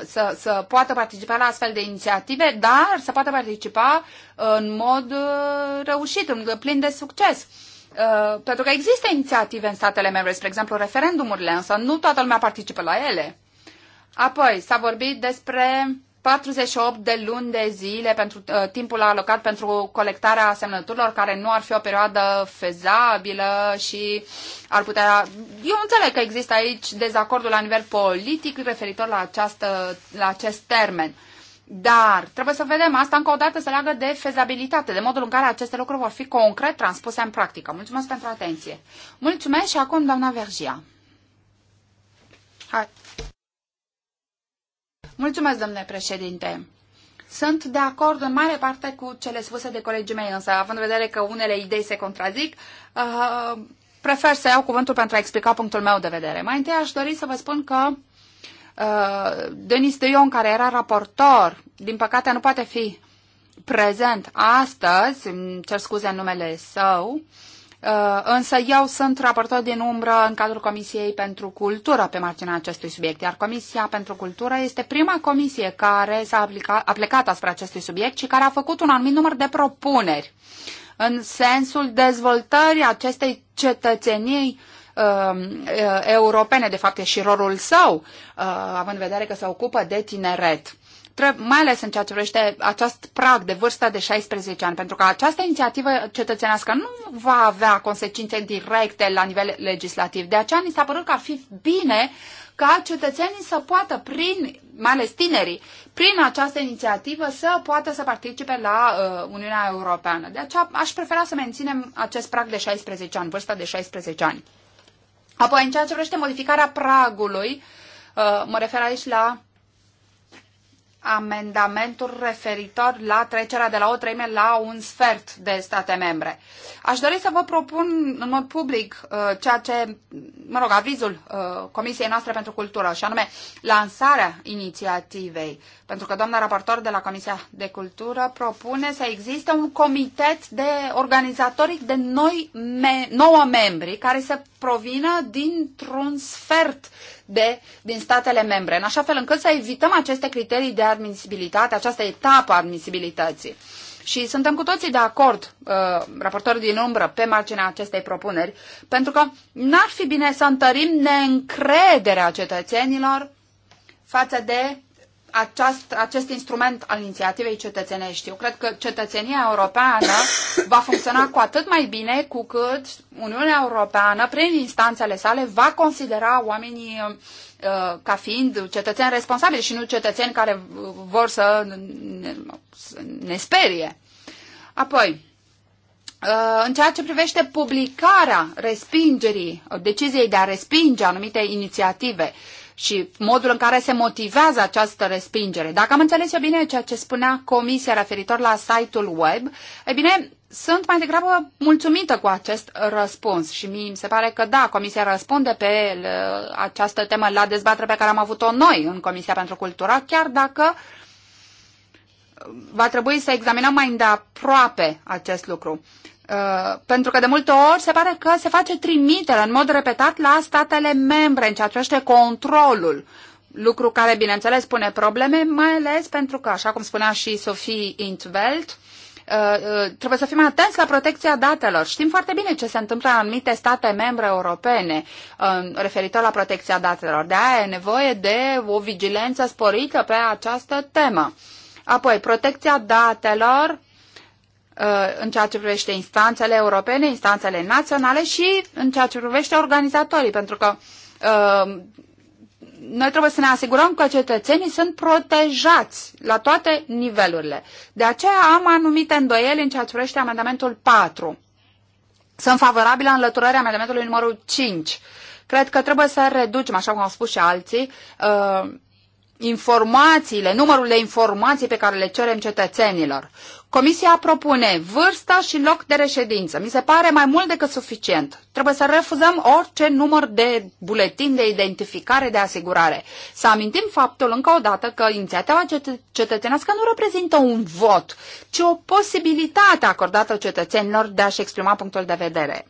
uh, să, să poată participa la astfel de inițiative, dar să poată participa uh, în mod uh, reușit, în plin de succes. Uh, Uh, pentru că există inițiative în statele membre, spre exemplu referendumurile, însă nu toată lumea participă la ele. Apoi s-a vorbit despre 48 de luni de zile pentru uh, timpul alocat pentru colectarea semnăturilor, care nu ar fi o perioadă fezabilă și ar putea... Eu înțeleg că există aici dezacordul la nivel politic referitor la, această, la acest termen. Uh, dar trebuie să vedem asta încă o dată să leagă de fezabilitate, de modul în care aceste lucruri vor fi concret transpuse în practică. Mulțumesc pentru atenție. Mulțumesc și acum doamna Vergia. Hai. Mulțumesc, domnule președinte. Sunt de acord în mare parte cu cele spuse de colegii mei, însă având în vedere că unele idei se contrazic, uh, prefer să iau cuvântul pentru a explica punctul meu de vedere. Mai întâi aș dori să vă spun că Uh, Denis de Jong, care era raportor, din păcate nu poate fi prezent astăzi, îmi cer scuze în numele său, uh, însă eu sunt raportor din umbră în cadrul Comisiei pentru Cultură pe marginea acestui subiect, iar Comisia pentru Cultură este prima comisie care s-a aplicat asupra acestui subiect și care a făcut un anumit număr de propuneri în sensul dezvoltării acestei cetățenii uh, Um, uh, europene, de fapt e și rolul său, uh, având în vedere că se ocupă de tineret mai ales în ceea ce privește acest prag de vârstă de 16 ani, pentru că această inițiativă cetățenească nu va avea consecințe directe la nivel legislativ. De aceea ni s-a părut că ar fi bine ca cetățenii să poată, prin, mai ales tinerii, prin această inițiativă să poată să participe la uh, Uniunea Europeană. De aceea aș prefera să menținem acest prag de 16 ani, vârsta de 16 ani. Apoi, în ceea ce vrește modificarea pragului, uh, mă refer aici la amendamentul referitor la trecerea de la o treime la un sfert de state membre. Aș dori să vă propun în mod public uh, ceea ce, mă rog, avizul uh, Comisiei noastre pentru Cultură, și anume lansarea inițiativei, pentru că doamna raportor de la Comisia de Cultură propune să existe un comitet de organizatori de noi me- nouă membri care să provină dintr-un sfert de, din statele membre, în așa fel încât să evităm aceste criterii de admisibilitate, această etapă a admisibilității. Și suntem cu toții de acord, uh, raportorul din umbră, pe marginea acestei propuneri, pentru că n-ar fi bine să întărim neîncrederea cetățenilor față de aceast, acest instrument al inițiativei cetățenești. Eu cred că cetățenia europeană va funcționa cu atât mai bine cu cât Uniunea Europeană, prin instanțele sale, va considera oamenii uh, ca fiind cetățeni responsabili și nu cetățeni care vor să ne, să ne sperie. Apoi, uh, în ceea ce privește publicarea respingerii, deciziei de a respinge anumite inițiative, și modul în care se motivează această respingere. Dacă am înțeles eu bine ceea ce spunea comisia referitor la site-ul web, e bine, sunt mai degrabă mulțumită cu acest răspuns și mi se pare că da, Comisia răspunde pe uh, această temă la dezbatere pe care am avut-o noi în Comisia pentru Cultura, chiar dacă uh, va trebui să examinăm mai îndeaproape acest lucru. Uh, pentru că de multe ori se pare că se face trimitere în mod repetat la statele membre în ceea ce privește controlul. Lucru care, bineînțeles, pune probleme, mai ales pentru că, așa cum spunea și Sophie Intveld, uh, uh, trebuie să fim atenți la protecția datelor. Știm foarte bine ce se întâmplă în anumite state membre europene referitor la protecția datelor. De aia e nevoie de o vigilență sporită pe această temă. Apoi, protecția datelor Uh, în ceea ce privește instanțele europene, instanțele naționale și în ceea ce privește organizatorii, pentru că uh, noi trebuie să ne asigurăm că cetățenii sunt protejați la toate nivelurile. De aceea am anumite îndoieli în ceea ce privește amendamentul 4. Sunt favorabilă înlăturării amendamentului numărul 5. Cred că trebuie să reducem, așa cum au spus și alții, uh, informațiile, numărul de informații pe care le cerem cetățenilor. Comisia propune vârsta și loc de reședință. Mi se pare mai mult decât suficient. Trebuie să refuzăm orice număr de buletin de identificare de asigurare. Să amintim faptul încă o dată că inițiativa cetă cetățenească nu reprezintă un vot, ci o posibilitate acordată cetățenilor de a-și exprima punctul de vedere.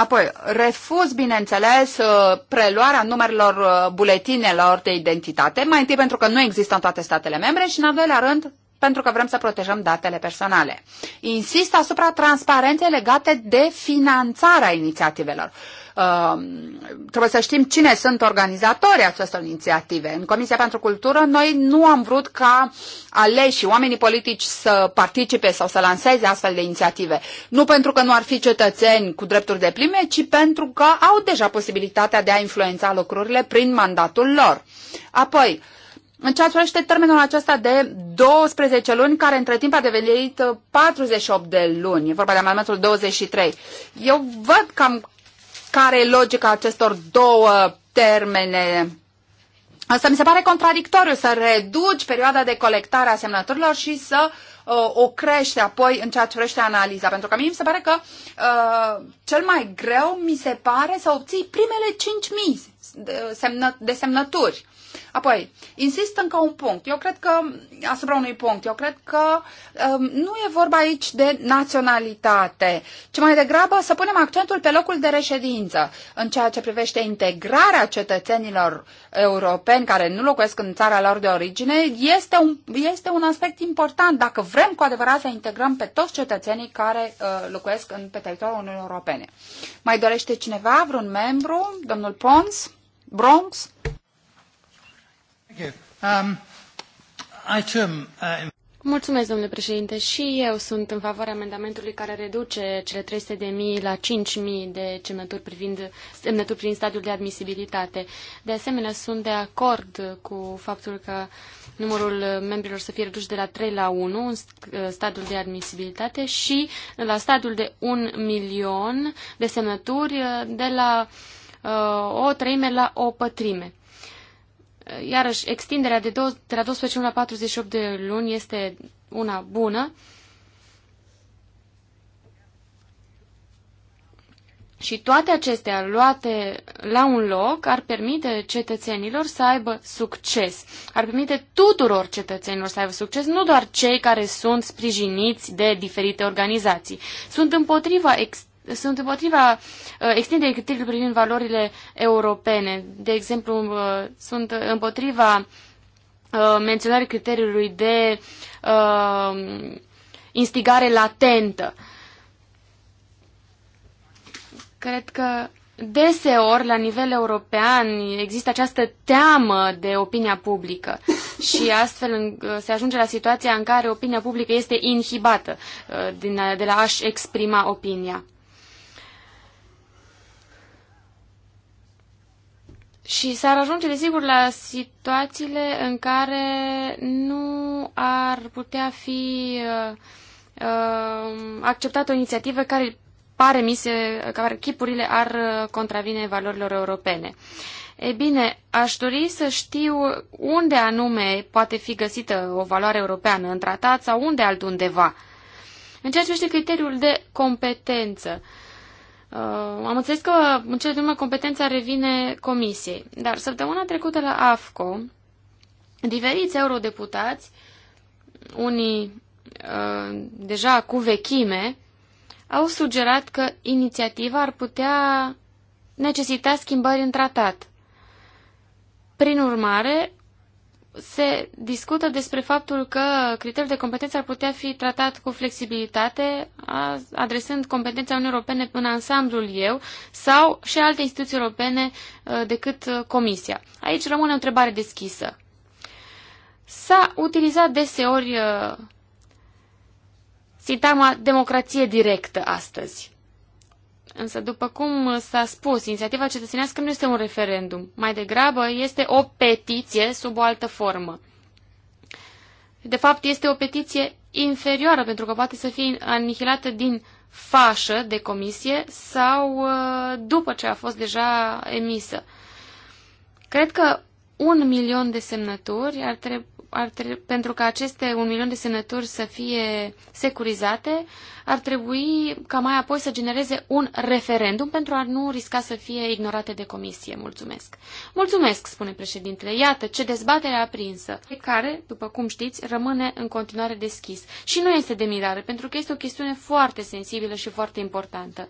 Apoi, refuz, bineînțeles, uh, preluarea numerelor uh, buletinelor de identitate, mai întâi pentru că nu există în toate statele membre și, în al doilea rând, pentru că vrem să protejăm datele personale. Insist asupra transparenței legate de finanțarea inițiativelor. Um, trebuie să știm cine sunt organizatorii acestor inițiative. În Comisia pentru Cultură noi nu am vrut ca aleși oamenii politici să participe sau să lanseze astfel de inițiative. Nu pentru că nu ar fi cetățeni cu drepturi de plime, ci pentru că au deja posibilitatea de a influența lucrurile prin mandatul lor. Apoi, în ceea ce privește termenul acesta de 12 luni, care între timp a devenit 48 de luni, e vorba de amendamentul 23, eu văd cam care e logica acestor două termene. Asta mi se pare contradictoriu, să reduci perioada de colectare a semnăturilor și să uh, o crește apoi în ceea ce vrește analiza. Pentru că mie mi se pare că uh, cel mai greu mi se pare să obții primele 5.000 de, uh, de semnături. Apoi, insist încă un punct. Eu cred că, asupra unui punct, eu cred că um, nu e vorba aici de naționalitate, ci mai degrabă să punem accentul pe locul de reședință în ceea ce privește integrarea cetățenilor europeni care nu locuiesc în țara lor de origine, este un, este un aspect important dacă vrem cu adevărat să integrăm pe toți cetățenii care uh, locuiesc în, pe teritoriul Uniunii Europene. Mai dorește cineva, vreun membru? Domnul Pons? Bronx? Um, um, uh, Mulțumesc, domnule președinte. Și eu sunt în favoarea amendamentului care reduce cele 300.000 la 5.000 de semnături privind, semnături privind stadiul de admisibilitate. De asemenea, sunt de acord cu faptul că numărul membrilor să fie redus de la 3 la 1 în stadiul de admisibilitate și la stadiul de 1 milion de semnături de la uh, o treime la o pătrime. Iarăși, extinderea de, două de la 12 la 48 de luni este una bună. Și toate acestea luate la un loc ar permite cetățenilor să aibă succes. Ar permite tuturor cetățenilor să aibă succes, nu doar cei care sunt sprijiniți de diferite organizații. Sunt împotriva ex sunt împotriva uh, extinderii criteriilor privind valorile europene. De exemplu, uh, sunt împotriva uh, menționării criteriului de instigare latentă. Cred că deseori, la nivel european, există această teamă de opinia publică și astfel se ajunge la situația în care opinia publică este inhibată de la a-și exprima opinia. Și s-ar ajunge, desigur, la situațiile în care nu ar putea fi uh, uh acceptată o inițiativă care pare mi se, care chipurile ar uh, contravine valorilor europene. E bine, aș dori să știu unde anume poate fi găsită o valoare europeană în tratat sau unde altundeva. În ceea ce privește criteriul de competență, uh, Uh, am înțeles că în cele din urmă competența revine comisiei, dar săptămâna trecută la AFCO, diferiți eurodeputați, unii uh, deja cu vechime, au sugerat că inițiativa ar putea necesita schimbări în tratat. Prin urmare, se discută despre faptul că criteriul de competență ar putea fi tratat cu flexibilitate, adresând competența Uniunii Europene în ansamblul eu sau și alte instituții europene decât Comisia. Aici rămâne o întrebare deschisă. S-a utilizat deseori sintagma democrație directă astăzi. Însă, după cum s-a spus, inițiativa cetățenească nu este un referendum. Mai degrabă, este o petiție sub o altă formă. De fapt, este o petiție inferioară, pentru că poate să fie anihilată din fașă de comisie sau uh, după ce a fost deja emisă. Cred că un milion de semnături ar trebui ar pentru ca aceste un milion de semnături să fie securizate, ar trebui ca mai apoi să genereze un referendum pentru a nu risca să fie ignorate de comisie. Mulțumesc. Mulțumesc, spune președintele. Iată ce dezbatere aprinsă, care, după cum știți, rămâne în continuare deschis. Și nu este de mirare, pentru că este o chestiune foarte sensibilă și foarte importantă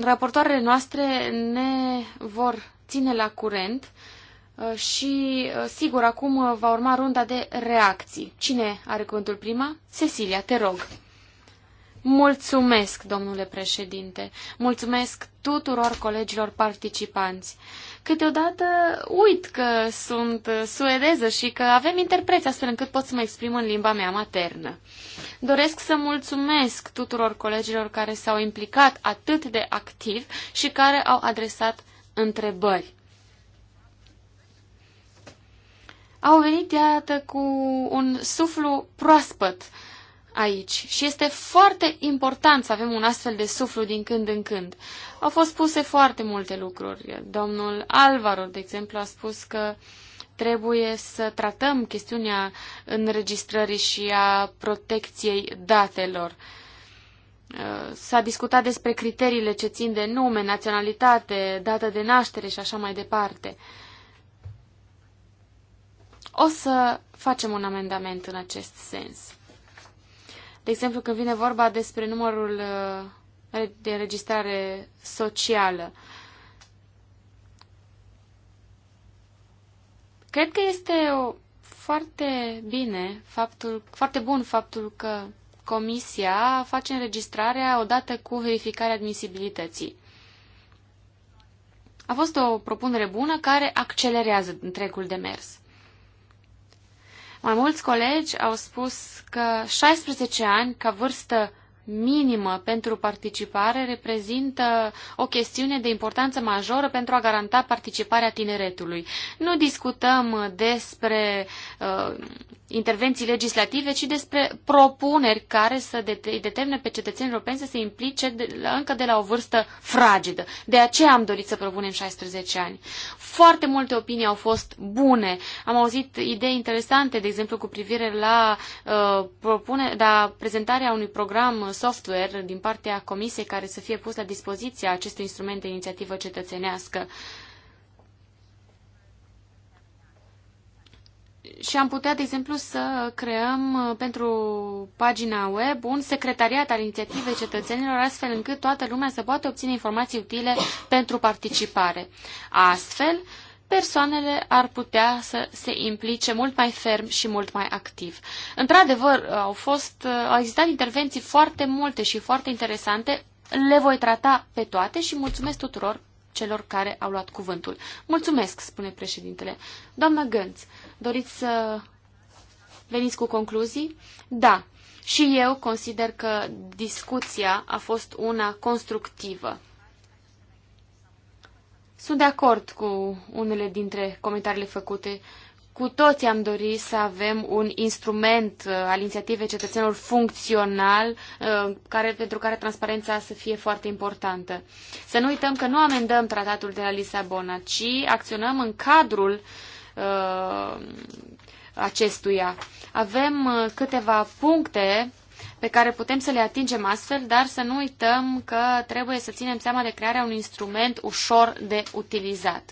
raportoarele noastre ne vor ține la curent Uh, și, uh, sigur, acum uh, va urma runda de reacții. Cine are cuvântul prima? Cecilia, te rog. Mulțumesc, domnule președinte. Mulțumesc tuturor colegilor participanți. Câteodată uit că sunt suedeză și că avem interpreți astfel încât pot să mă exprim în limba mea maternă. Doresc să mulțumesc tuturor colegilor care s-au implicat atât de activ și care au adresat întrebări. au venit, iată, cu un suflu proaspăt aici. Și este foarte important să avem un astfel de suflu din când în când. Au fost puse foarte multe lucruri. Domnul Alvaro, de exemplu, a spus că trebuie să tratăm chestiunea înregistrării și a protecției datelor. S-a discutat despre criteriile ce țin de nume, naționalitate, dată de naștere și așa mai departe. Uh, o să facem un amendament în acest sens. De exemplu, când vine vorba despre numărul uh, de înregistrare socială, cred că este o foarte bine faptul, foarte bun faptul că comisia face înregistrarea odată cu verificarea admisibilității. A fost o propunere bună care accelerează întregul demers. Mai mulți colegi au spus că 16 ani ca vârstă minimă pentru participare reprezintă o chestiune de importanță majoră pentru a garanta participarea tineretului. Nu discutăm despre uh, intervenții legislative, ci despre propuneri care să determine pe cetățenii europeni să se implice de, încă de la o vârstă fragedă. De aceea am dorit să propunem 16 ani. Foarte multe opinii au fost bune. Am auzit idei interesante, de exemplu, cu privire la, uh, propune, la prezentarea unui program un software din partea comisiei care să fie pus la dispoziția acestui instrument de inițiativă cetățenească. Și am putea, de exemplu, să creăm uh, pentru pagina web un secretariat al inițiativei cetățenilor, astfel încât toată lumea să poată obține informații utile pentru participare. Astfel, persoanele ar putea să se implice mult mai ferm și mult mai activ. Într-adevăr, au, fost, au existat intervenții foarte multe și foarte interesante. Le voi trata pe toate și mulțumesc tuturor celor care au luat cuvântul. Mulțumesc, spune președintele. Doamnă Gânț, doriți să veniți cu concluzii? Da. Și eu consider că discuția a fost una constructivă. Sunt de acord cu unele dintre comentariile făcute. Cu toții am dorit să avem un instrument uh, al inițiativei cetățenilor funcțional, uh, care, pentru care transparența să fie foarte importantă. Să nu uităm că nu amendăm tratatul de la Lisabona, ci acționăm în cadrul uh, acestuia. Avem uh, câteva puncte pe care putem să le atingem astfel, dar să nu uităm că trebuie să ținem seama de crearea unui instrument ușor de utilizat.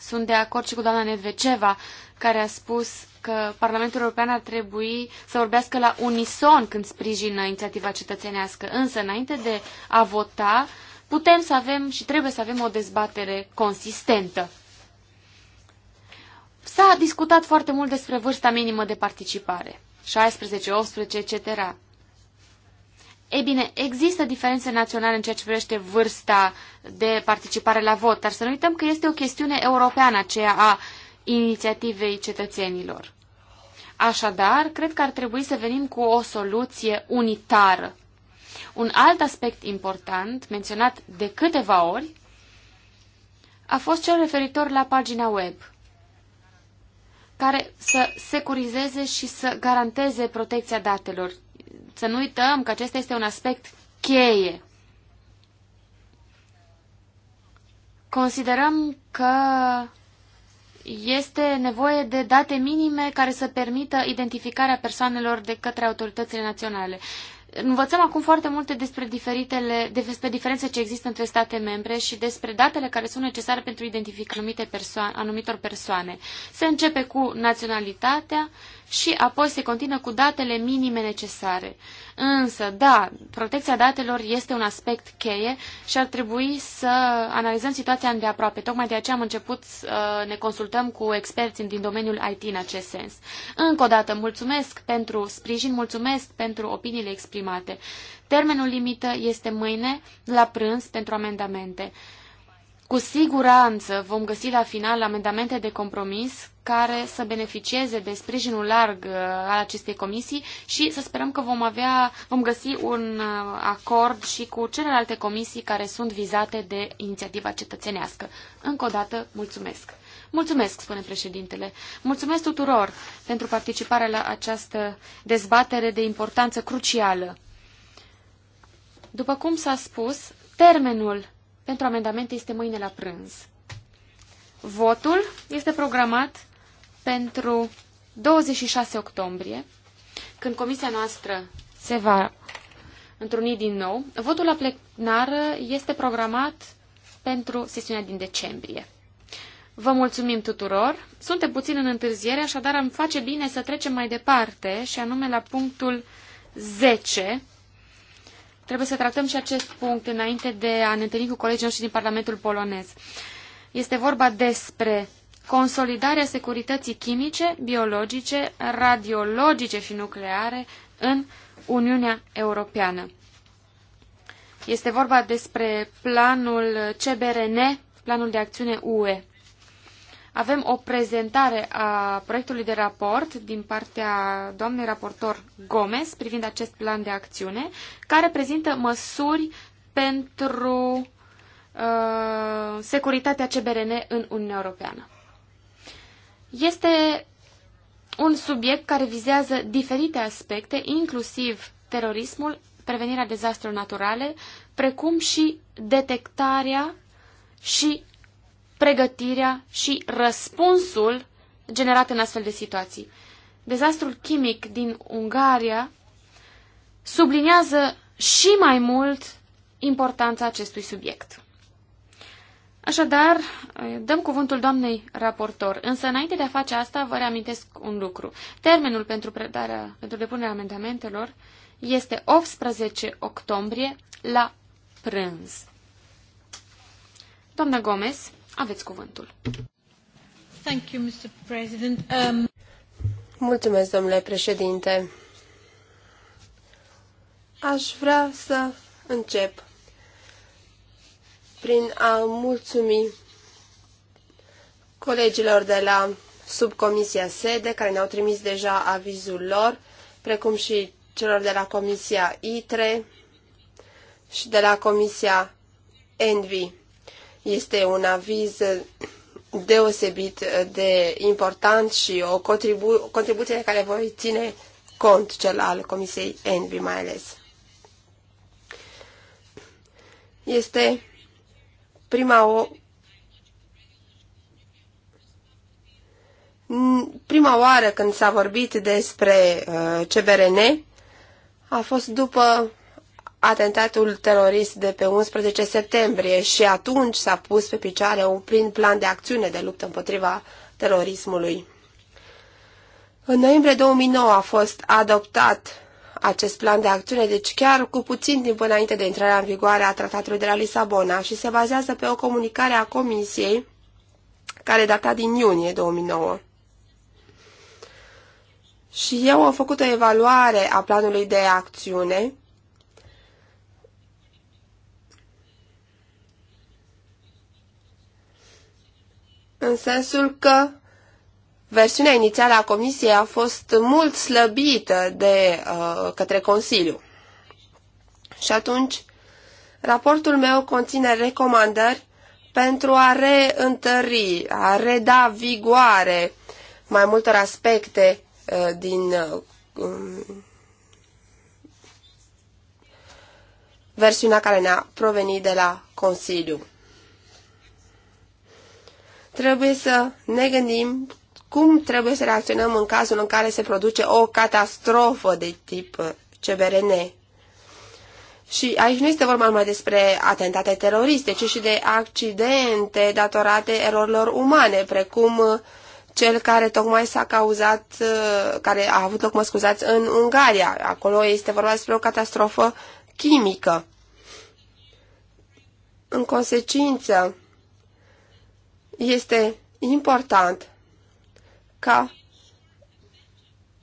Sunt de acord și cu doamna Nedveceva, care a spus că Parlamentul European ar trebui să vorbească la unison când sprijină inițiativa cetățenească. Însă, înainte de a vota, putem să avem și trebuie să avem o dezbatere consistentă. S-a discutat foarte mult despre vârsta minimă de participare. 16, 18, etc. Ei bine, există diferențe naționale în ceea ce privește vârsta de participare la vot, dar să nu uităm că este o chestiune europeană aceea a inițiativei cetățenilor. Așadar, cred că ar trebui să venim cu o soluție unitară. Un alt aspect important, menționat de câteva ori, a fost cel referitor la pagina web care să securizeze și să garanteze protecția datelor. Să nu uităm că acesta este un aspect cheie. Considerăm că este nevoie de date minime care să permită identificarea persoanelor de către autoritățile naționale. Învățăm acum foarte multe despre, diferitele, despre diferențe ce există între state membre și despre datele care sunt necesare pentru identificarea anumite persoane, anumitor persoane. Se începe cu naționalitatea, și apoi se continuă cu datele minime necesare. Însă, da, protecția datelor este un aspect cheie și ar trebui să analizăm situația îndeaproape. Tocmai de aceea am început să uh, ne consultăm cu experți din domeniul IT în acest sens. Încă o dată, mulțumesc pentru sprijin, mulțumesc pentru opiniile exprimate. Termenul limită este mâine la prânz pentru amendamente. Cu siguranță vom găsi la final amendamente de compromis care să beneficieze de sprijinul larg uh, al acestei comisii și să sperăm că vom avea, vom găsi un uh, acord și cu celelalte comisii care sunt vizate de inițiativa cetățenească. Încă o dată, mulțumesc! Mulțumesc, spune președintele. Mulțumesc tuturor pentru participarea la această dezbatere de importanță crucială. După cum s-a spus, termenul pentru amendamente este mâine la prânz. Votul este programat pentru 26 octombrie, când comisia noastră se va întruni din nou. Votul la plenară este programat pentru sesiunea din decembrie. Vă mulțumim tuturor. Suntem puțin în întârziere, așadar am face bine să trecem mai departe, și anume la punctul 10. Trebuie să tratăm și acest punct înainte de a ne întâlni cu colegii noștri din Parlamentul polonez. Este vorba despre consolidarea securității chimice, biologice, radiologice și nucleare în Uniunea Europeană. Este vorba despre planul CBRN, planul de acțiune UE. Avem o prezentare a proiectului de raport din partea doamnei raportor Gomez privind acest plan de acțiune, care prezintă măsuri pentru uh, securitatea CBRN în Uniunea Europeană. Este un subiect care vizează diferite aspecte, inclusiv terorismul, prevenirea dezastrelor naturale, precum și detectarea și pregătirea și răspunsul generat în astfel de situații. Dezastrul chimic din Ungaria subliniază și mai mult importanța acestui subiect. Așadar, eh, dăm cuvântul doamnei raportor, însă înainte de a face asta vă reamintesc un lucru. Termenul pentru, predarea, pentru depunerea amendamentelor este 18 octombrie la prânz. Doamna Gomez, aveți cuvântul. Thank you, Mr. President. Um... Mulțumesc, domnule președinte. Aș vrea să încep prin a mulțumi colegilor de la subcomisia SEDE, care ne-au trimis deja avizul lor, precum și celor de la comisia ITRE și de la comisia ENVI. Este un aviz deosebit de important și o contribu- contribuție de care voi ține cont cel al Comisiei Envi mai ales. Este Prima o prima oară când s-a vorbit despre uh, CBRN a fost după atentatul terorist de pe 11 septembrie și atunci s-a pus pe picioare un prim plan de acțiune de luptă împotriva terorismului. În noiembrie 2009 a fost adoptat acest plan de acțiune, deci chiar cu puțin timp înainte de intrarea în vigoare a tratatului de la Lisabona și se bazează pe o comunicare a Comisiei care data din iunie 2009. Și eu am făcut o evaluare a planului de acțiune în sensul că Versiunea inițială a Comisiei a fost mult slăbită de uh, către Consiliu. Și atunci, raportul meu conține recomandări pentru a reîntări, a reda vigoare mai multor aspecte uh, din uh, um, versiunea care ne-a provenit de la Consiliu. Trebuie să ne gândim cum trebuie să reacționăm în cazul în care se produce o catastrofă de tip uh, CBRN. Și aici nu este vorba numai despre atentate teroriste, ci și de accidente datorate erorilor umane, precum uh, cel care tocmai s-a cauzat, uh, care a avut loc, mă scuzați, în Ungaria. Acolo este vorba despre o catastrofă chimică. În consecință, este important ca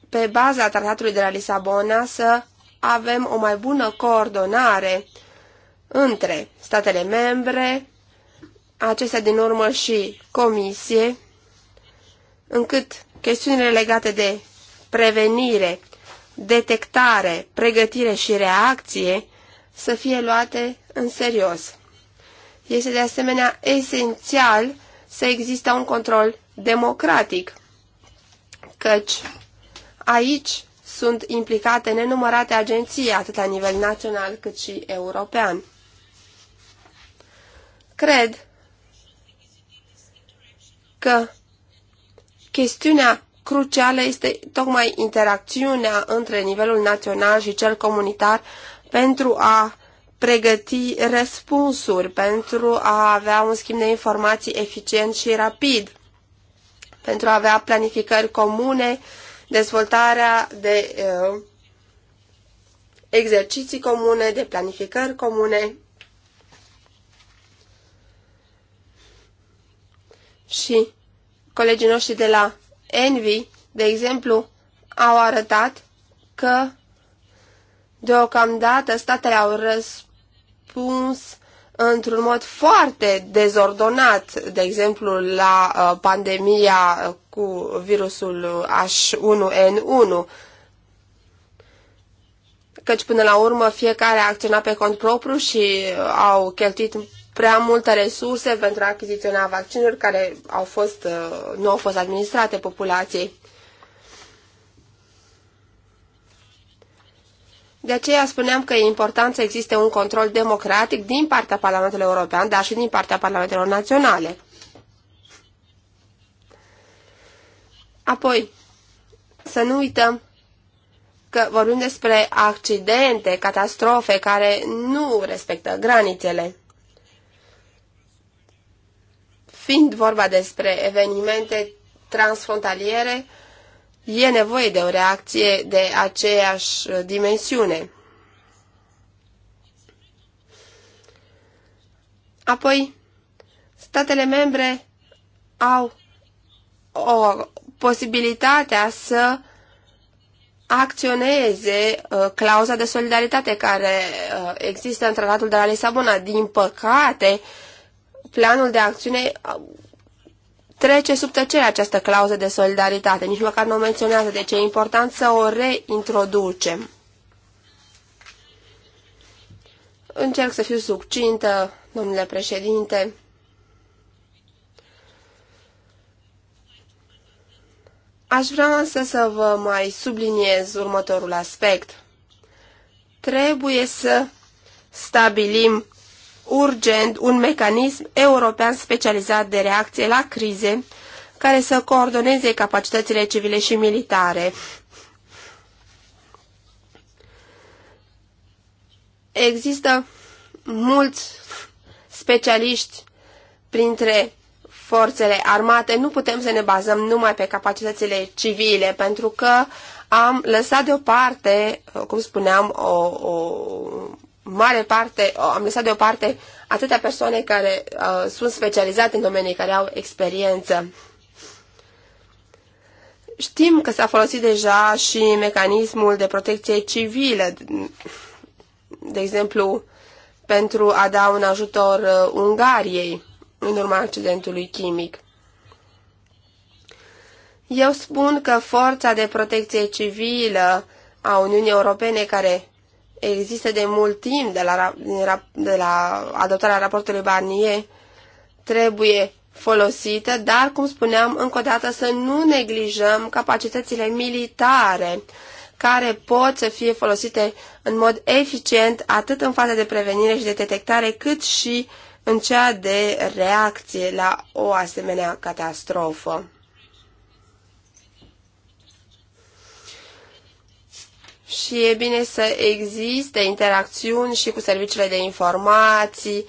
pe baza tratatului de la Lisabona să avem o mai bună coordonare între statele membre, acestea din urmă și comisie, încât chestiunile legate de prevenire, detectare, pregătire și reacție să fie luate în serios. Este de asemenea esențial să existe un control democratic căci aici sunt implicate nenumărate agenții, atât la nivel național cât și european. Cred că chestiunea crucială este tocmai interacțiunea între nivelul național și cel comunitar pentru a pregăti răspunsuri, pentru a avea un schimb de informații eficient și rapid pentru a avea planificări comune, dezvoltarea de uh, exerciții comune, de planificări comune. Și colegii noștri de la Envy, de exemplu, au arătat că deocamdată statele au răspuns într-un mod foarte dezordonat, de exemplu la uh, pandemia uh, cu virusul H1N1, căci până la urmă fiecare a acționat pe cont propriu și uh, au cheltuit prea multe resurse pentru a achiziționa vaccinuri care au fost, nu au fost administrate populației. De aceea spuneam că e important să existe un control democratic din partea Parlamentului European, dar și din partea Parlamentelor Naționale. Apoi, să nu uităm că vorbim despre accidente, catastrofe care nu respectă granițele. Fiind vorba despre evenimente transfrontaliere, e nevoie de o reacție de aceeași dimensiune. Apoi, statele membre au o posibilitatea să acționeze uh, clauza de solidaritate care uh, există în tratatul de la Lisabona. Din păcate, planul de acțiune uh, trece sub tăcere această clauză de solidaritate, nici măcar nu o menționează, deci e important să o reintroducem. Încerc să fiu succintă, domnule președinte. Aș vrea însă să vă mai subliniez următorul aspect. Trebuie să stabilim urgent un mecanism european specializat de reacție la crize care să coordoneze capacitățile civile și militare. Există mulți specialiști printre forțele armate, nu putem să ne bazăm numai pe capacitățile civile, pentru că am lăsat deoparte, cum spuneam, o, o, mare parte, am lăsat deoparte atâtea persoane care uh, sunt specializate în domenii, care au experiență. Știm că s-a folosit deja și mecanismul de protecție civilă, de exemplu, pentru a da un ajutor uh, Ungariei în urma accidentului chimic. Eu spun că forța de protecție civilă a Uniunii Europene care există de mult timp de la, de la adoptarea raportului Barnier, trebuie folosită, dar, cum spuneam, încă o dată să nu neglijăm capacitățile militare care pot să fie folosite în mod eficient atât în faza de prevenire și de detectare, cât și în cea de reacție la o asemenea catastrofă. și e bine să existe interacțiuni și cu serviciile de informații,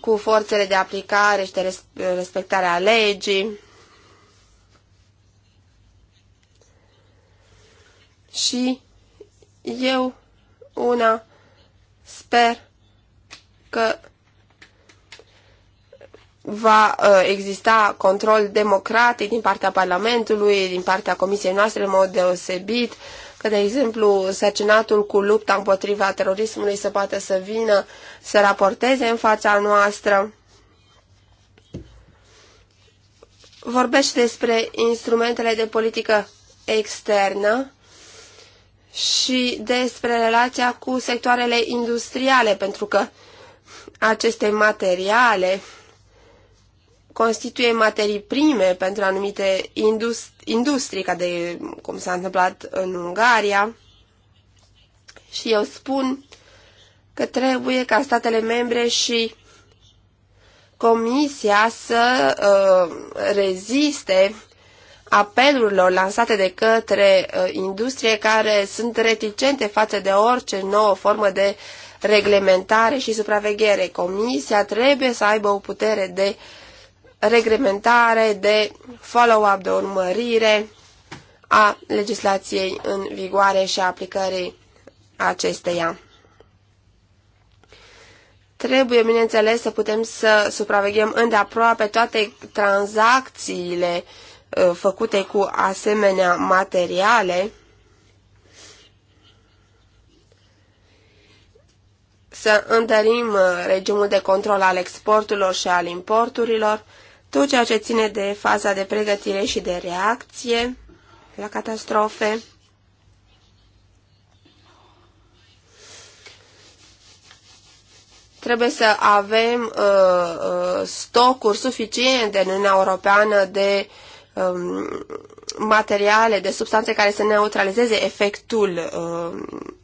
cu forțele de aplicare și de respectare a legii. Și eu, una, sper că va uh, exista control democratic din partea Parlamentului, din partea Comisiei noastre, în mod deosebit, că, de exemplu, sărcinatul cu lupta împotriva terorismului să poată să vină să raporteze în fața noastră. Vorbește despre instrumentele de politică externă și despre relația cu sectoarele industriale, pentru că aceste materiale constituie materii prime pentru anumite industrii, ca de cum s-a întâmplat în Ungaria. Și eu spun că trebuie ca statele membre și Comisia să uh, reziste apelurilor lansate de către uh, industrie care sunt reticente față de orice nouă formă de reglementare și supraveghere. Comisia trebuie să aibă o putere de uh, reglementare, de follow-up, de urmărire a legislației în vigoare și a aplicării acesteia. Trebuie, bineînțeles, să putem să supraveghem îndeaproape toate tranzacțiile uh, făcute cu asemenea materiale, să întărim uh, regimul de control al exporturilor și al importurilor, tot ceea ce ține de faza de pregătire și de reacție la catastrofe, trebuie să avem uh, uh stocuri suficiente în Uniunea Europeană de um, materiale, de substanțe care să neutralizeze efectul uh, um,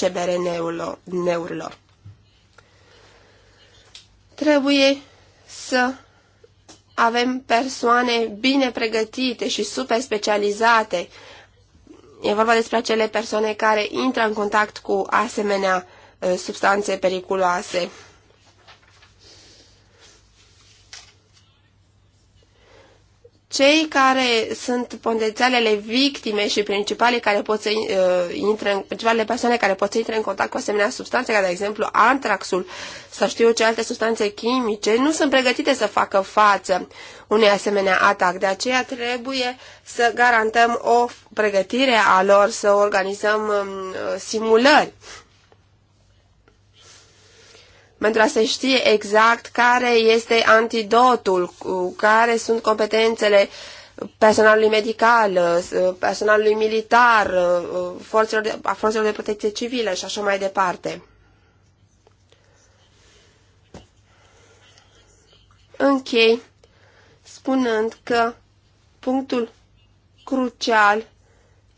CBR-neurilor. Trebuie să avem persoane bine pregătite și super specializate. E vorba despre acele persoane care intră în contact cu asemenea ă, substanțe periculoase. cei care sunt potențialele victime și principale care pot să uh, intre în, principalele persoane care pot să intre în contact cu asemenea substanțe, ca de exemplu antraxul sau știu eu ce alte substanțe chimice, nu sunt pregătite să facă față unui asemenea atac. De aceea trebuie să garantăm o pregătire a lor, să organizăm uh, simulări pentru a se știe exact care este antidotul, care sunt competențele personalului medical, personalului militar, forțelor de, a forțelor de protecție civilă și așa mai departe. Închei spunând că punctul crucial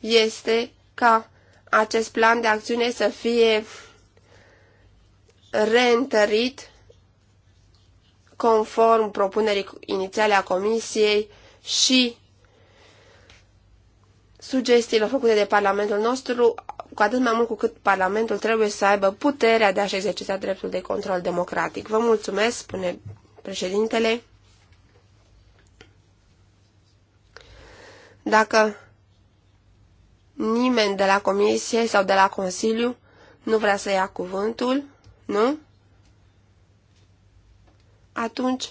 este ca acest plan de acțiune să fie reîntărit conform propunerii inițiale a Comisiei și sugestiilor făcute de Parlamentul nostru, cu atât mai mult cu cât Parlamentul trebuie să aibă puterea de a-și exercita dreptul de control democratic. Vă mulțumesc, spune președintele. Dacă nimeni de la Comisie sau de la Consiliu nu vrea să ia cuvântul, nu? Atunci,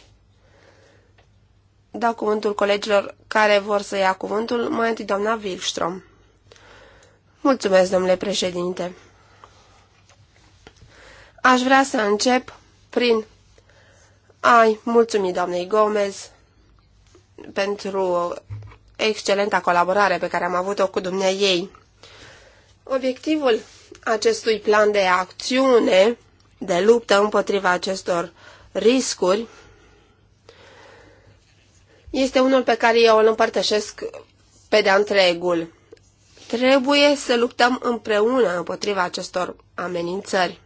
dau cuvântul colegilor care vor să ia cuvântul, mai întâi doamna Wilström. Mulțumesc, domnule președinte. Aș vrea să încep prin ai mulțumi doamnei Gomez pentru excelenta colaborare pe care am avut-o cu dumneai ei. Obiectivul acestui plan de acțiune de luptă împotriva acestor riscuri este unul pe care eu îl împărtășesc pe de întregul. Trebuie să luptăm împreună împotriva acestor amenințări.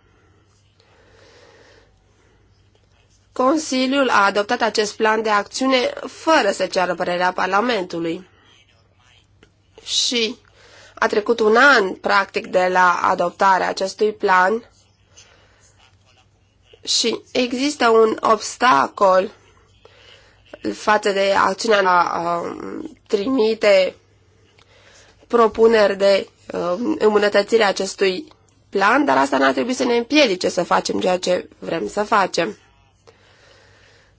Consiliul a adoptat acest plan de acțiune fără să ceară părerea Parlamentului. Și a trecut un an, practic, de la adoptarea acestui plan și există un obstacol față de acțiunea a trimite propuneri de îmbunătățire a acestui plan, dar asta n-ar trebui să ne împiedice să facem ceea ce vrem să facem.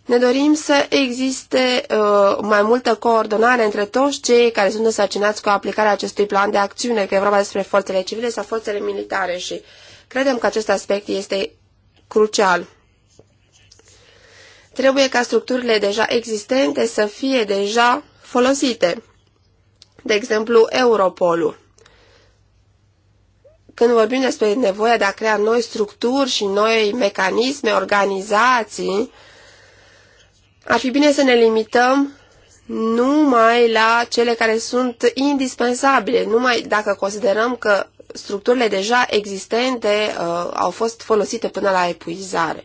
Ne dorim să existe uh, mai multă coordonare între toți cei care sunt însărcinați cu aplicarea acestui plan de acțiune, că e vorba despre forțele civile sau forțele militare și credem că acest aspect este crucial. Trebuie ca structurile deja existente să fie deja folosite. De exemplu, Europolul. Când vorbim despre nevoia de a crea noi structuri și noi mecanisme, organizații, ar fi bine să ne limităm numai la cele care sunt indispensabile, numai dacă considerăm că structurile deja existente uh, au fost folosite până la epuizare.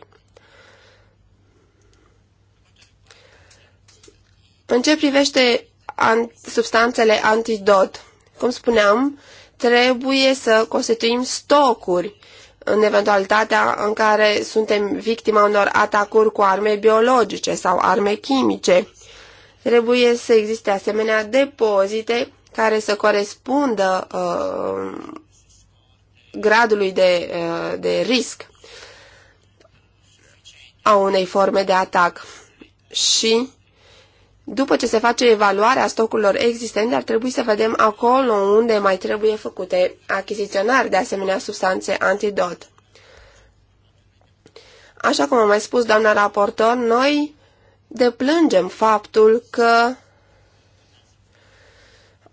În ce privește an substanțele antidot, cum spuneam, trebuie să constituim stocuri în eventualitatea în care suntem victima unor atacuri cu arme biologice sau arme chimice. Trebuie să existe asemenea depozite care să corespundă uh, gradului de, uh, de risc a unei forme de atac. Și după ce se face evaluarea stocurilor existente, ar trebui să vedem acolo unde mai trebuie făcute achiziționari de asemenea substanțe antidot. Așa cum am mai spus doamna raportor, noi deplângem faptul că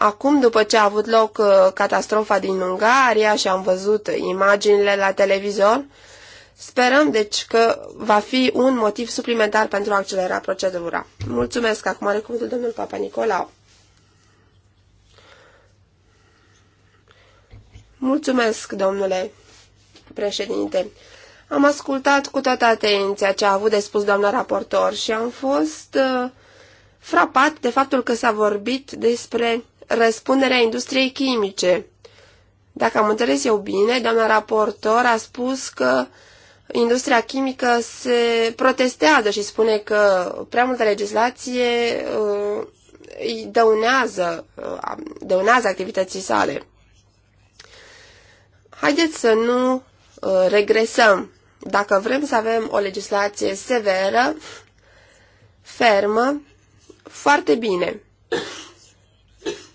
Acum, după ce a avut loc uh, catastrofa din Ungaria și am văzut imaginile la televizor, sperăm deci că va fi un motiv suplimentar pentru a accelera procedura. Mulțumesc! Acum are cuvântul domnul Papa Nicolau. Mulțumesc, domnule președinte. Am ascultat cu toată atenția ce a avut de spus doamna raportor și am fost uh, frapat de faptul că s-a vorbit despre răspunderea industriei chimice. Dacă am înțeles eu bine, doamna raportor a spus că industria chimică se protestează și spune că prea multă legislație uh, îi dăunează, uh, dăunează activității sale. Haideți să nu uh, regresăm. Dacă vrem să avem o legislație severă, fermă, foarte bine.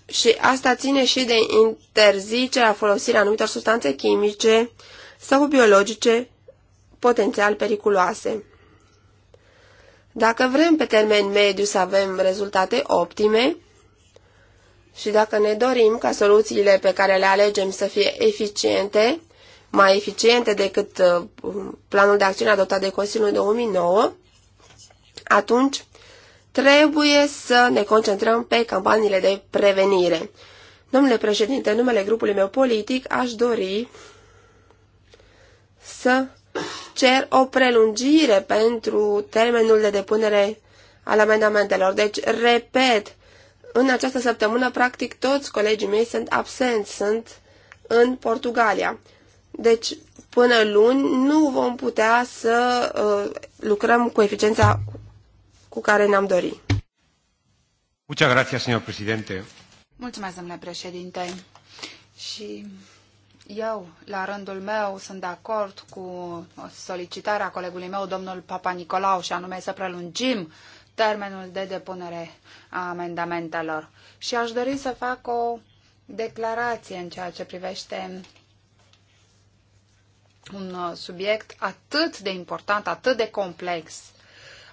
Și asta ține și de interzicerea folosirii anumitor substanțe chimice sau biologice potențial periculoase. Dacă vrem pe termen mediu să avem rezultate optime și dacă ne dorim ca soluțiile pe care le alegem să fie eficiente, mai eficiente decât uh, planul de acțiune adoptat de Consiliul 2009, atunci Trebuie să ne concentrăm pe campaniile de prevenire. Domnule președinte, în numele grupului meu politic aș dori să cer o prelungire pentru termenul de depunere al amendamentelor. Deci, repet, în această săptămână, practic, toți colegii mei sunt absenți, sunt în Portugalia. Deci, până luni nu vom putea să uh, lucrăm cu eficiența cu care ne-am dorit. Muchas gracias, señor presidente. Mulțumesc, domnule președinte. Și eu, la rândul meu, sunt de acord cu solicitarea colegului meu, domnul Papa Nicolau, și anume să prelungim termenul de depunere a amendamentelor. Și aș dori să fac o declarație în ceea ce privește un subiect atât de important, atât de complex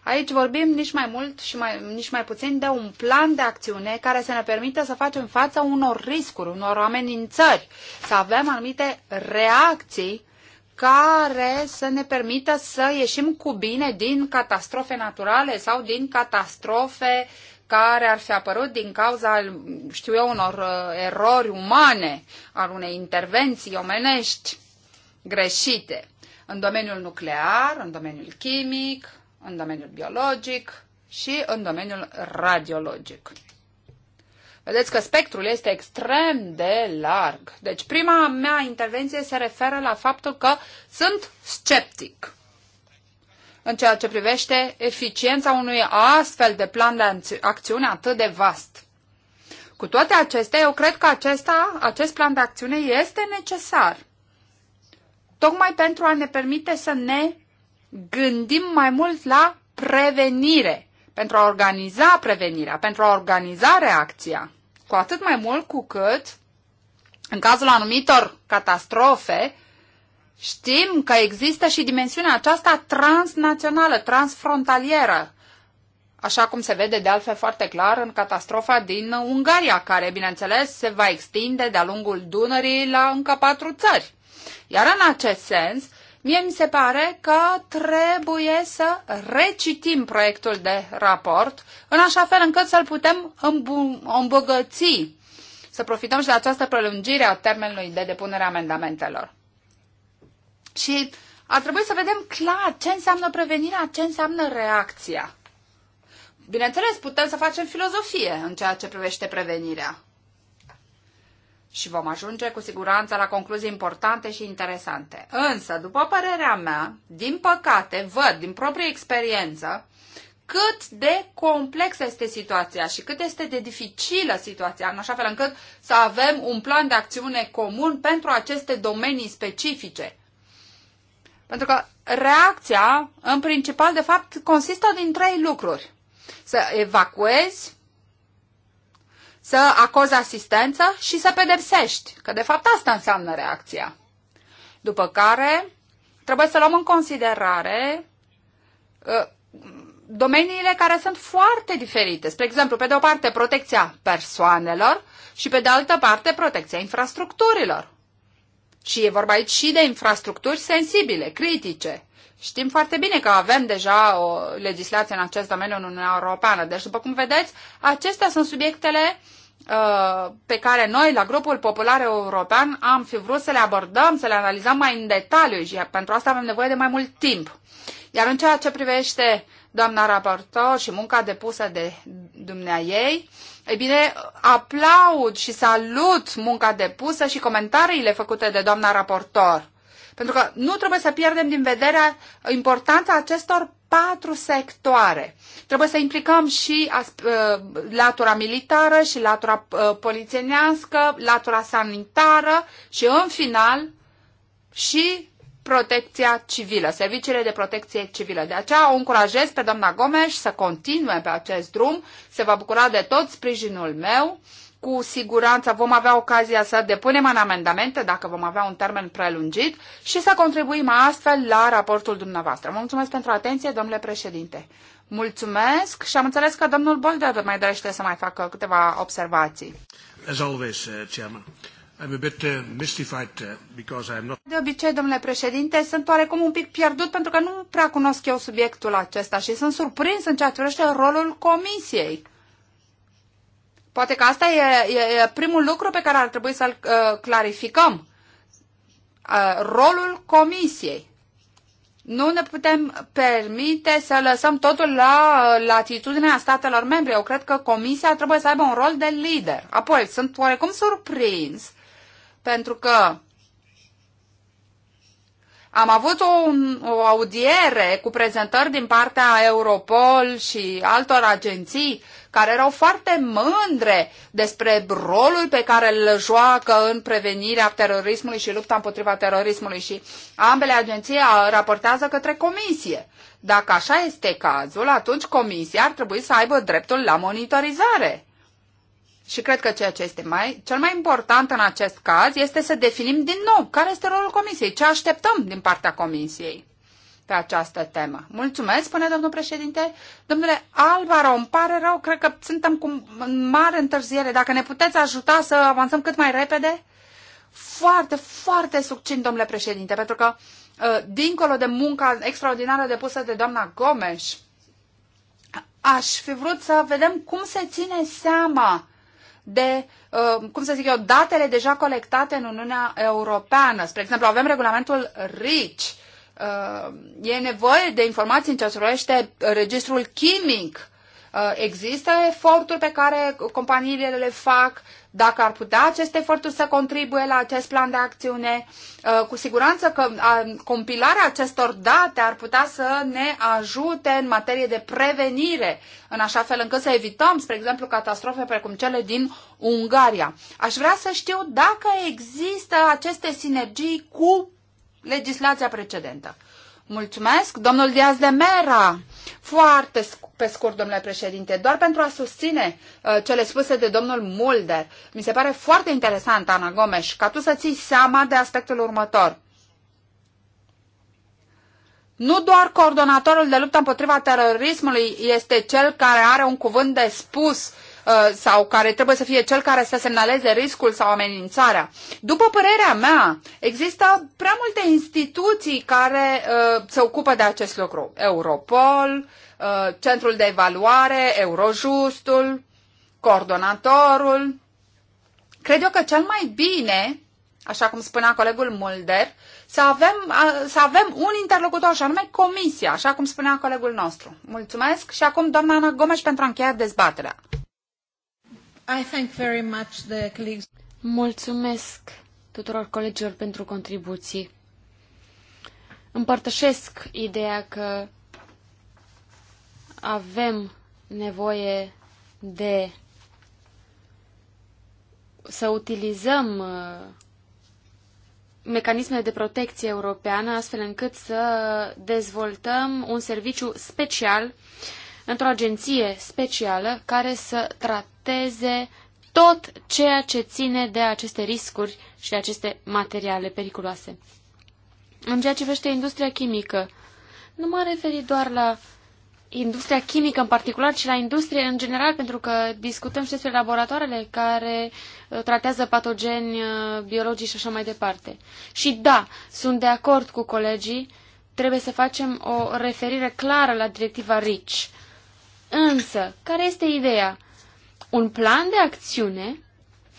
Aici vorbim nici mai mult și mai, nici mai puțin de un plan de acțiune care să ne permită să facem față unor riscuri, unor amenințări, să avem anumite reacții care să ne permită să ieșim cu bine din catastrofe naturale sau din catastrofe care ar fi apărut din cauza, știu eu, unor uh, erori umane, al unei intervenții omenești greșite în domeniul nuclear, în domeniul chimic, în domeniul biologic și în domeniul radiologic. Vedeți că spectrul este extrem de larg. Deci prima mea intervenție se referă la faptul că sunt sceptic în ceea ce privește eficiența unui astfel de plan de acțiune atât de vast. Cu toate acestea, eu cred că acesta, acest plan de acțiune este necesar, tocmai pentru a ne permite să ne gândim mai mult la prevenire, pentru a organiza prevenirea, pentru a organiza reacția. Cu atât mai mult cu cât, în cazul anumitor catastrofe, știm că există și dimensiunea aceasta transnațională, transfrontalieră, așa cum se vede de altfel foarte clar în catastrofa din Ungaria, care, bineînțeles, se va extinde de-a lungul Dunării la încă patru țări. Iar în acest sens, Mie mi se pare că trebuie să recitim proiectul de raport în așa fel încât să-l putem îmbogăți, să profităm și de această prelungire a termenului de depunere a amendamentelor. Și ar trebui să vedem clar ce înseamnă prevenirea, ce înseamnă reacția. Bineînțeles, putem să facem filozofie în ceea ce privește prevenirea și vom ajunge cu siguranță la concluzii importante și interesante. Însă, după părerea mea, din păcate, văd din proprie experiență cât de complexă este situația și cât este de dificilă situația, în așa fel încât să avem un plan de acțiune comun pentru aceste domenii specifice. Pentru că reacția, în principal, de fapt, consistă din trei lucruri. Să evacuezi să acozi asistență și să pedepsești, că de fapt asta înseamnă reacția. După care trebuie să luăm în considerare uh, domeniile care sunt foarte diferite. Spre exemplu, pe de o parte protecția persoanelor și pe de altă parte protecția infrastructurilor. Și e vorba aici și de infrastructuri sensibile, critice. Știm foarte bine că avem deja o legislație în acest domeniu în Uniunea Europeană. Deci, după cum vedeți, acestea sunt subiectele uh, pe care noi, la grupul popular european, am fi vrut să le abordăm, să le analizăm mai în detaliu și pentru asta avem nevoie de mai mult timp. Iar în ceea ce privește doamna raportor și munca depusă de dumnea ei, ei bine, aplaud și salut munca depusă și comentariile făcute de doamna raportor. Pentru că nu trebuie să pierdem din vedere importanța acestor patru sectoare. Trebuie să implicăm și uh, latura militară, și latura uh, polițienească, latura sanitară și, în final, și protecția civilă, serviciile de protecție civilă. De aceea o încurajez pe doamna Gomes să continue pe acest drum, se va bucura de tot sprijinul meu cu siguranță vom avea ocazia să depunem în amendamente, dacă vom avea un termen prelungit, și să contribuim astfel la raportul dumneavoastră. Vă mulțumesc pentru atenție, domnule președinte. Mulțumesc și am înțeles că domnul Bolder mai dorește să mai facă câteva observații. As always, uh, chairman. I'm a bit uh, mystified uh, because I'm not... De obicei, domnule președinte, sunt oarecum un pic pierdut pentru că nu prea cunosc eu subiectul acesta și sunt surprins în ceea ce privește rolul comisiei. Poate că asta e, e, e primul lucru pe care ar trebui să-l uh, clarificăm. Uh, rolul comisiei. Nu ne putem permite să lăsăm totul la uh, latitudinea statelor membre. Eu cred că comisia trebuie să aibă un rol de lider. Apoi, sunt oarecum surprins pentru că am avut o, o audiere cu prezentări din partea Europol și altor agenții care erau foarte mândre despre rolul pe care îl joacă în prevenirea terorismului și lupta împotriva terorismului și ambele agenții raportează către comisie. Dacă așa este cazul, atunci comisia ar trebui să aibă dreptul la monitorizare. Și cred că ceea ce este mai, cel mai important în acest caz este să definim din nou care este rolul comisiei, ce așteptăm din partea comisiei pe această temă. Mulțumesc, spune domnul președinte. Domnule Alvaro, îmi pare rău, cred că suntem cu mare întârziere. Dacă ne puteți ajuta să avansăm cât mai repede? Foarte, foarte succint, domnule președinte, pentru că ă, dincolo de munca extraordinară depusă de doamna Gomes, aș fi vrut să vedem cum se ține seama de, ă, cum să zic eu, datele deja colectate în Uniunea Europeană. Spre exemplu, avem regulamentul RICI, Uh, e nevoie de informații în ceea ce privește registrul chimic. Uh, există eforturi pe care companiile le fac, dacă ar putea aceste eforturi să contribuie la acest plan de acțiune, uh, cu siguranță că compilarea acestor date ar putea să ne ajute în materie de prevenire, în așa fel încât să evităm, spre exemplu, catastrofe precum cele din Ungaria. Aș vrea să știu dacă există aceste sinergii cu legislația precedentă. Mulțumesc, domnul Diaz de Mera. Foarte pe scurt, domnule președinte, doar pentru a susține uh, cele spuse de domnul Mulder. Mi se pare foarte interesant, Ana Gomes, ca tu să ții seama de aspectul următor. Nu doar coordonatorul de luptă împotriva terorismului este cel care are un cuvânt de spus Uh, sau care trebuie să fie cel care să semnaleze riscul sau amenințarea. După părerea mea, există prea multe instituții care uh, se ocupă de acest lucru. Europol, uh, Centrul de Evaluare, Eurojustul, Coordonatorul. Cred eu că cel mai bine, așa cum spunea colegul Mulder, să avem, să avem un interlocutor, și anume Comisia, așa cum spunea colegul nostru. Mulțumesc și acum doamna Ana Gomes pentru a încheia dezbaterea. I thank very much the colleagues. Mulțumesc tuturor colegilor pentru contribuții. Împărtășesc ideea că avem nevoie de să utilizăm uh, mecanismele de protecție europeană, astfel încât să dezvoltăm un serviciu special într-o agenție specială care să trateze trateze tot ceea ce ține de aceste riscuri și de aceste materiale periculoase. În ceea ce privește industria chimică, nu m-am referit doar la industria chimică în particular, ci la industrie în general, pentru că discutăm și despre laboratoarele care uh, tratează patogeni uh, biologici și așa mai departe. Și da, sunt de acord cu colegii, trebuie să facem o referire clară la directiva RICH. Însă, care este ideea? Un plan de acțiune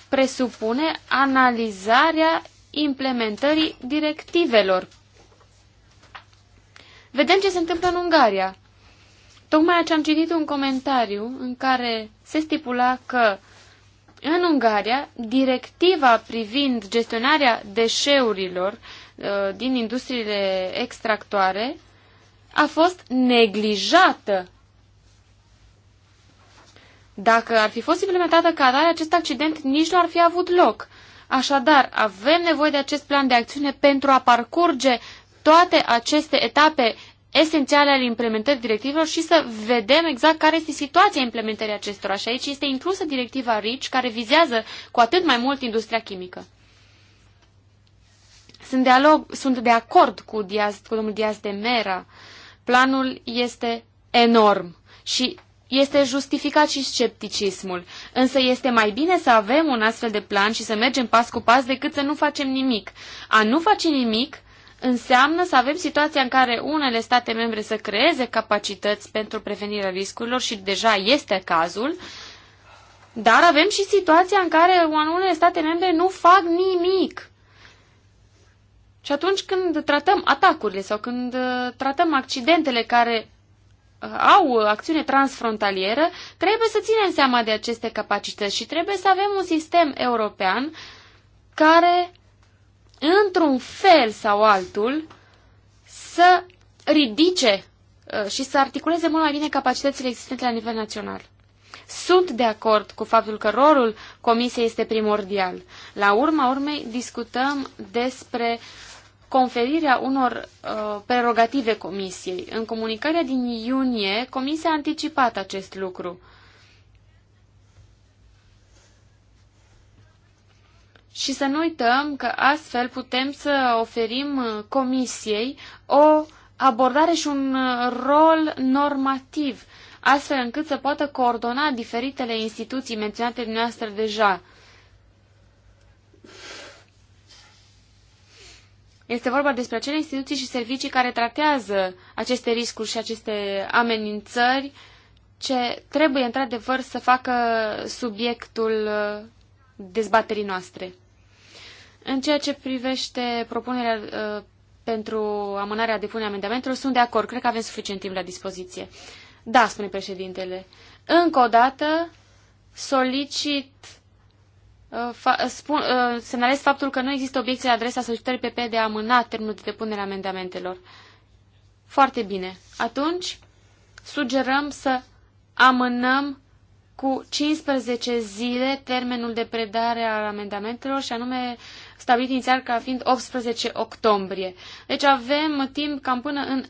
presupune analizarea implementării directivelor. Vedem ce se întâmplă în Ungaria. Tocmai aici am citit un comentariu în care se stipula că în Ungaria, directiva privind gestionarea deșeurilor uh, din industriile extractoare a fost neglijată dacă ar fi fost implementată ca atare, acest accident nici nu ar fi avut loc. Așadar, avem nevoie de acest plan de acțiune pentru a parcurge toate aceste etape esențiale ale implementării directivelor și să vedem exact care este situația implementării acestora. Și aici este inclusă directiva RICI, care vizează cu atât mai mult industria chimică. Sunt, dialog, sunt de acord cu, Diaz, cu domnul Diaz de Mera. Planul este enorm și este justificat și scepticismul, însă este mai bine să avem un astfel de plan și să mergem pas cu pas decât să nu facem nimic. A nu face nimic înseamnă să avem situația în care unele state membre să creeze capacități pentru prevenirea riscurilor și deja este cazul, dar avem și situația în care unele state membre nu fac nimic. Și atunci când tratăm atacurile sau când uh, tratăm accidentele care Uh, au acțiune transfrontalieră, trebuie să ținem seama de aceste capacități și trebuie să avem un sistem european care, într-un fel sau altul, să ridice uh, și să articuleze mult mai bine capacitățile existente la nivel național. Sunt de acord cu faptul că rolul comisiei este primordial. La urma urmei discutăm despre uh, conferirea unor uh, prerogative comisiei. În comunicarea din iunie, comisia a anticipat acest lucru. Și să nu uităm că astfel putem să oferim uh, comisiei o abordare și un uh, rol normativ, astfel încât să poată coordona diferitele instituții menționate dumneavoastră deja. Este vorba despre acele instituții și servicii care tratează aceste riscuri și aceste amenințări ce trebuie într-adevăr să facă subiectul uh, dezbaterii noastre. În ceea ce privește propunerea uh, pentru amânarea depunerii amendamentelor, sunt de acord. Cred că avem suficient timp la dispoziție. Da, spune președintele. Încă o dată solicit Uh, fa uh, spun, uh, semnalez faptul că nu există obiecții la adresa solicitării PP de a amâna termenul de depunere a amendamentelor. Foarte bine. Atunci, sugerăm să amânăm cu 15 zile termenul de predare al amendamentelor și anume stabilit inițial ca fiind 18 octombrie. Deci avem timp cam până în,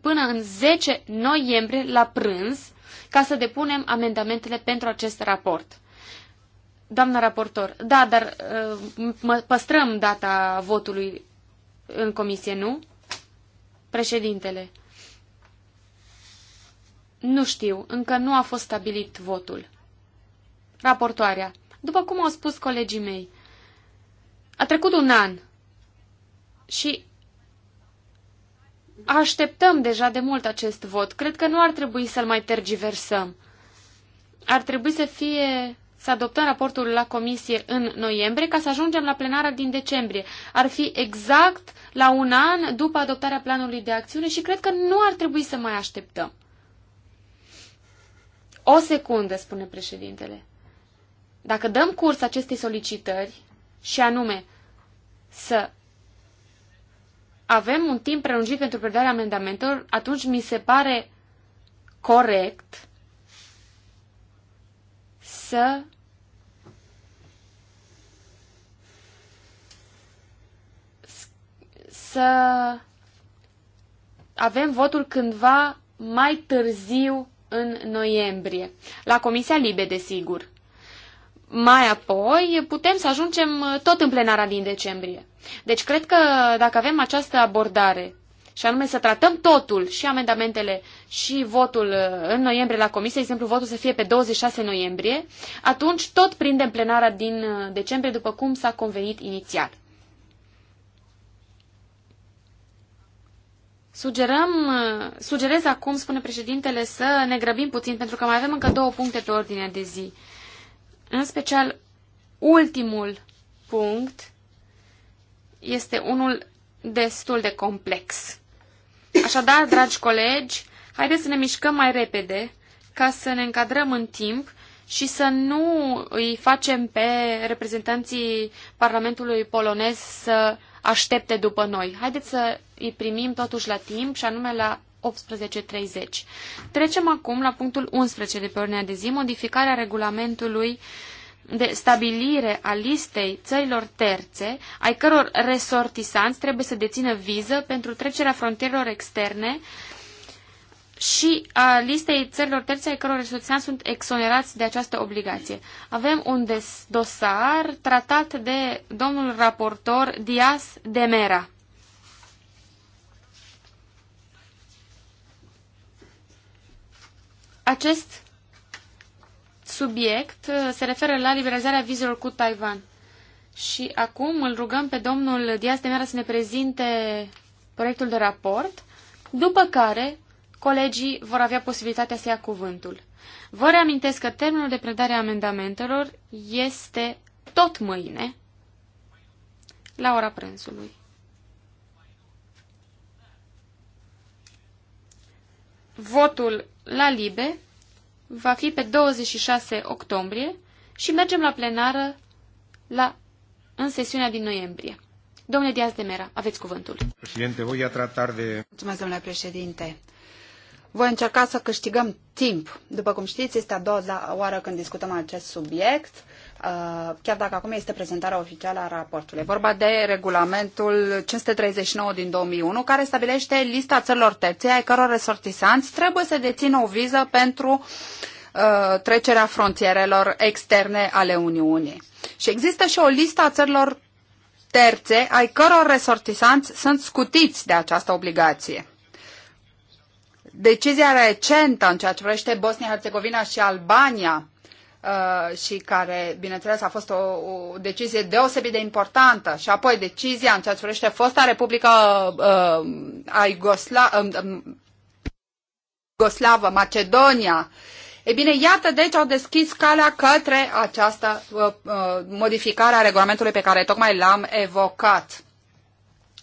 până în 10 noiembrie la prânz ca să depunem amendamentele pentru acest raport. Doamna raportor, da, dar uh, mă, păstrăm data votului în comisie, nu? Președintele. Nu știu, încă nu a fost stabilit votul. Raportoarea. După cum au spus colegii mei, a trecut un an și așteptăm deja de mult acest vot. Cred că nu ar trebui să-l mai tergiversăm. Ar trebui să fie să adoptăm raportul la comisie în noiembrie ca să ajungem la plenară din decembrie. Ar fi exact la un an după adoptarea planului de acțiune și cred că nu ar trebui să mai așteptăm. O secundă, spune președintele. Dacă dăm curs acestei solicitări, și anume să avem un timp prelungit pentru predarea amendamentelor, atunci mi se pare corect să să avem votul cândva mai târziu în noiembrie, la Comisia Libe, desigur. Mai apoi putem să ajungem tot în plenara din decembrie. Deci cred că dacă avem această abordare și anume să tratăm totul, și amendamentele, și votul uh, în noiembrie la comisie, de exemplu votul să fie pe 26 noiembrie, atunci tot prindem plenara din uh, decembrie, după cum s-a convenit inițial. Sugerăm, uh, sugerez acum, spune președintele, să ne grăbim puțin, pentru că mai avem încă două puncte pe ordinea de zi. În special, ultimul punct este unul destul de complex. Așadar, dragi colegi, haideți să ne mișcăm mai repede ca să ne încadrăm în timp și să nu îi facem pe reprezentanții Parlamentului polonez să aștepte după noi. Haideți să îi primim totuși la timp și anume la 18.30. Trecem acum la punctul 11 de pe ordinea de zi, modificarea regulamentului de stabilire a listei țărilor terțe, ai căror resortisanți trebuie să dețină viză pentru trecerea frontierelor externe și a listei țărilor terțe ai căror resortisanți sunt exonerați de această obligație. Avem un dosar tratat de domnul raportor Dias de Mera. Acest subiect uh, se referă la liberalizarea vizelor cu Taiwan. Și acum îl rugăm pe domnul Diaz de Mera să ne prezinte proiectul de raport, după care colegii vor avea posibilitatea să ia cuvântul. Vă reamintesc că termenul de predare a amendamentelor este tot mâine, la ora prânzului. Votul la Libe va fi pe 26 octombrie și mergem la plenară la, în sesiunea din noiembrie. Domnule Diaz de Mera, aveți cuvântul. Președinte, voi a tratar de... Mulțumesc, domnule președinte. Voi încerca să câștigăm timp. După cum știți, este a doua oară când discutăm acest subiect. Uh, chiar dacă acum este prezentarea oficială a raportului. E vorba de regulamentul 539 din 2001, care stabilește lista țărilor terțe ai căror resortisanți trebuie să dețină o viză pentru uh, trecerea frontierelor externe ale Uniunii. Și există și o listă a țărilor terțe ai căror resortisanți sunt scutiți de această obligație. Decizia recentă în ceea ce privește Bosnia-Herzegovina și Albania Uh, și care, bineînțeles, a fost o, o decizie deosebit de importantă și apoi decizia în ceea ce vrește fosta Republică uh, a Iugosla, uh, Iugoslavă, Macedonia. E bine, iată, deci au deschis calea către această uh, uh, modificare a regulamentului pe care tocmai l-am evocat.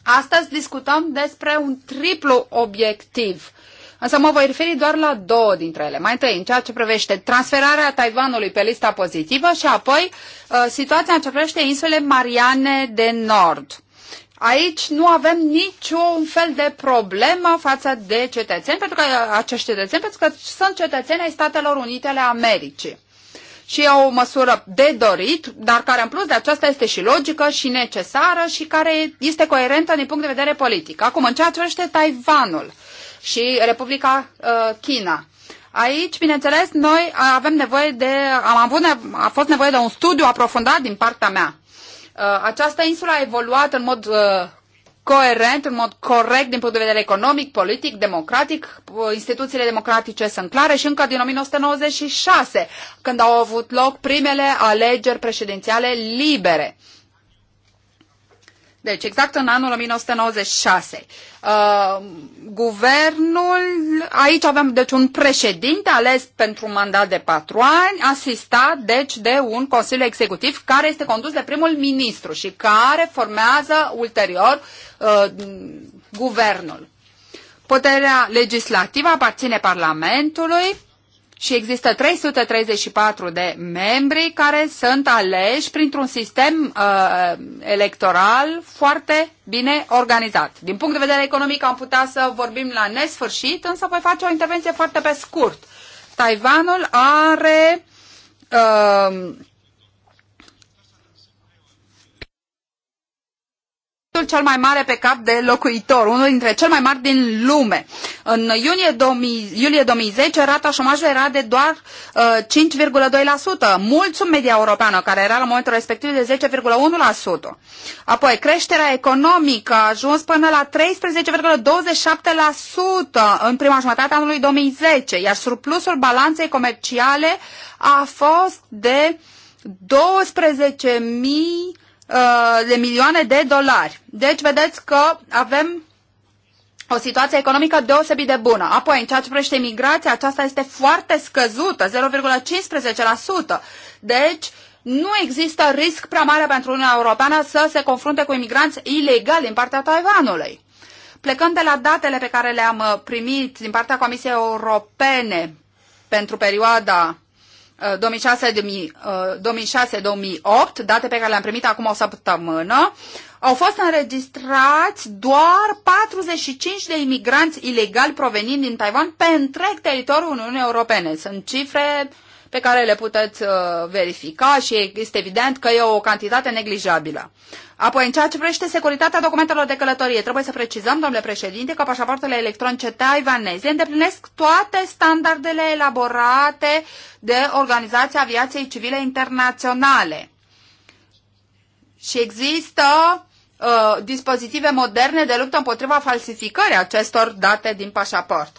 Astăzi discutăm despre un triplu obiectiv – însă mă voi referi doar la două dintre ele. Mai întâi, în ceea ce privește transferarea Taiwanului pe lista pozitivă și apoi uh, situația în ce privește Insulele Mariane de Nord. Aici nu avem niciun fel de problemă față de cetățeni, pentru că uh, acești cetățeni, pentru că sunt cetățeni ai Statelor Unite ale Americii și e o măsură de dorit, dar care în plus de aceasta este și logică și necesară și care este coerentă din punct de vedere politic. Acum, în ceea ce privește Taiwanul, și Republica uh, China. Aici, bineînțeles, noi avem nevoie de, am avut, a fost nevoie de un studiu aprofundat din partea mea. Uh, această insulă a evoluat în mod uh, coerent, în mod corect din punct de vedere economic, politic, democratic. Instituțiile democratice sunt clare și încă din 1996, când au avut loc primele alegeri prezidențiale libere. Deci, exact în anul 1996. Uh, guvernul, aici avem deci un președinte ales pentru un mandat de patru ani, asistat deci de un Consiliu Executiv care este condus de primul ministru și care formează ulterior uh, guvernul. Puterea legislativă aparține Parlamentului și există 334 de membri care sunt aleși printr-un sistem uh, electoral foarte bine organizat. Din punct de vedere economic am putea să vorbim la nesfârșit, însă voi face o intervenție foarte pe scurt. Taiwanul are uh, cel mai mare pe cap de locuitor, unul dintre cel mai mari din lume. În iunie 2000, iulie 2010 rata șomajului era de doar uh, 5,2%, mult sub media europeană, care era la momentul respectiv de 10,1%. Apoi, creșterea economică a ajuns până la 13,27% în prima jumătate a anului 2010, iar surplusul balanței comerciale a fost de 12.000 Uh, de milioane de dolari. Deci vedeți că avem o situație economică deosebit de bună. Apoi, în ceea ce privește migrația, aceasta este foarte scăzută, 0,15%. Deci, nu există risc prea mare pentru Uniunea Europeană să se confrunte cu imigranți ilegali din partea Taiwanului. Plecând de la datele pe care le-am primit din partea Comisiei Europene pentru perioada 2006-2008, uh, uh, date pe care le-am primit acum o săptămână, au fost înregistrați doar 45 de imigranți ilegali provenind din Taiwan pe întreg teritoriul Uniunii Europene. Sunt cifre uh, pe care le puteți uh, verifica și este evident că e o cantitate neglijabilă. Apoi, în ceea ce privește securitatea documentelor de călătorie, trebuie să precizăm, domnule președinte, că pașapoartele electronice taiwaneze îndeplinesc toate standardele elaborate de Organizația Aviației Civile Internaționale. Și există uh, dispozitive moderne de luptă împotriva falsificării acestor date din pașaport.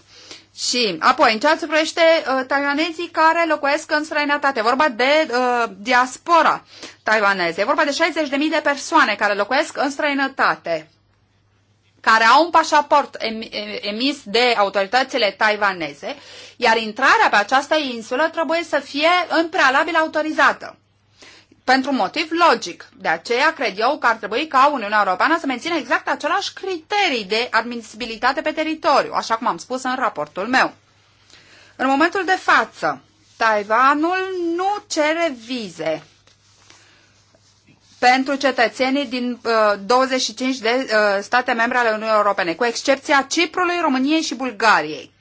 Și apoi, în ceea ce privește uh, taiwanezii care locuiesc în străinătate, vorba de uh, diaspora taiwaneză, e vorba de 60.000 de persoane care locuiesc în străinătate, care au un pașaport emis de autoritățile taiwaneze, iar intrarea pe această insulă trebuie să fie în prealabil autorizată pentru motiv logic. De aceea cred eu că ar trebui ca Uniunea Europeană să mențină exact același criterii de admisibilitate pe teritoriu, așa cum am spus în raportul meu. În momentul de față, Taiwanul nu cere vize pentru cetățenii din uh, 25 de uh, state membre ale Uniunii Europene, cu excepția Ciprului, României și Bulgariei.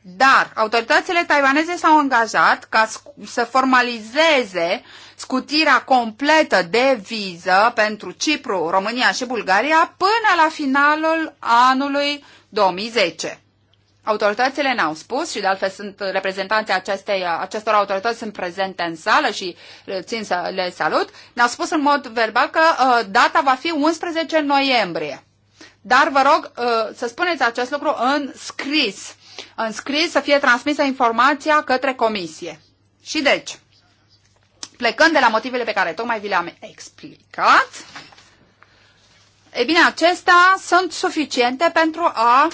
Dar autoritățile taiwaneze s-au angajat ca să formalizeze uh, scutirea completă de viză pentru Cipru, România și Bulgaria până la finalul anului 2010. Autoritățile ne-au spus și de altfel sunt reprezentanții acestei, acestor autorități sunt prezente în sală și uh, țin să le salut, ne-au spus în mod verbal că uh, data va fi 11 noiembrie. Dar vă rog uh, să spuneți acest lucru în scris. În scris să fie transmisă informația către comisie. Și deci, plecând de la motivele pe care tocmai vi le-am explicat, e bine, acestea sunt suficiente pentru a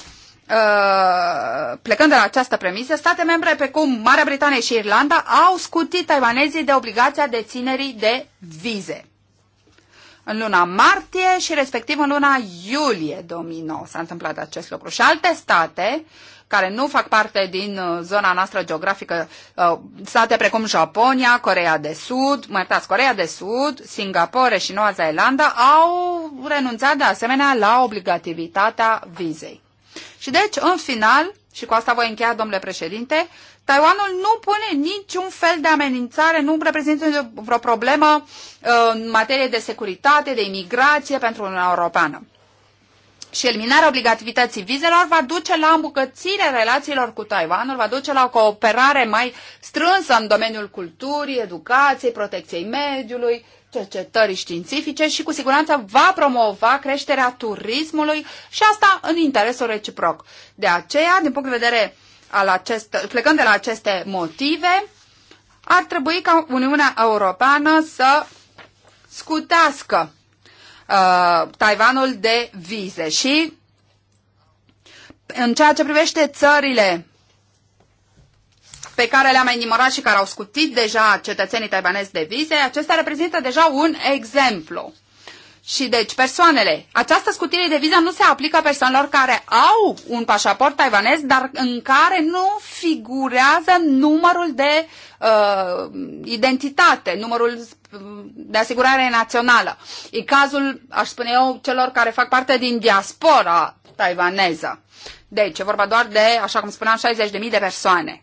ă, plecând de la această premisă, state membre precum Marea Britanie și Irlanda au scutit taiwanezii de obligația deținerii de vize. În luna martie și respectiv în luna iulie 2009 s-a întâmplat acest lucru. Și alte state uh, care nu fac parte din uh, zona noastră geografică, uh, state precum Japonia, Corea de Sud, mă iertați, Corea de Sud, Singapore și Noua Zeelandă au renunțat de asemenea la obligativitatea vizei. Și deci, în final, și cu asta voi încheia, domnule președinte, Taiwanul nu pune niciun fel de amenințare, nu reprezintă vreo problemă uh, în materie de securitate, de imigrație pentru Uniunea Europeană și eliminarea obligativității vizelor va duce la îmbucățirea relațiilor cu Taiwanul, va duce la o cooperare mai strânsă în domeniul culturii, educației, protecției mediului, cercetării științifice și cu siguranță va promova creșterea turismului și asta în interesul reciproc. De aceea, din punct de vedere al acest, plecând de la aceste motive, ar trebui ca Uniunea Europeană să scutească Uh, Taiwanul de vize. Și în ceea ce privește țările pe care le-am enumerat și care au scutit deja cetățenii taiwanezi de vize, acestea reprezintă deja un exemplu. Și deci, persoanele, această scutire de viză nu se aplică persoanelor care au un pașaport taiwanez, dar în care nu figurează numărul de uh, identitate, numărul de asigurare națională. E cazul, aș spune eu, celor care fac parte din diaspora taiwaneză. Deci, e vorba doar de, așa cum spuneam, 60.000 de persoane.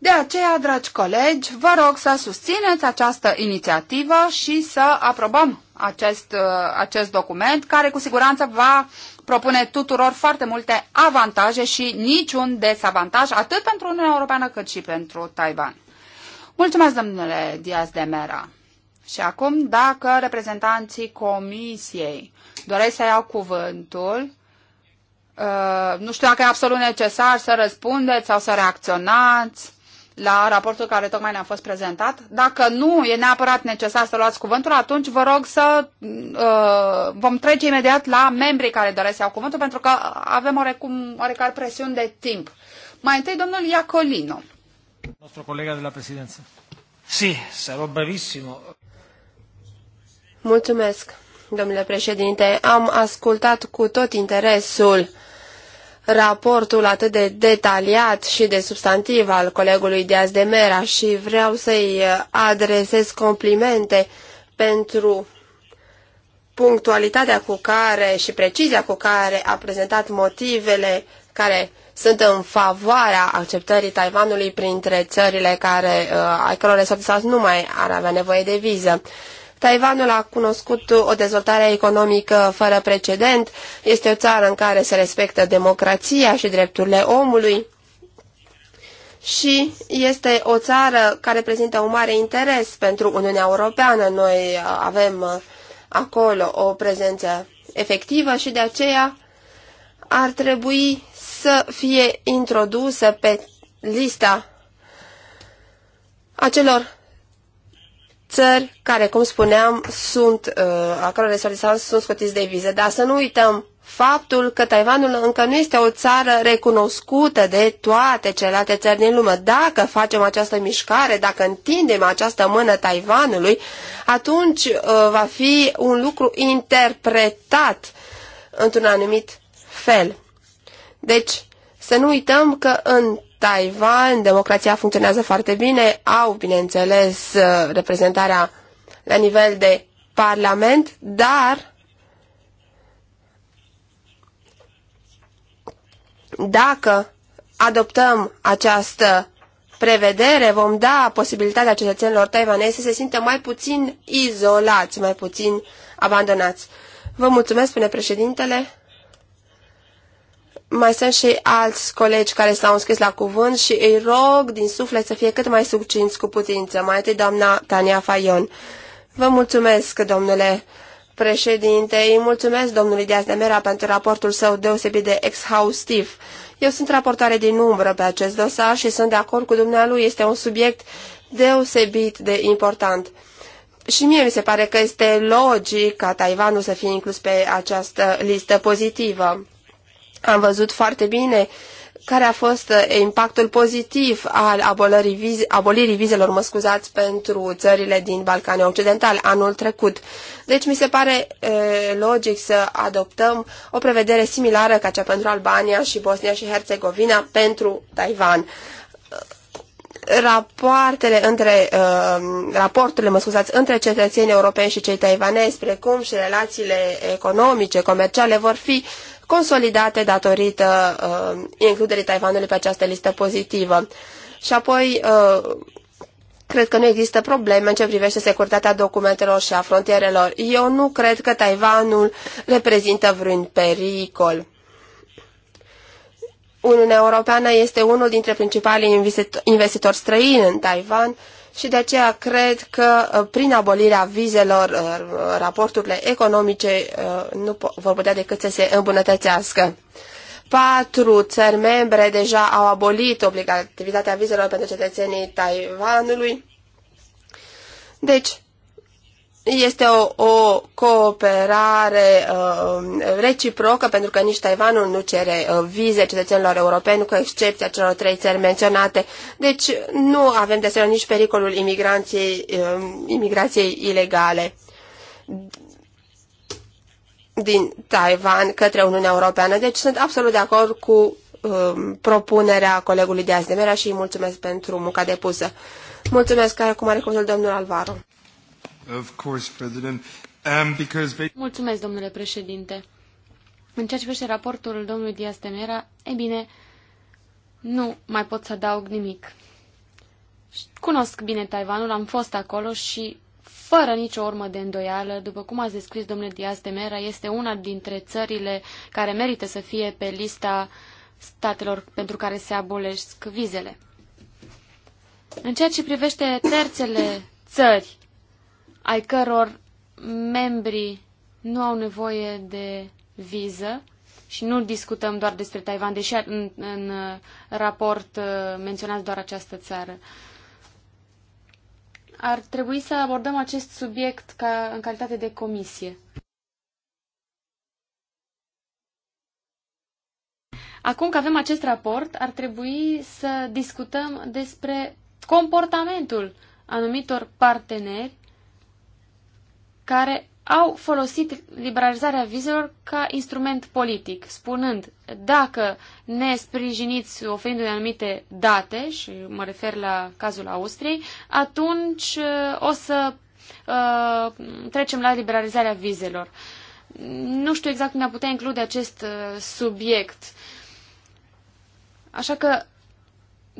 De aceea, dragi colegi, vă rog să susțineți această inițiativă și să aprobăm acest, uh, acest document, care cu siguranță va propune tuturor foarte multe avantaje și niciun dezavantaj, atât pentru Uniunea Europeană cât și pentru Taiwan. Mulțumesc, domnule Diaz de Mera. Și acum, dacă reprezentanții comisiei doresc să iau cuvântul, uh, nu știu dacă e absolut necesar să răspundeți sau să reacționați la raportul care tocmai ne-a fost prezentat. Dacă nu e neapărat necesar să luați cuvântul, atunci vă rog să uh, vom trece imediat la membrii care doresc să iau cuvântul, pentru că avem oarecum, oarecare presiuni de timp. Mai întâi, domnul Iacolino. Nostru colega sarò brevissimo. Mulțumesc, domnule președinte. Am ascultat cu tot interesul raportul atât de detaliat și de substantiv al colegului Diaz de Mera și vreau să-i adresez complimente pentru punctualitatea cu care și precizia cu care a prezentat motivele care sunt în favoarea acceptării Taiwanului printre țările care, uh, ai căror resortisanți nu mai ar avea nevoie de viză. Taiwanul a cunoscut o dezvoltare economică fără precedent, este o țară în care se respectă democrația și drepturile omului și este o țară care prezintă un mare interes pentru Uniunea Europeană. Noi uh, avem uh, acolo o prezență efectivă și de aceea ar trebui să fie introdusă pe lista acelor țări care, cum spuneam, sunt, uh, a căror resortisanți sunt scotiți de vize. Dar să nu uităm faptul că Taiwanul încă nu este o țară recunoscută de toate celelalte țări din lume. Dacă facem această mișcare, dacă întindem această mână Taiwanului, atunci uh, va fi un lucru interpretat într-un anumit fel. Deci, să nu uităm că în Taiwan democrația funcționează foarte bine, au, bineînțeles, uh, reprezentarea la nivel de parlament, dar dacă adoptăm această prevedere, vom da posibilitatea cetățenilor taiwanezi să se simtă mai puțin izolați, mai puțin abandonați. Vă mulțumesc, spune președintele. Mai sunt și alți colegi care s-au înscris la cuvânt și îi rog din suflet să fie cât mai succinți cu putință. Mai întâi doamna Tania Fayon. Vă mulțumesc, domnule președinte, îi mulțumesc domnului Diaz de Mera pentru raportul său deosebit de exhaustiv. Eu sunt raportoare din umbră pe acest dosar și sunt de acord cu dumnealui, este un subiect deosebit de important. Și mie mi se pare că este logic ca Taiwanul să fie inclus pe această listă pozitivă. Am văzut foarte bine care a fost eh, impactul pozitiv al abolirii, viz abolirii vizelor, mă scuzați, pentru țările din Balcanii Occidentale anul trecut. Deci mi se pare e, eh, logic să adoptăm o prevedere similară ca cea pentru Albania și Bosnia și Herțegovina pentru Taiwan rapoartele între, uh, raporturile, mă scuzați, între cetățenii europeni și cei taivanezi, precum și relațiile economice, comerciale, vor fi consolidate datorită uh, includerii Taiwanului pe această listă pozitivă. Și apoi, uh, cred că nu există probleme în ce privește securitatea documentelor și a frontierelor. Eu nu cred că Taiwanul reprezintă vreun pericol. Uniunea Europeană este unul dintre principalii investitori străini în Taiwan, uh, și de aceea cred că uh, prin abolirea vizelor uh, raporturile economice uh, nu vor putea decât să se îmbunătățească. Patru țări membre deja au abolit obligativitatea vizelor pentru cetățenii Taiwanului. Deci, este o, o cooperare uh, reciprocă, pentru că nici Taiwanul nu cere uh, vize cetățenilor europeni, cu excepția celor trei țări menționate. Deci nu avem de nici pericolul imigranției, uh, imigrației ilegale din Taiwan către Uniunea Europeană. Deci sunt absolut de acord cu uh, propunerea colegului de azi de și îi mulțumesc pentru munca depusă. Mulțumesc, care cum are cuvântul domnul Alvaro. Um, Mulțumesc, domnule președinte. În ceea ce privește raportul domnului Diaz Temera, e bine, nu mai pot să adaug nimic. Cunosc bine Taiwanul, am fost acolo și, fără nicio urmă de îndoială, după cum ați descris, domnule Diaz de Mera, este una dintre țările care merită să fie pe lista statelor pentru care se abolesc vizele. În ceea ce privește terțele țări ai căror membri nu au nevoie de viză și nu discutăm doar despre Taiwan, deși în, în uh, raport uh, menționați doar această țară. Ar trebui să abordăm acest subiect ca în calitate de comisie. Acum că avem acest raport, ar trebui să discutăm despre comportamentul anumitor parteneri care au folosit liberalizarea vizelor ca instrument politic, spunând dacă ne sprijiniți oferindu-ne anumite date, și mă refer la cazul Austriei, atunci uh, o să uh, trecem la liberalizarea vizelor. Nu știu exact cum ne-a putea include acest uh, subiect. Așa că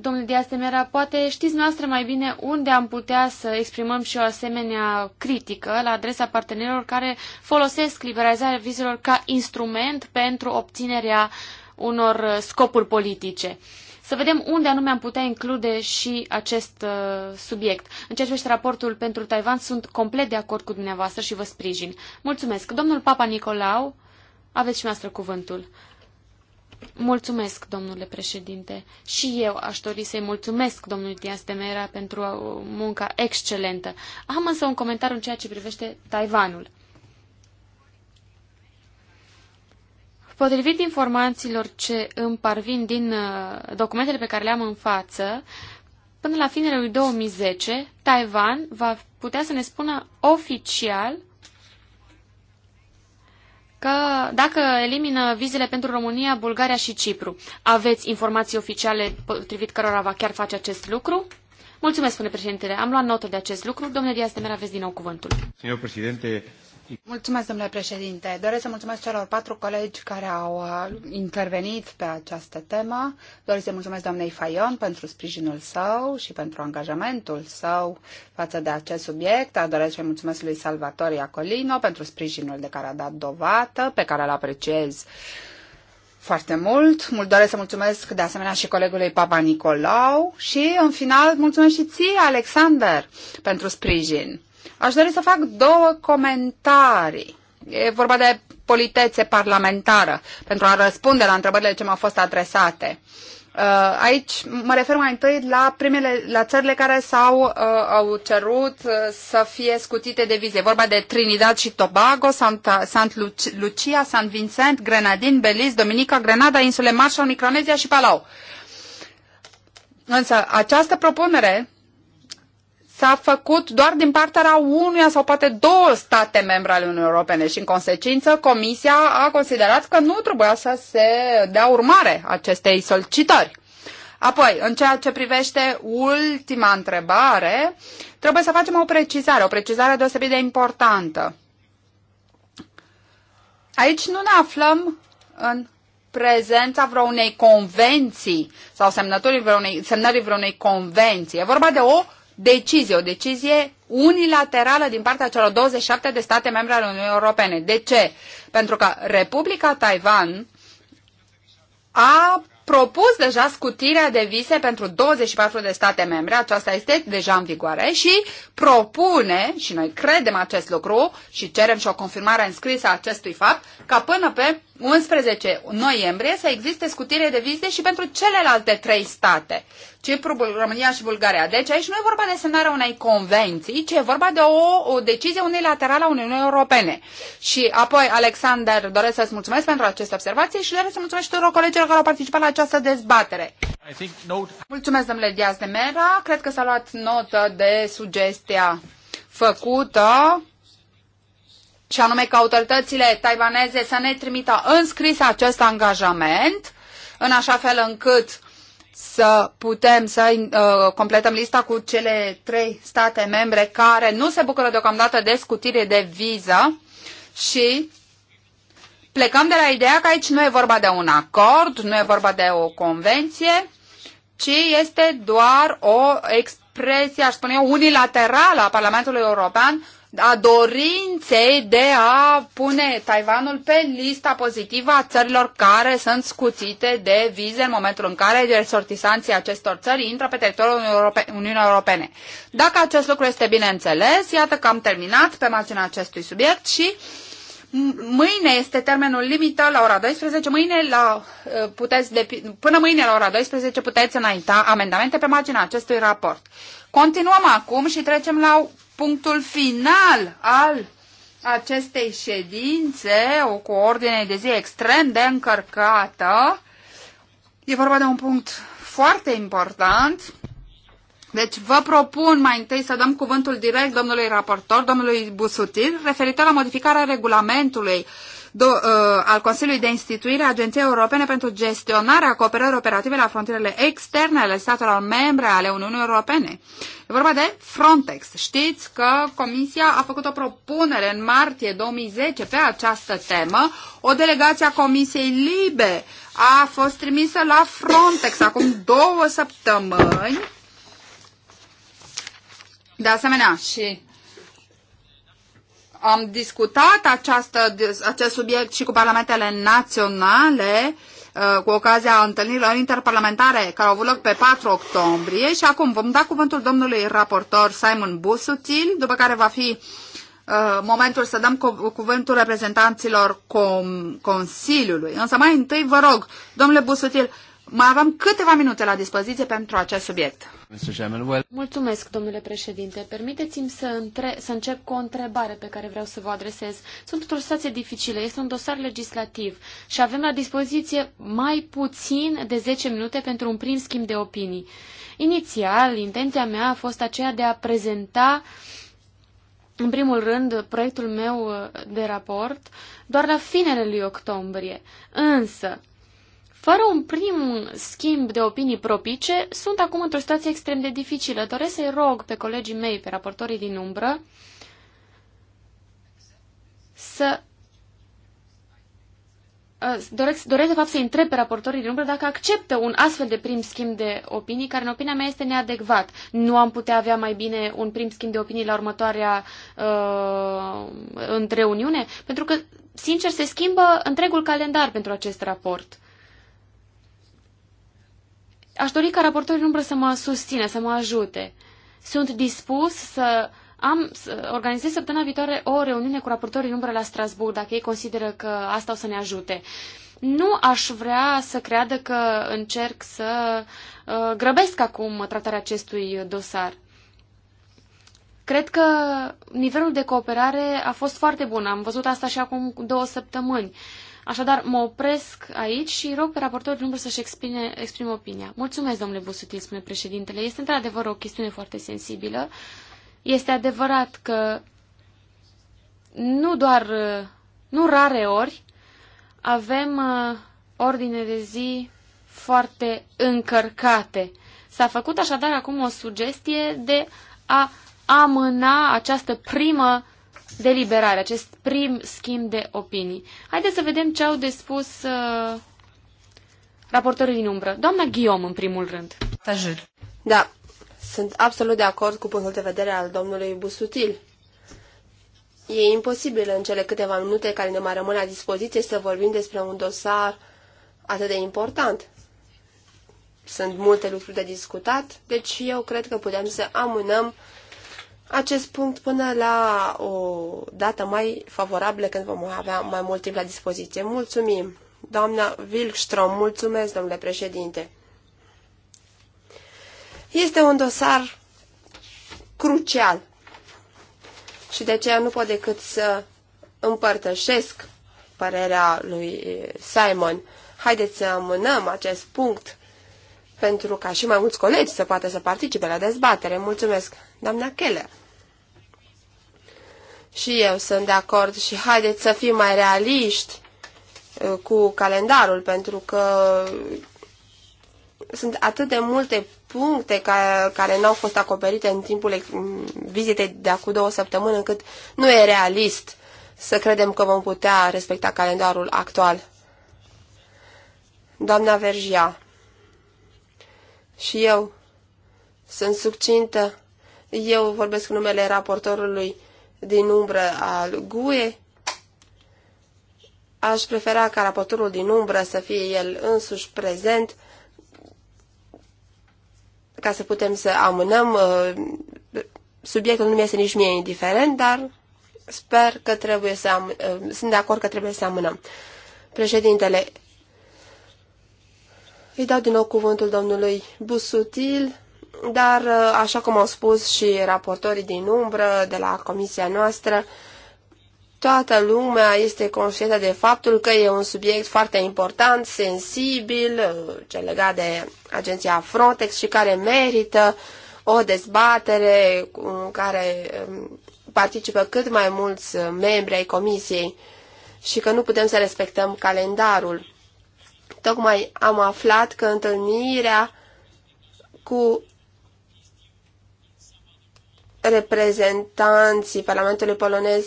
Domnule Diaz Temera, poate știți noastră mai bine unde am putea să exprimăm și o asemenea critică la adresa partenerilor care folosesc liberalizarea vizelor ca instrument pentru obținerea unor scopuri politice. Să vedem unde anume am putea include și acest uh, subiect. În ceea ce privește raportul pentru Taiwan, sunt complet de acord cu dumneavoastră și vă sprijin. Mulțumesc. Domnul Papa Nicolau, aveți și noastră cuvântul. Mulțumesc, domnule președinte. Și eu aș dori să-i mulțumesc domnului Dias de Mera pentru munca excelentă. Am însă un comentariu în ceea ce privește Taiwanul. Potrivit informațiilor ce îmi parvin din uh, documentele pe care le am în față, până la finele lui 2010, Taiwan va putea să ne spună oficial că dacă elimină vizele pentru România, Bulgaria și Cipru, aveți informații oficiale potrivit cărora va chiar face acest lucru? Mulțumesc, spune președintele. Am luat notă de acest lucru. Domnule Diaz de Mera, aveți din nou cuvântul. Domnule președinte, Mulțumesc, președinte. Doresc să mulțumesc celor patru colegi care au uh, intervenit pe această temă. Doresc să mulțumesc doamnei Fayon pentru sprijinul său și pentru angajamentul său față de acest subiect. Doresc să mulțumesc lui Salvatore Iacolino pentru sprijinul de care a dat dovadă, pe care îl apreciez foarte mult. Mult doresc să mulțumesc de asemenea și colegului Papa Nicolau și în final mulțumesc și ție, Alexander, pentru sprijin. Aș dori să fac două comentarii. E vorba de politețe parlamentară pentru a răspunde la întrebările ce m-au fost adresate. Uh, aici mă refer mai întâi la primele, la țările care s-au uh, au cerut uh, să fie scutite de vize. Vorba de Trinidad și Tobago, Santa, Sant Lucia, San Vincent, Grenadin, Belize, Dominica, Grenada, insule Marshall, Micronezia și Palau. Însă această propunere s-a făcut doar din partea unuia sau poate două state membre ale Uniunii Europene și, în consecință, Comisia a considerat că nu trebuia să se dea urmare acestei solicitări. Apoi, în ceea ce privește ultima întrebare, trebuie să facem o precizare, o precizare deosebit de importantă. Aici nu ne aflăm în prezența vreunei convenții sau semnăturii vreunei, semnării vreunei convenții. E vorba de o decizie, o decizie unilaterală din partea celor 27 de state membre ale Uniunii Europene. De ce? Pentru că Republica Taiwan a propus deja scutirea de vise pentru 24 de state membre, aceasta este deja în vigoare și propune, și noi credem acest lucru și cerem și o confirmare înscrisă a acestui fapt, ca până pe 11 noiembrie să existe scutire de vizite și pentru celelalte trei state, Cipru, România și Bulgaria. Deci aici nu e vorba de semnarea unei convenții, ci e vorba de o, o decizie unilaterală a Uniunii Europene. Și apoi, Alexander, doresc să-ți mulțumesc pentru aceste observații și doresc să mulțumesc tuturor colegilor care au participat la această dezbatere. Mulțumesc, domnule Diaz de Mera. Cred că s-a luat notă de sugestia făcută și anume că autoritățile taiwaneze să ne trimită în scris acest angajament, în așa fel încât să putem să uh, completăm lista cu cele trei state membre care nu se bucură deocamdată de scutire de viză și plecăm de la ideea că aici nu e vorba de un acord, nu e vorba de o convenție, ci este doar o expresie, aș spune eu, unilaterală a Parlamentului European a dorinței de a pune Taiwanul pe lista pozitivă a țărilor care sunt scuțite de vize în momentul în care resortisanții acestor țări intră pe teritoriul Uniunii Europene. Dacă acest lucru este bine înțeles, iată că am terminat pe marginea acestui subiect și mâine este termenul limită la ora 12, mâine la, uh, puteți de, până mâine la ora 12 puteți înainta amendamente pe marginea acestui raport. Continuăm acum și trecem la punctul final al acestei ședințe, o cu ordine de zi extrem de încărcată. E vorba de un punct foarte important. Deci vă propun mai întâi să dăm cuvântul direct domnului raportor, domnului Busutil, referitor la modificarea regulamentului Uh, al Consiliului de Instituire a Agenției Europene pentru gestionarea cooperării operative la frontierele externe ale statelor membre ale Uniunii Europene. E vorba de Frontex. Știți că Comisia a făcut o propunere în martie 2010 pe această temă. O delegație a Comisiei Libe a fost trimisă la Frontex acum două săptămâni. De asemenea, și am discutat această, acest subiect și cu parlamentele naționale uh, cu ocazia întâlnirilor interparlamentare care au avut loc pe 4 octombrie și acum vom da cuvântul domnului raportor Simon Busutil, după care va fi uh, momentul să dăm cuvântul reprezentanților Consiliului. Însă mai întâi vă rog, domnule Busutil, mai avem câteva minute la dispoziție pentru acest subiect. Mulțumesc, domnule președinte. Permiteți-mi să, între... să încep cu o întrebare pe care vreau să vă adresez. Sunt într-o situație dificilă, este un dosar legislativ și avem la dispoziție mai puțin de 10 minute pentru un prim schimb de opinii. Inițial, intenția mea a fost aceea de a prezenta în primul rând, proiectul meu de raport doar la finele lui octombrie. Însă, fără un prim schimb de opinii propice, sunt acum într-o situație extrem de dificilă. Doresc să-i rog pe colegii mei, pe raportorii din umbră, să uh, doresc, doresc de fapt să întreb pe raportorii din umbră dacă acceptă un astfel de prim schimb de opinii, care în opinia mea este neadecvat. Nu am putea avea mai bine un prim schimb de opinii la următoarea uh, întreuniune, pentru că, sincer, se schimbă întregul calendar pentru acest raport. Aș dori ca raportorii umbră să mă susține, să mă ajute. Sunt dispus să am să organizez săptămâna viitoare o reuniune cu raportorii umbră la Strasburg, dacă ei consideră că asta o să ne ajute. Nu aș vrea să creadă că încerc să uh, grăbesc acum tratarea acestui dosar. Cred că nivelul de cooperare a fost foarte bun. Am văzut asta și acum două săptămâni. Uh, Așadar, mă opresc aici și rog pe raportorul număr să-și exprime, exprime opinia. Mulțumesc, domnule Busutil, spune președintele. Este într-adevăr o chestiune foarte sensibilă. Este adevărat că nu doar, nu rare ori, avem uh, ordine de zi foarte încărcate. S-a făcut așadar acum o sugestie de a amâna această primă deliberare, acest prim schimb de opinii. Haideți să vedem ce au de spus uh, raportorii din umbră. Doamna Ghiom, în primul rând. Ajut. Da, sunt absolut de acord cu punctul de vedere al domnului Busutil. E imposibil în cele câteva minute care ne mai rămân la dispoziție să vorbim despre un dosar atât de important. Sunt multe lucruri de discutat, deci eu cred că putem să amânăm acest punct până la o dată mai favorabilă când vom avea mai mult timp la dispoziție. Mulțumim, doamna Wilkstrom, mulțumesc, domnule președinte. Este un dosar crucial și de aceea nu pot decât să împărtășesc părerea lui Simon. Haideți să amânăm acest punct pentru ca și mai mulți colegi să poată să participe la dezbatere. Mulțumesc, doamna Keller. Și eu sunt de acord și haideți să fim mai realiști uh, cu calendarul, pentru că sunt atât de multe puncte care, care n-au fost acoperite în timpul vizitei de acum două săptămâni, încât nu e realist să credem că vom putea respecta calendarul actual. Doamna Vergia, și eu sunt succintă. Eu vorbesc numele raportorului din umbră al GUE. Aș prefera ca raportorul din umbră să fie el însuși prezent ca să putem să amânăm. Uh, subiectul nu mi este nici mie indiferent, dar sper că trebuie să am, uh, sunt de acord că trebuie să amânăm. Președintele, îi dau din nou cuvântul domnului Busutil dar, uh, așa cum au spus și raportorii din umbră de la comisia noastră, toată lumea este conștientă de faptul că e un subiect foarte important, sensibil, uh, ce legat de agenția Frontex și care merită o dezbatere în care um, participă cât mai mulți uh, membri ai comisiei și că nu putem să respectăm calendarul. Tocmai am aflat că întâlnirea cu reprezentanții Parlamentului polonez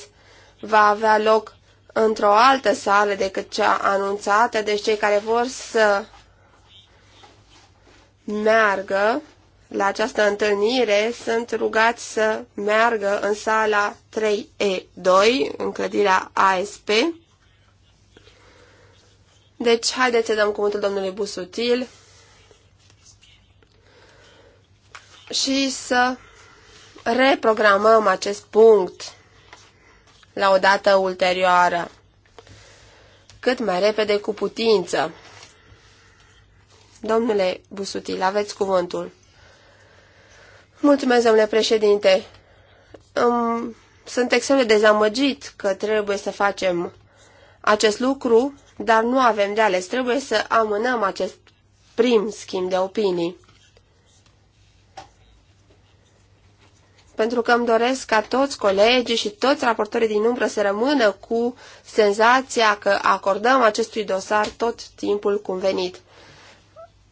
va avea loc într-o altă sală decât cea anunțată, deci cei care vor să meargă la această întâlnire sunt rugați să meargă în sala 3E2, în clădirea ASP. Deci, haideți să dăm cuvântul domnului Busutil și să reprogramăm acest punct la o dată ulterioară, cât mai repede cu putință. Domnule Busutil, aveți cuvântul. Mulțumesc, domnule președinte. Um, sunt extrem de dezamăgit că trebuie să facem acest lucru, dar nu avem de ales. Trebuie să amânăm acest prim schimb de opinii. pentru că îmi doresc ca toți colegii și toți raportorii din umbră să rămână cu senzația că acordăm acestui dosar tot timpul convenit.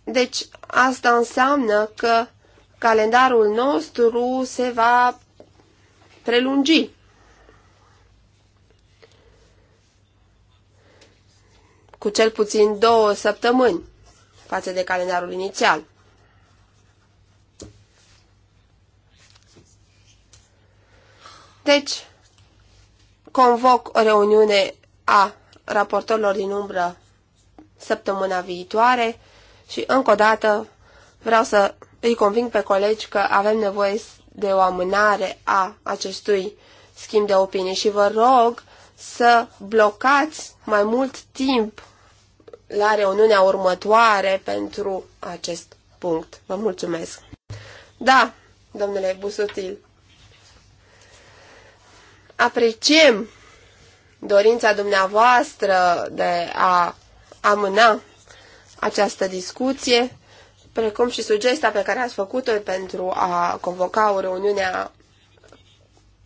Deci, asta înseamnă că calendarul nostru se va prelungi. cu cel puțin două săptămâni față de calendarul inițial. Deci, convoc o reuniune a raportorilor din umbră săptămâna viitoare și, încă o dată, vreau să îi conving pe colegi că avem nevoie de o amânare a acestui schimb de opinie și vă rog să blocați mai mult timp la reuniunea următoare pentru acest punct. Vă mulțumesc! Da, domnule Busutil, Apreciem dorința dumneavoastră de a amâna această discuție, precum și sugestia pe care ați făcut-o pentru a convoca o reuniune a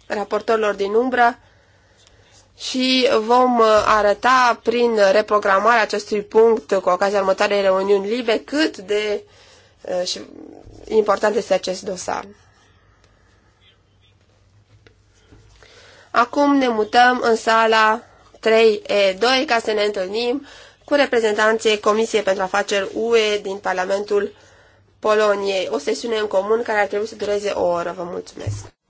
raportorilor din umbră și vom uh, arăta prin reprogramarea acestui punct cu ocazia următoarei reuniuni libe cât de uh, și important este acest dosar. Acum ne mutăm în sala 3E2 ca să ne întâlnim cu reprezentanții Comisiei pentru Afaceri UE din Parlamentul Poloniei. O sesiune în comun care ar trebui să dureze o oră. Vă mulțumesc!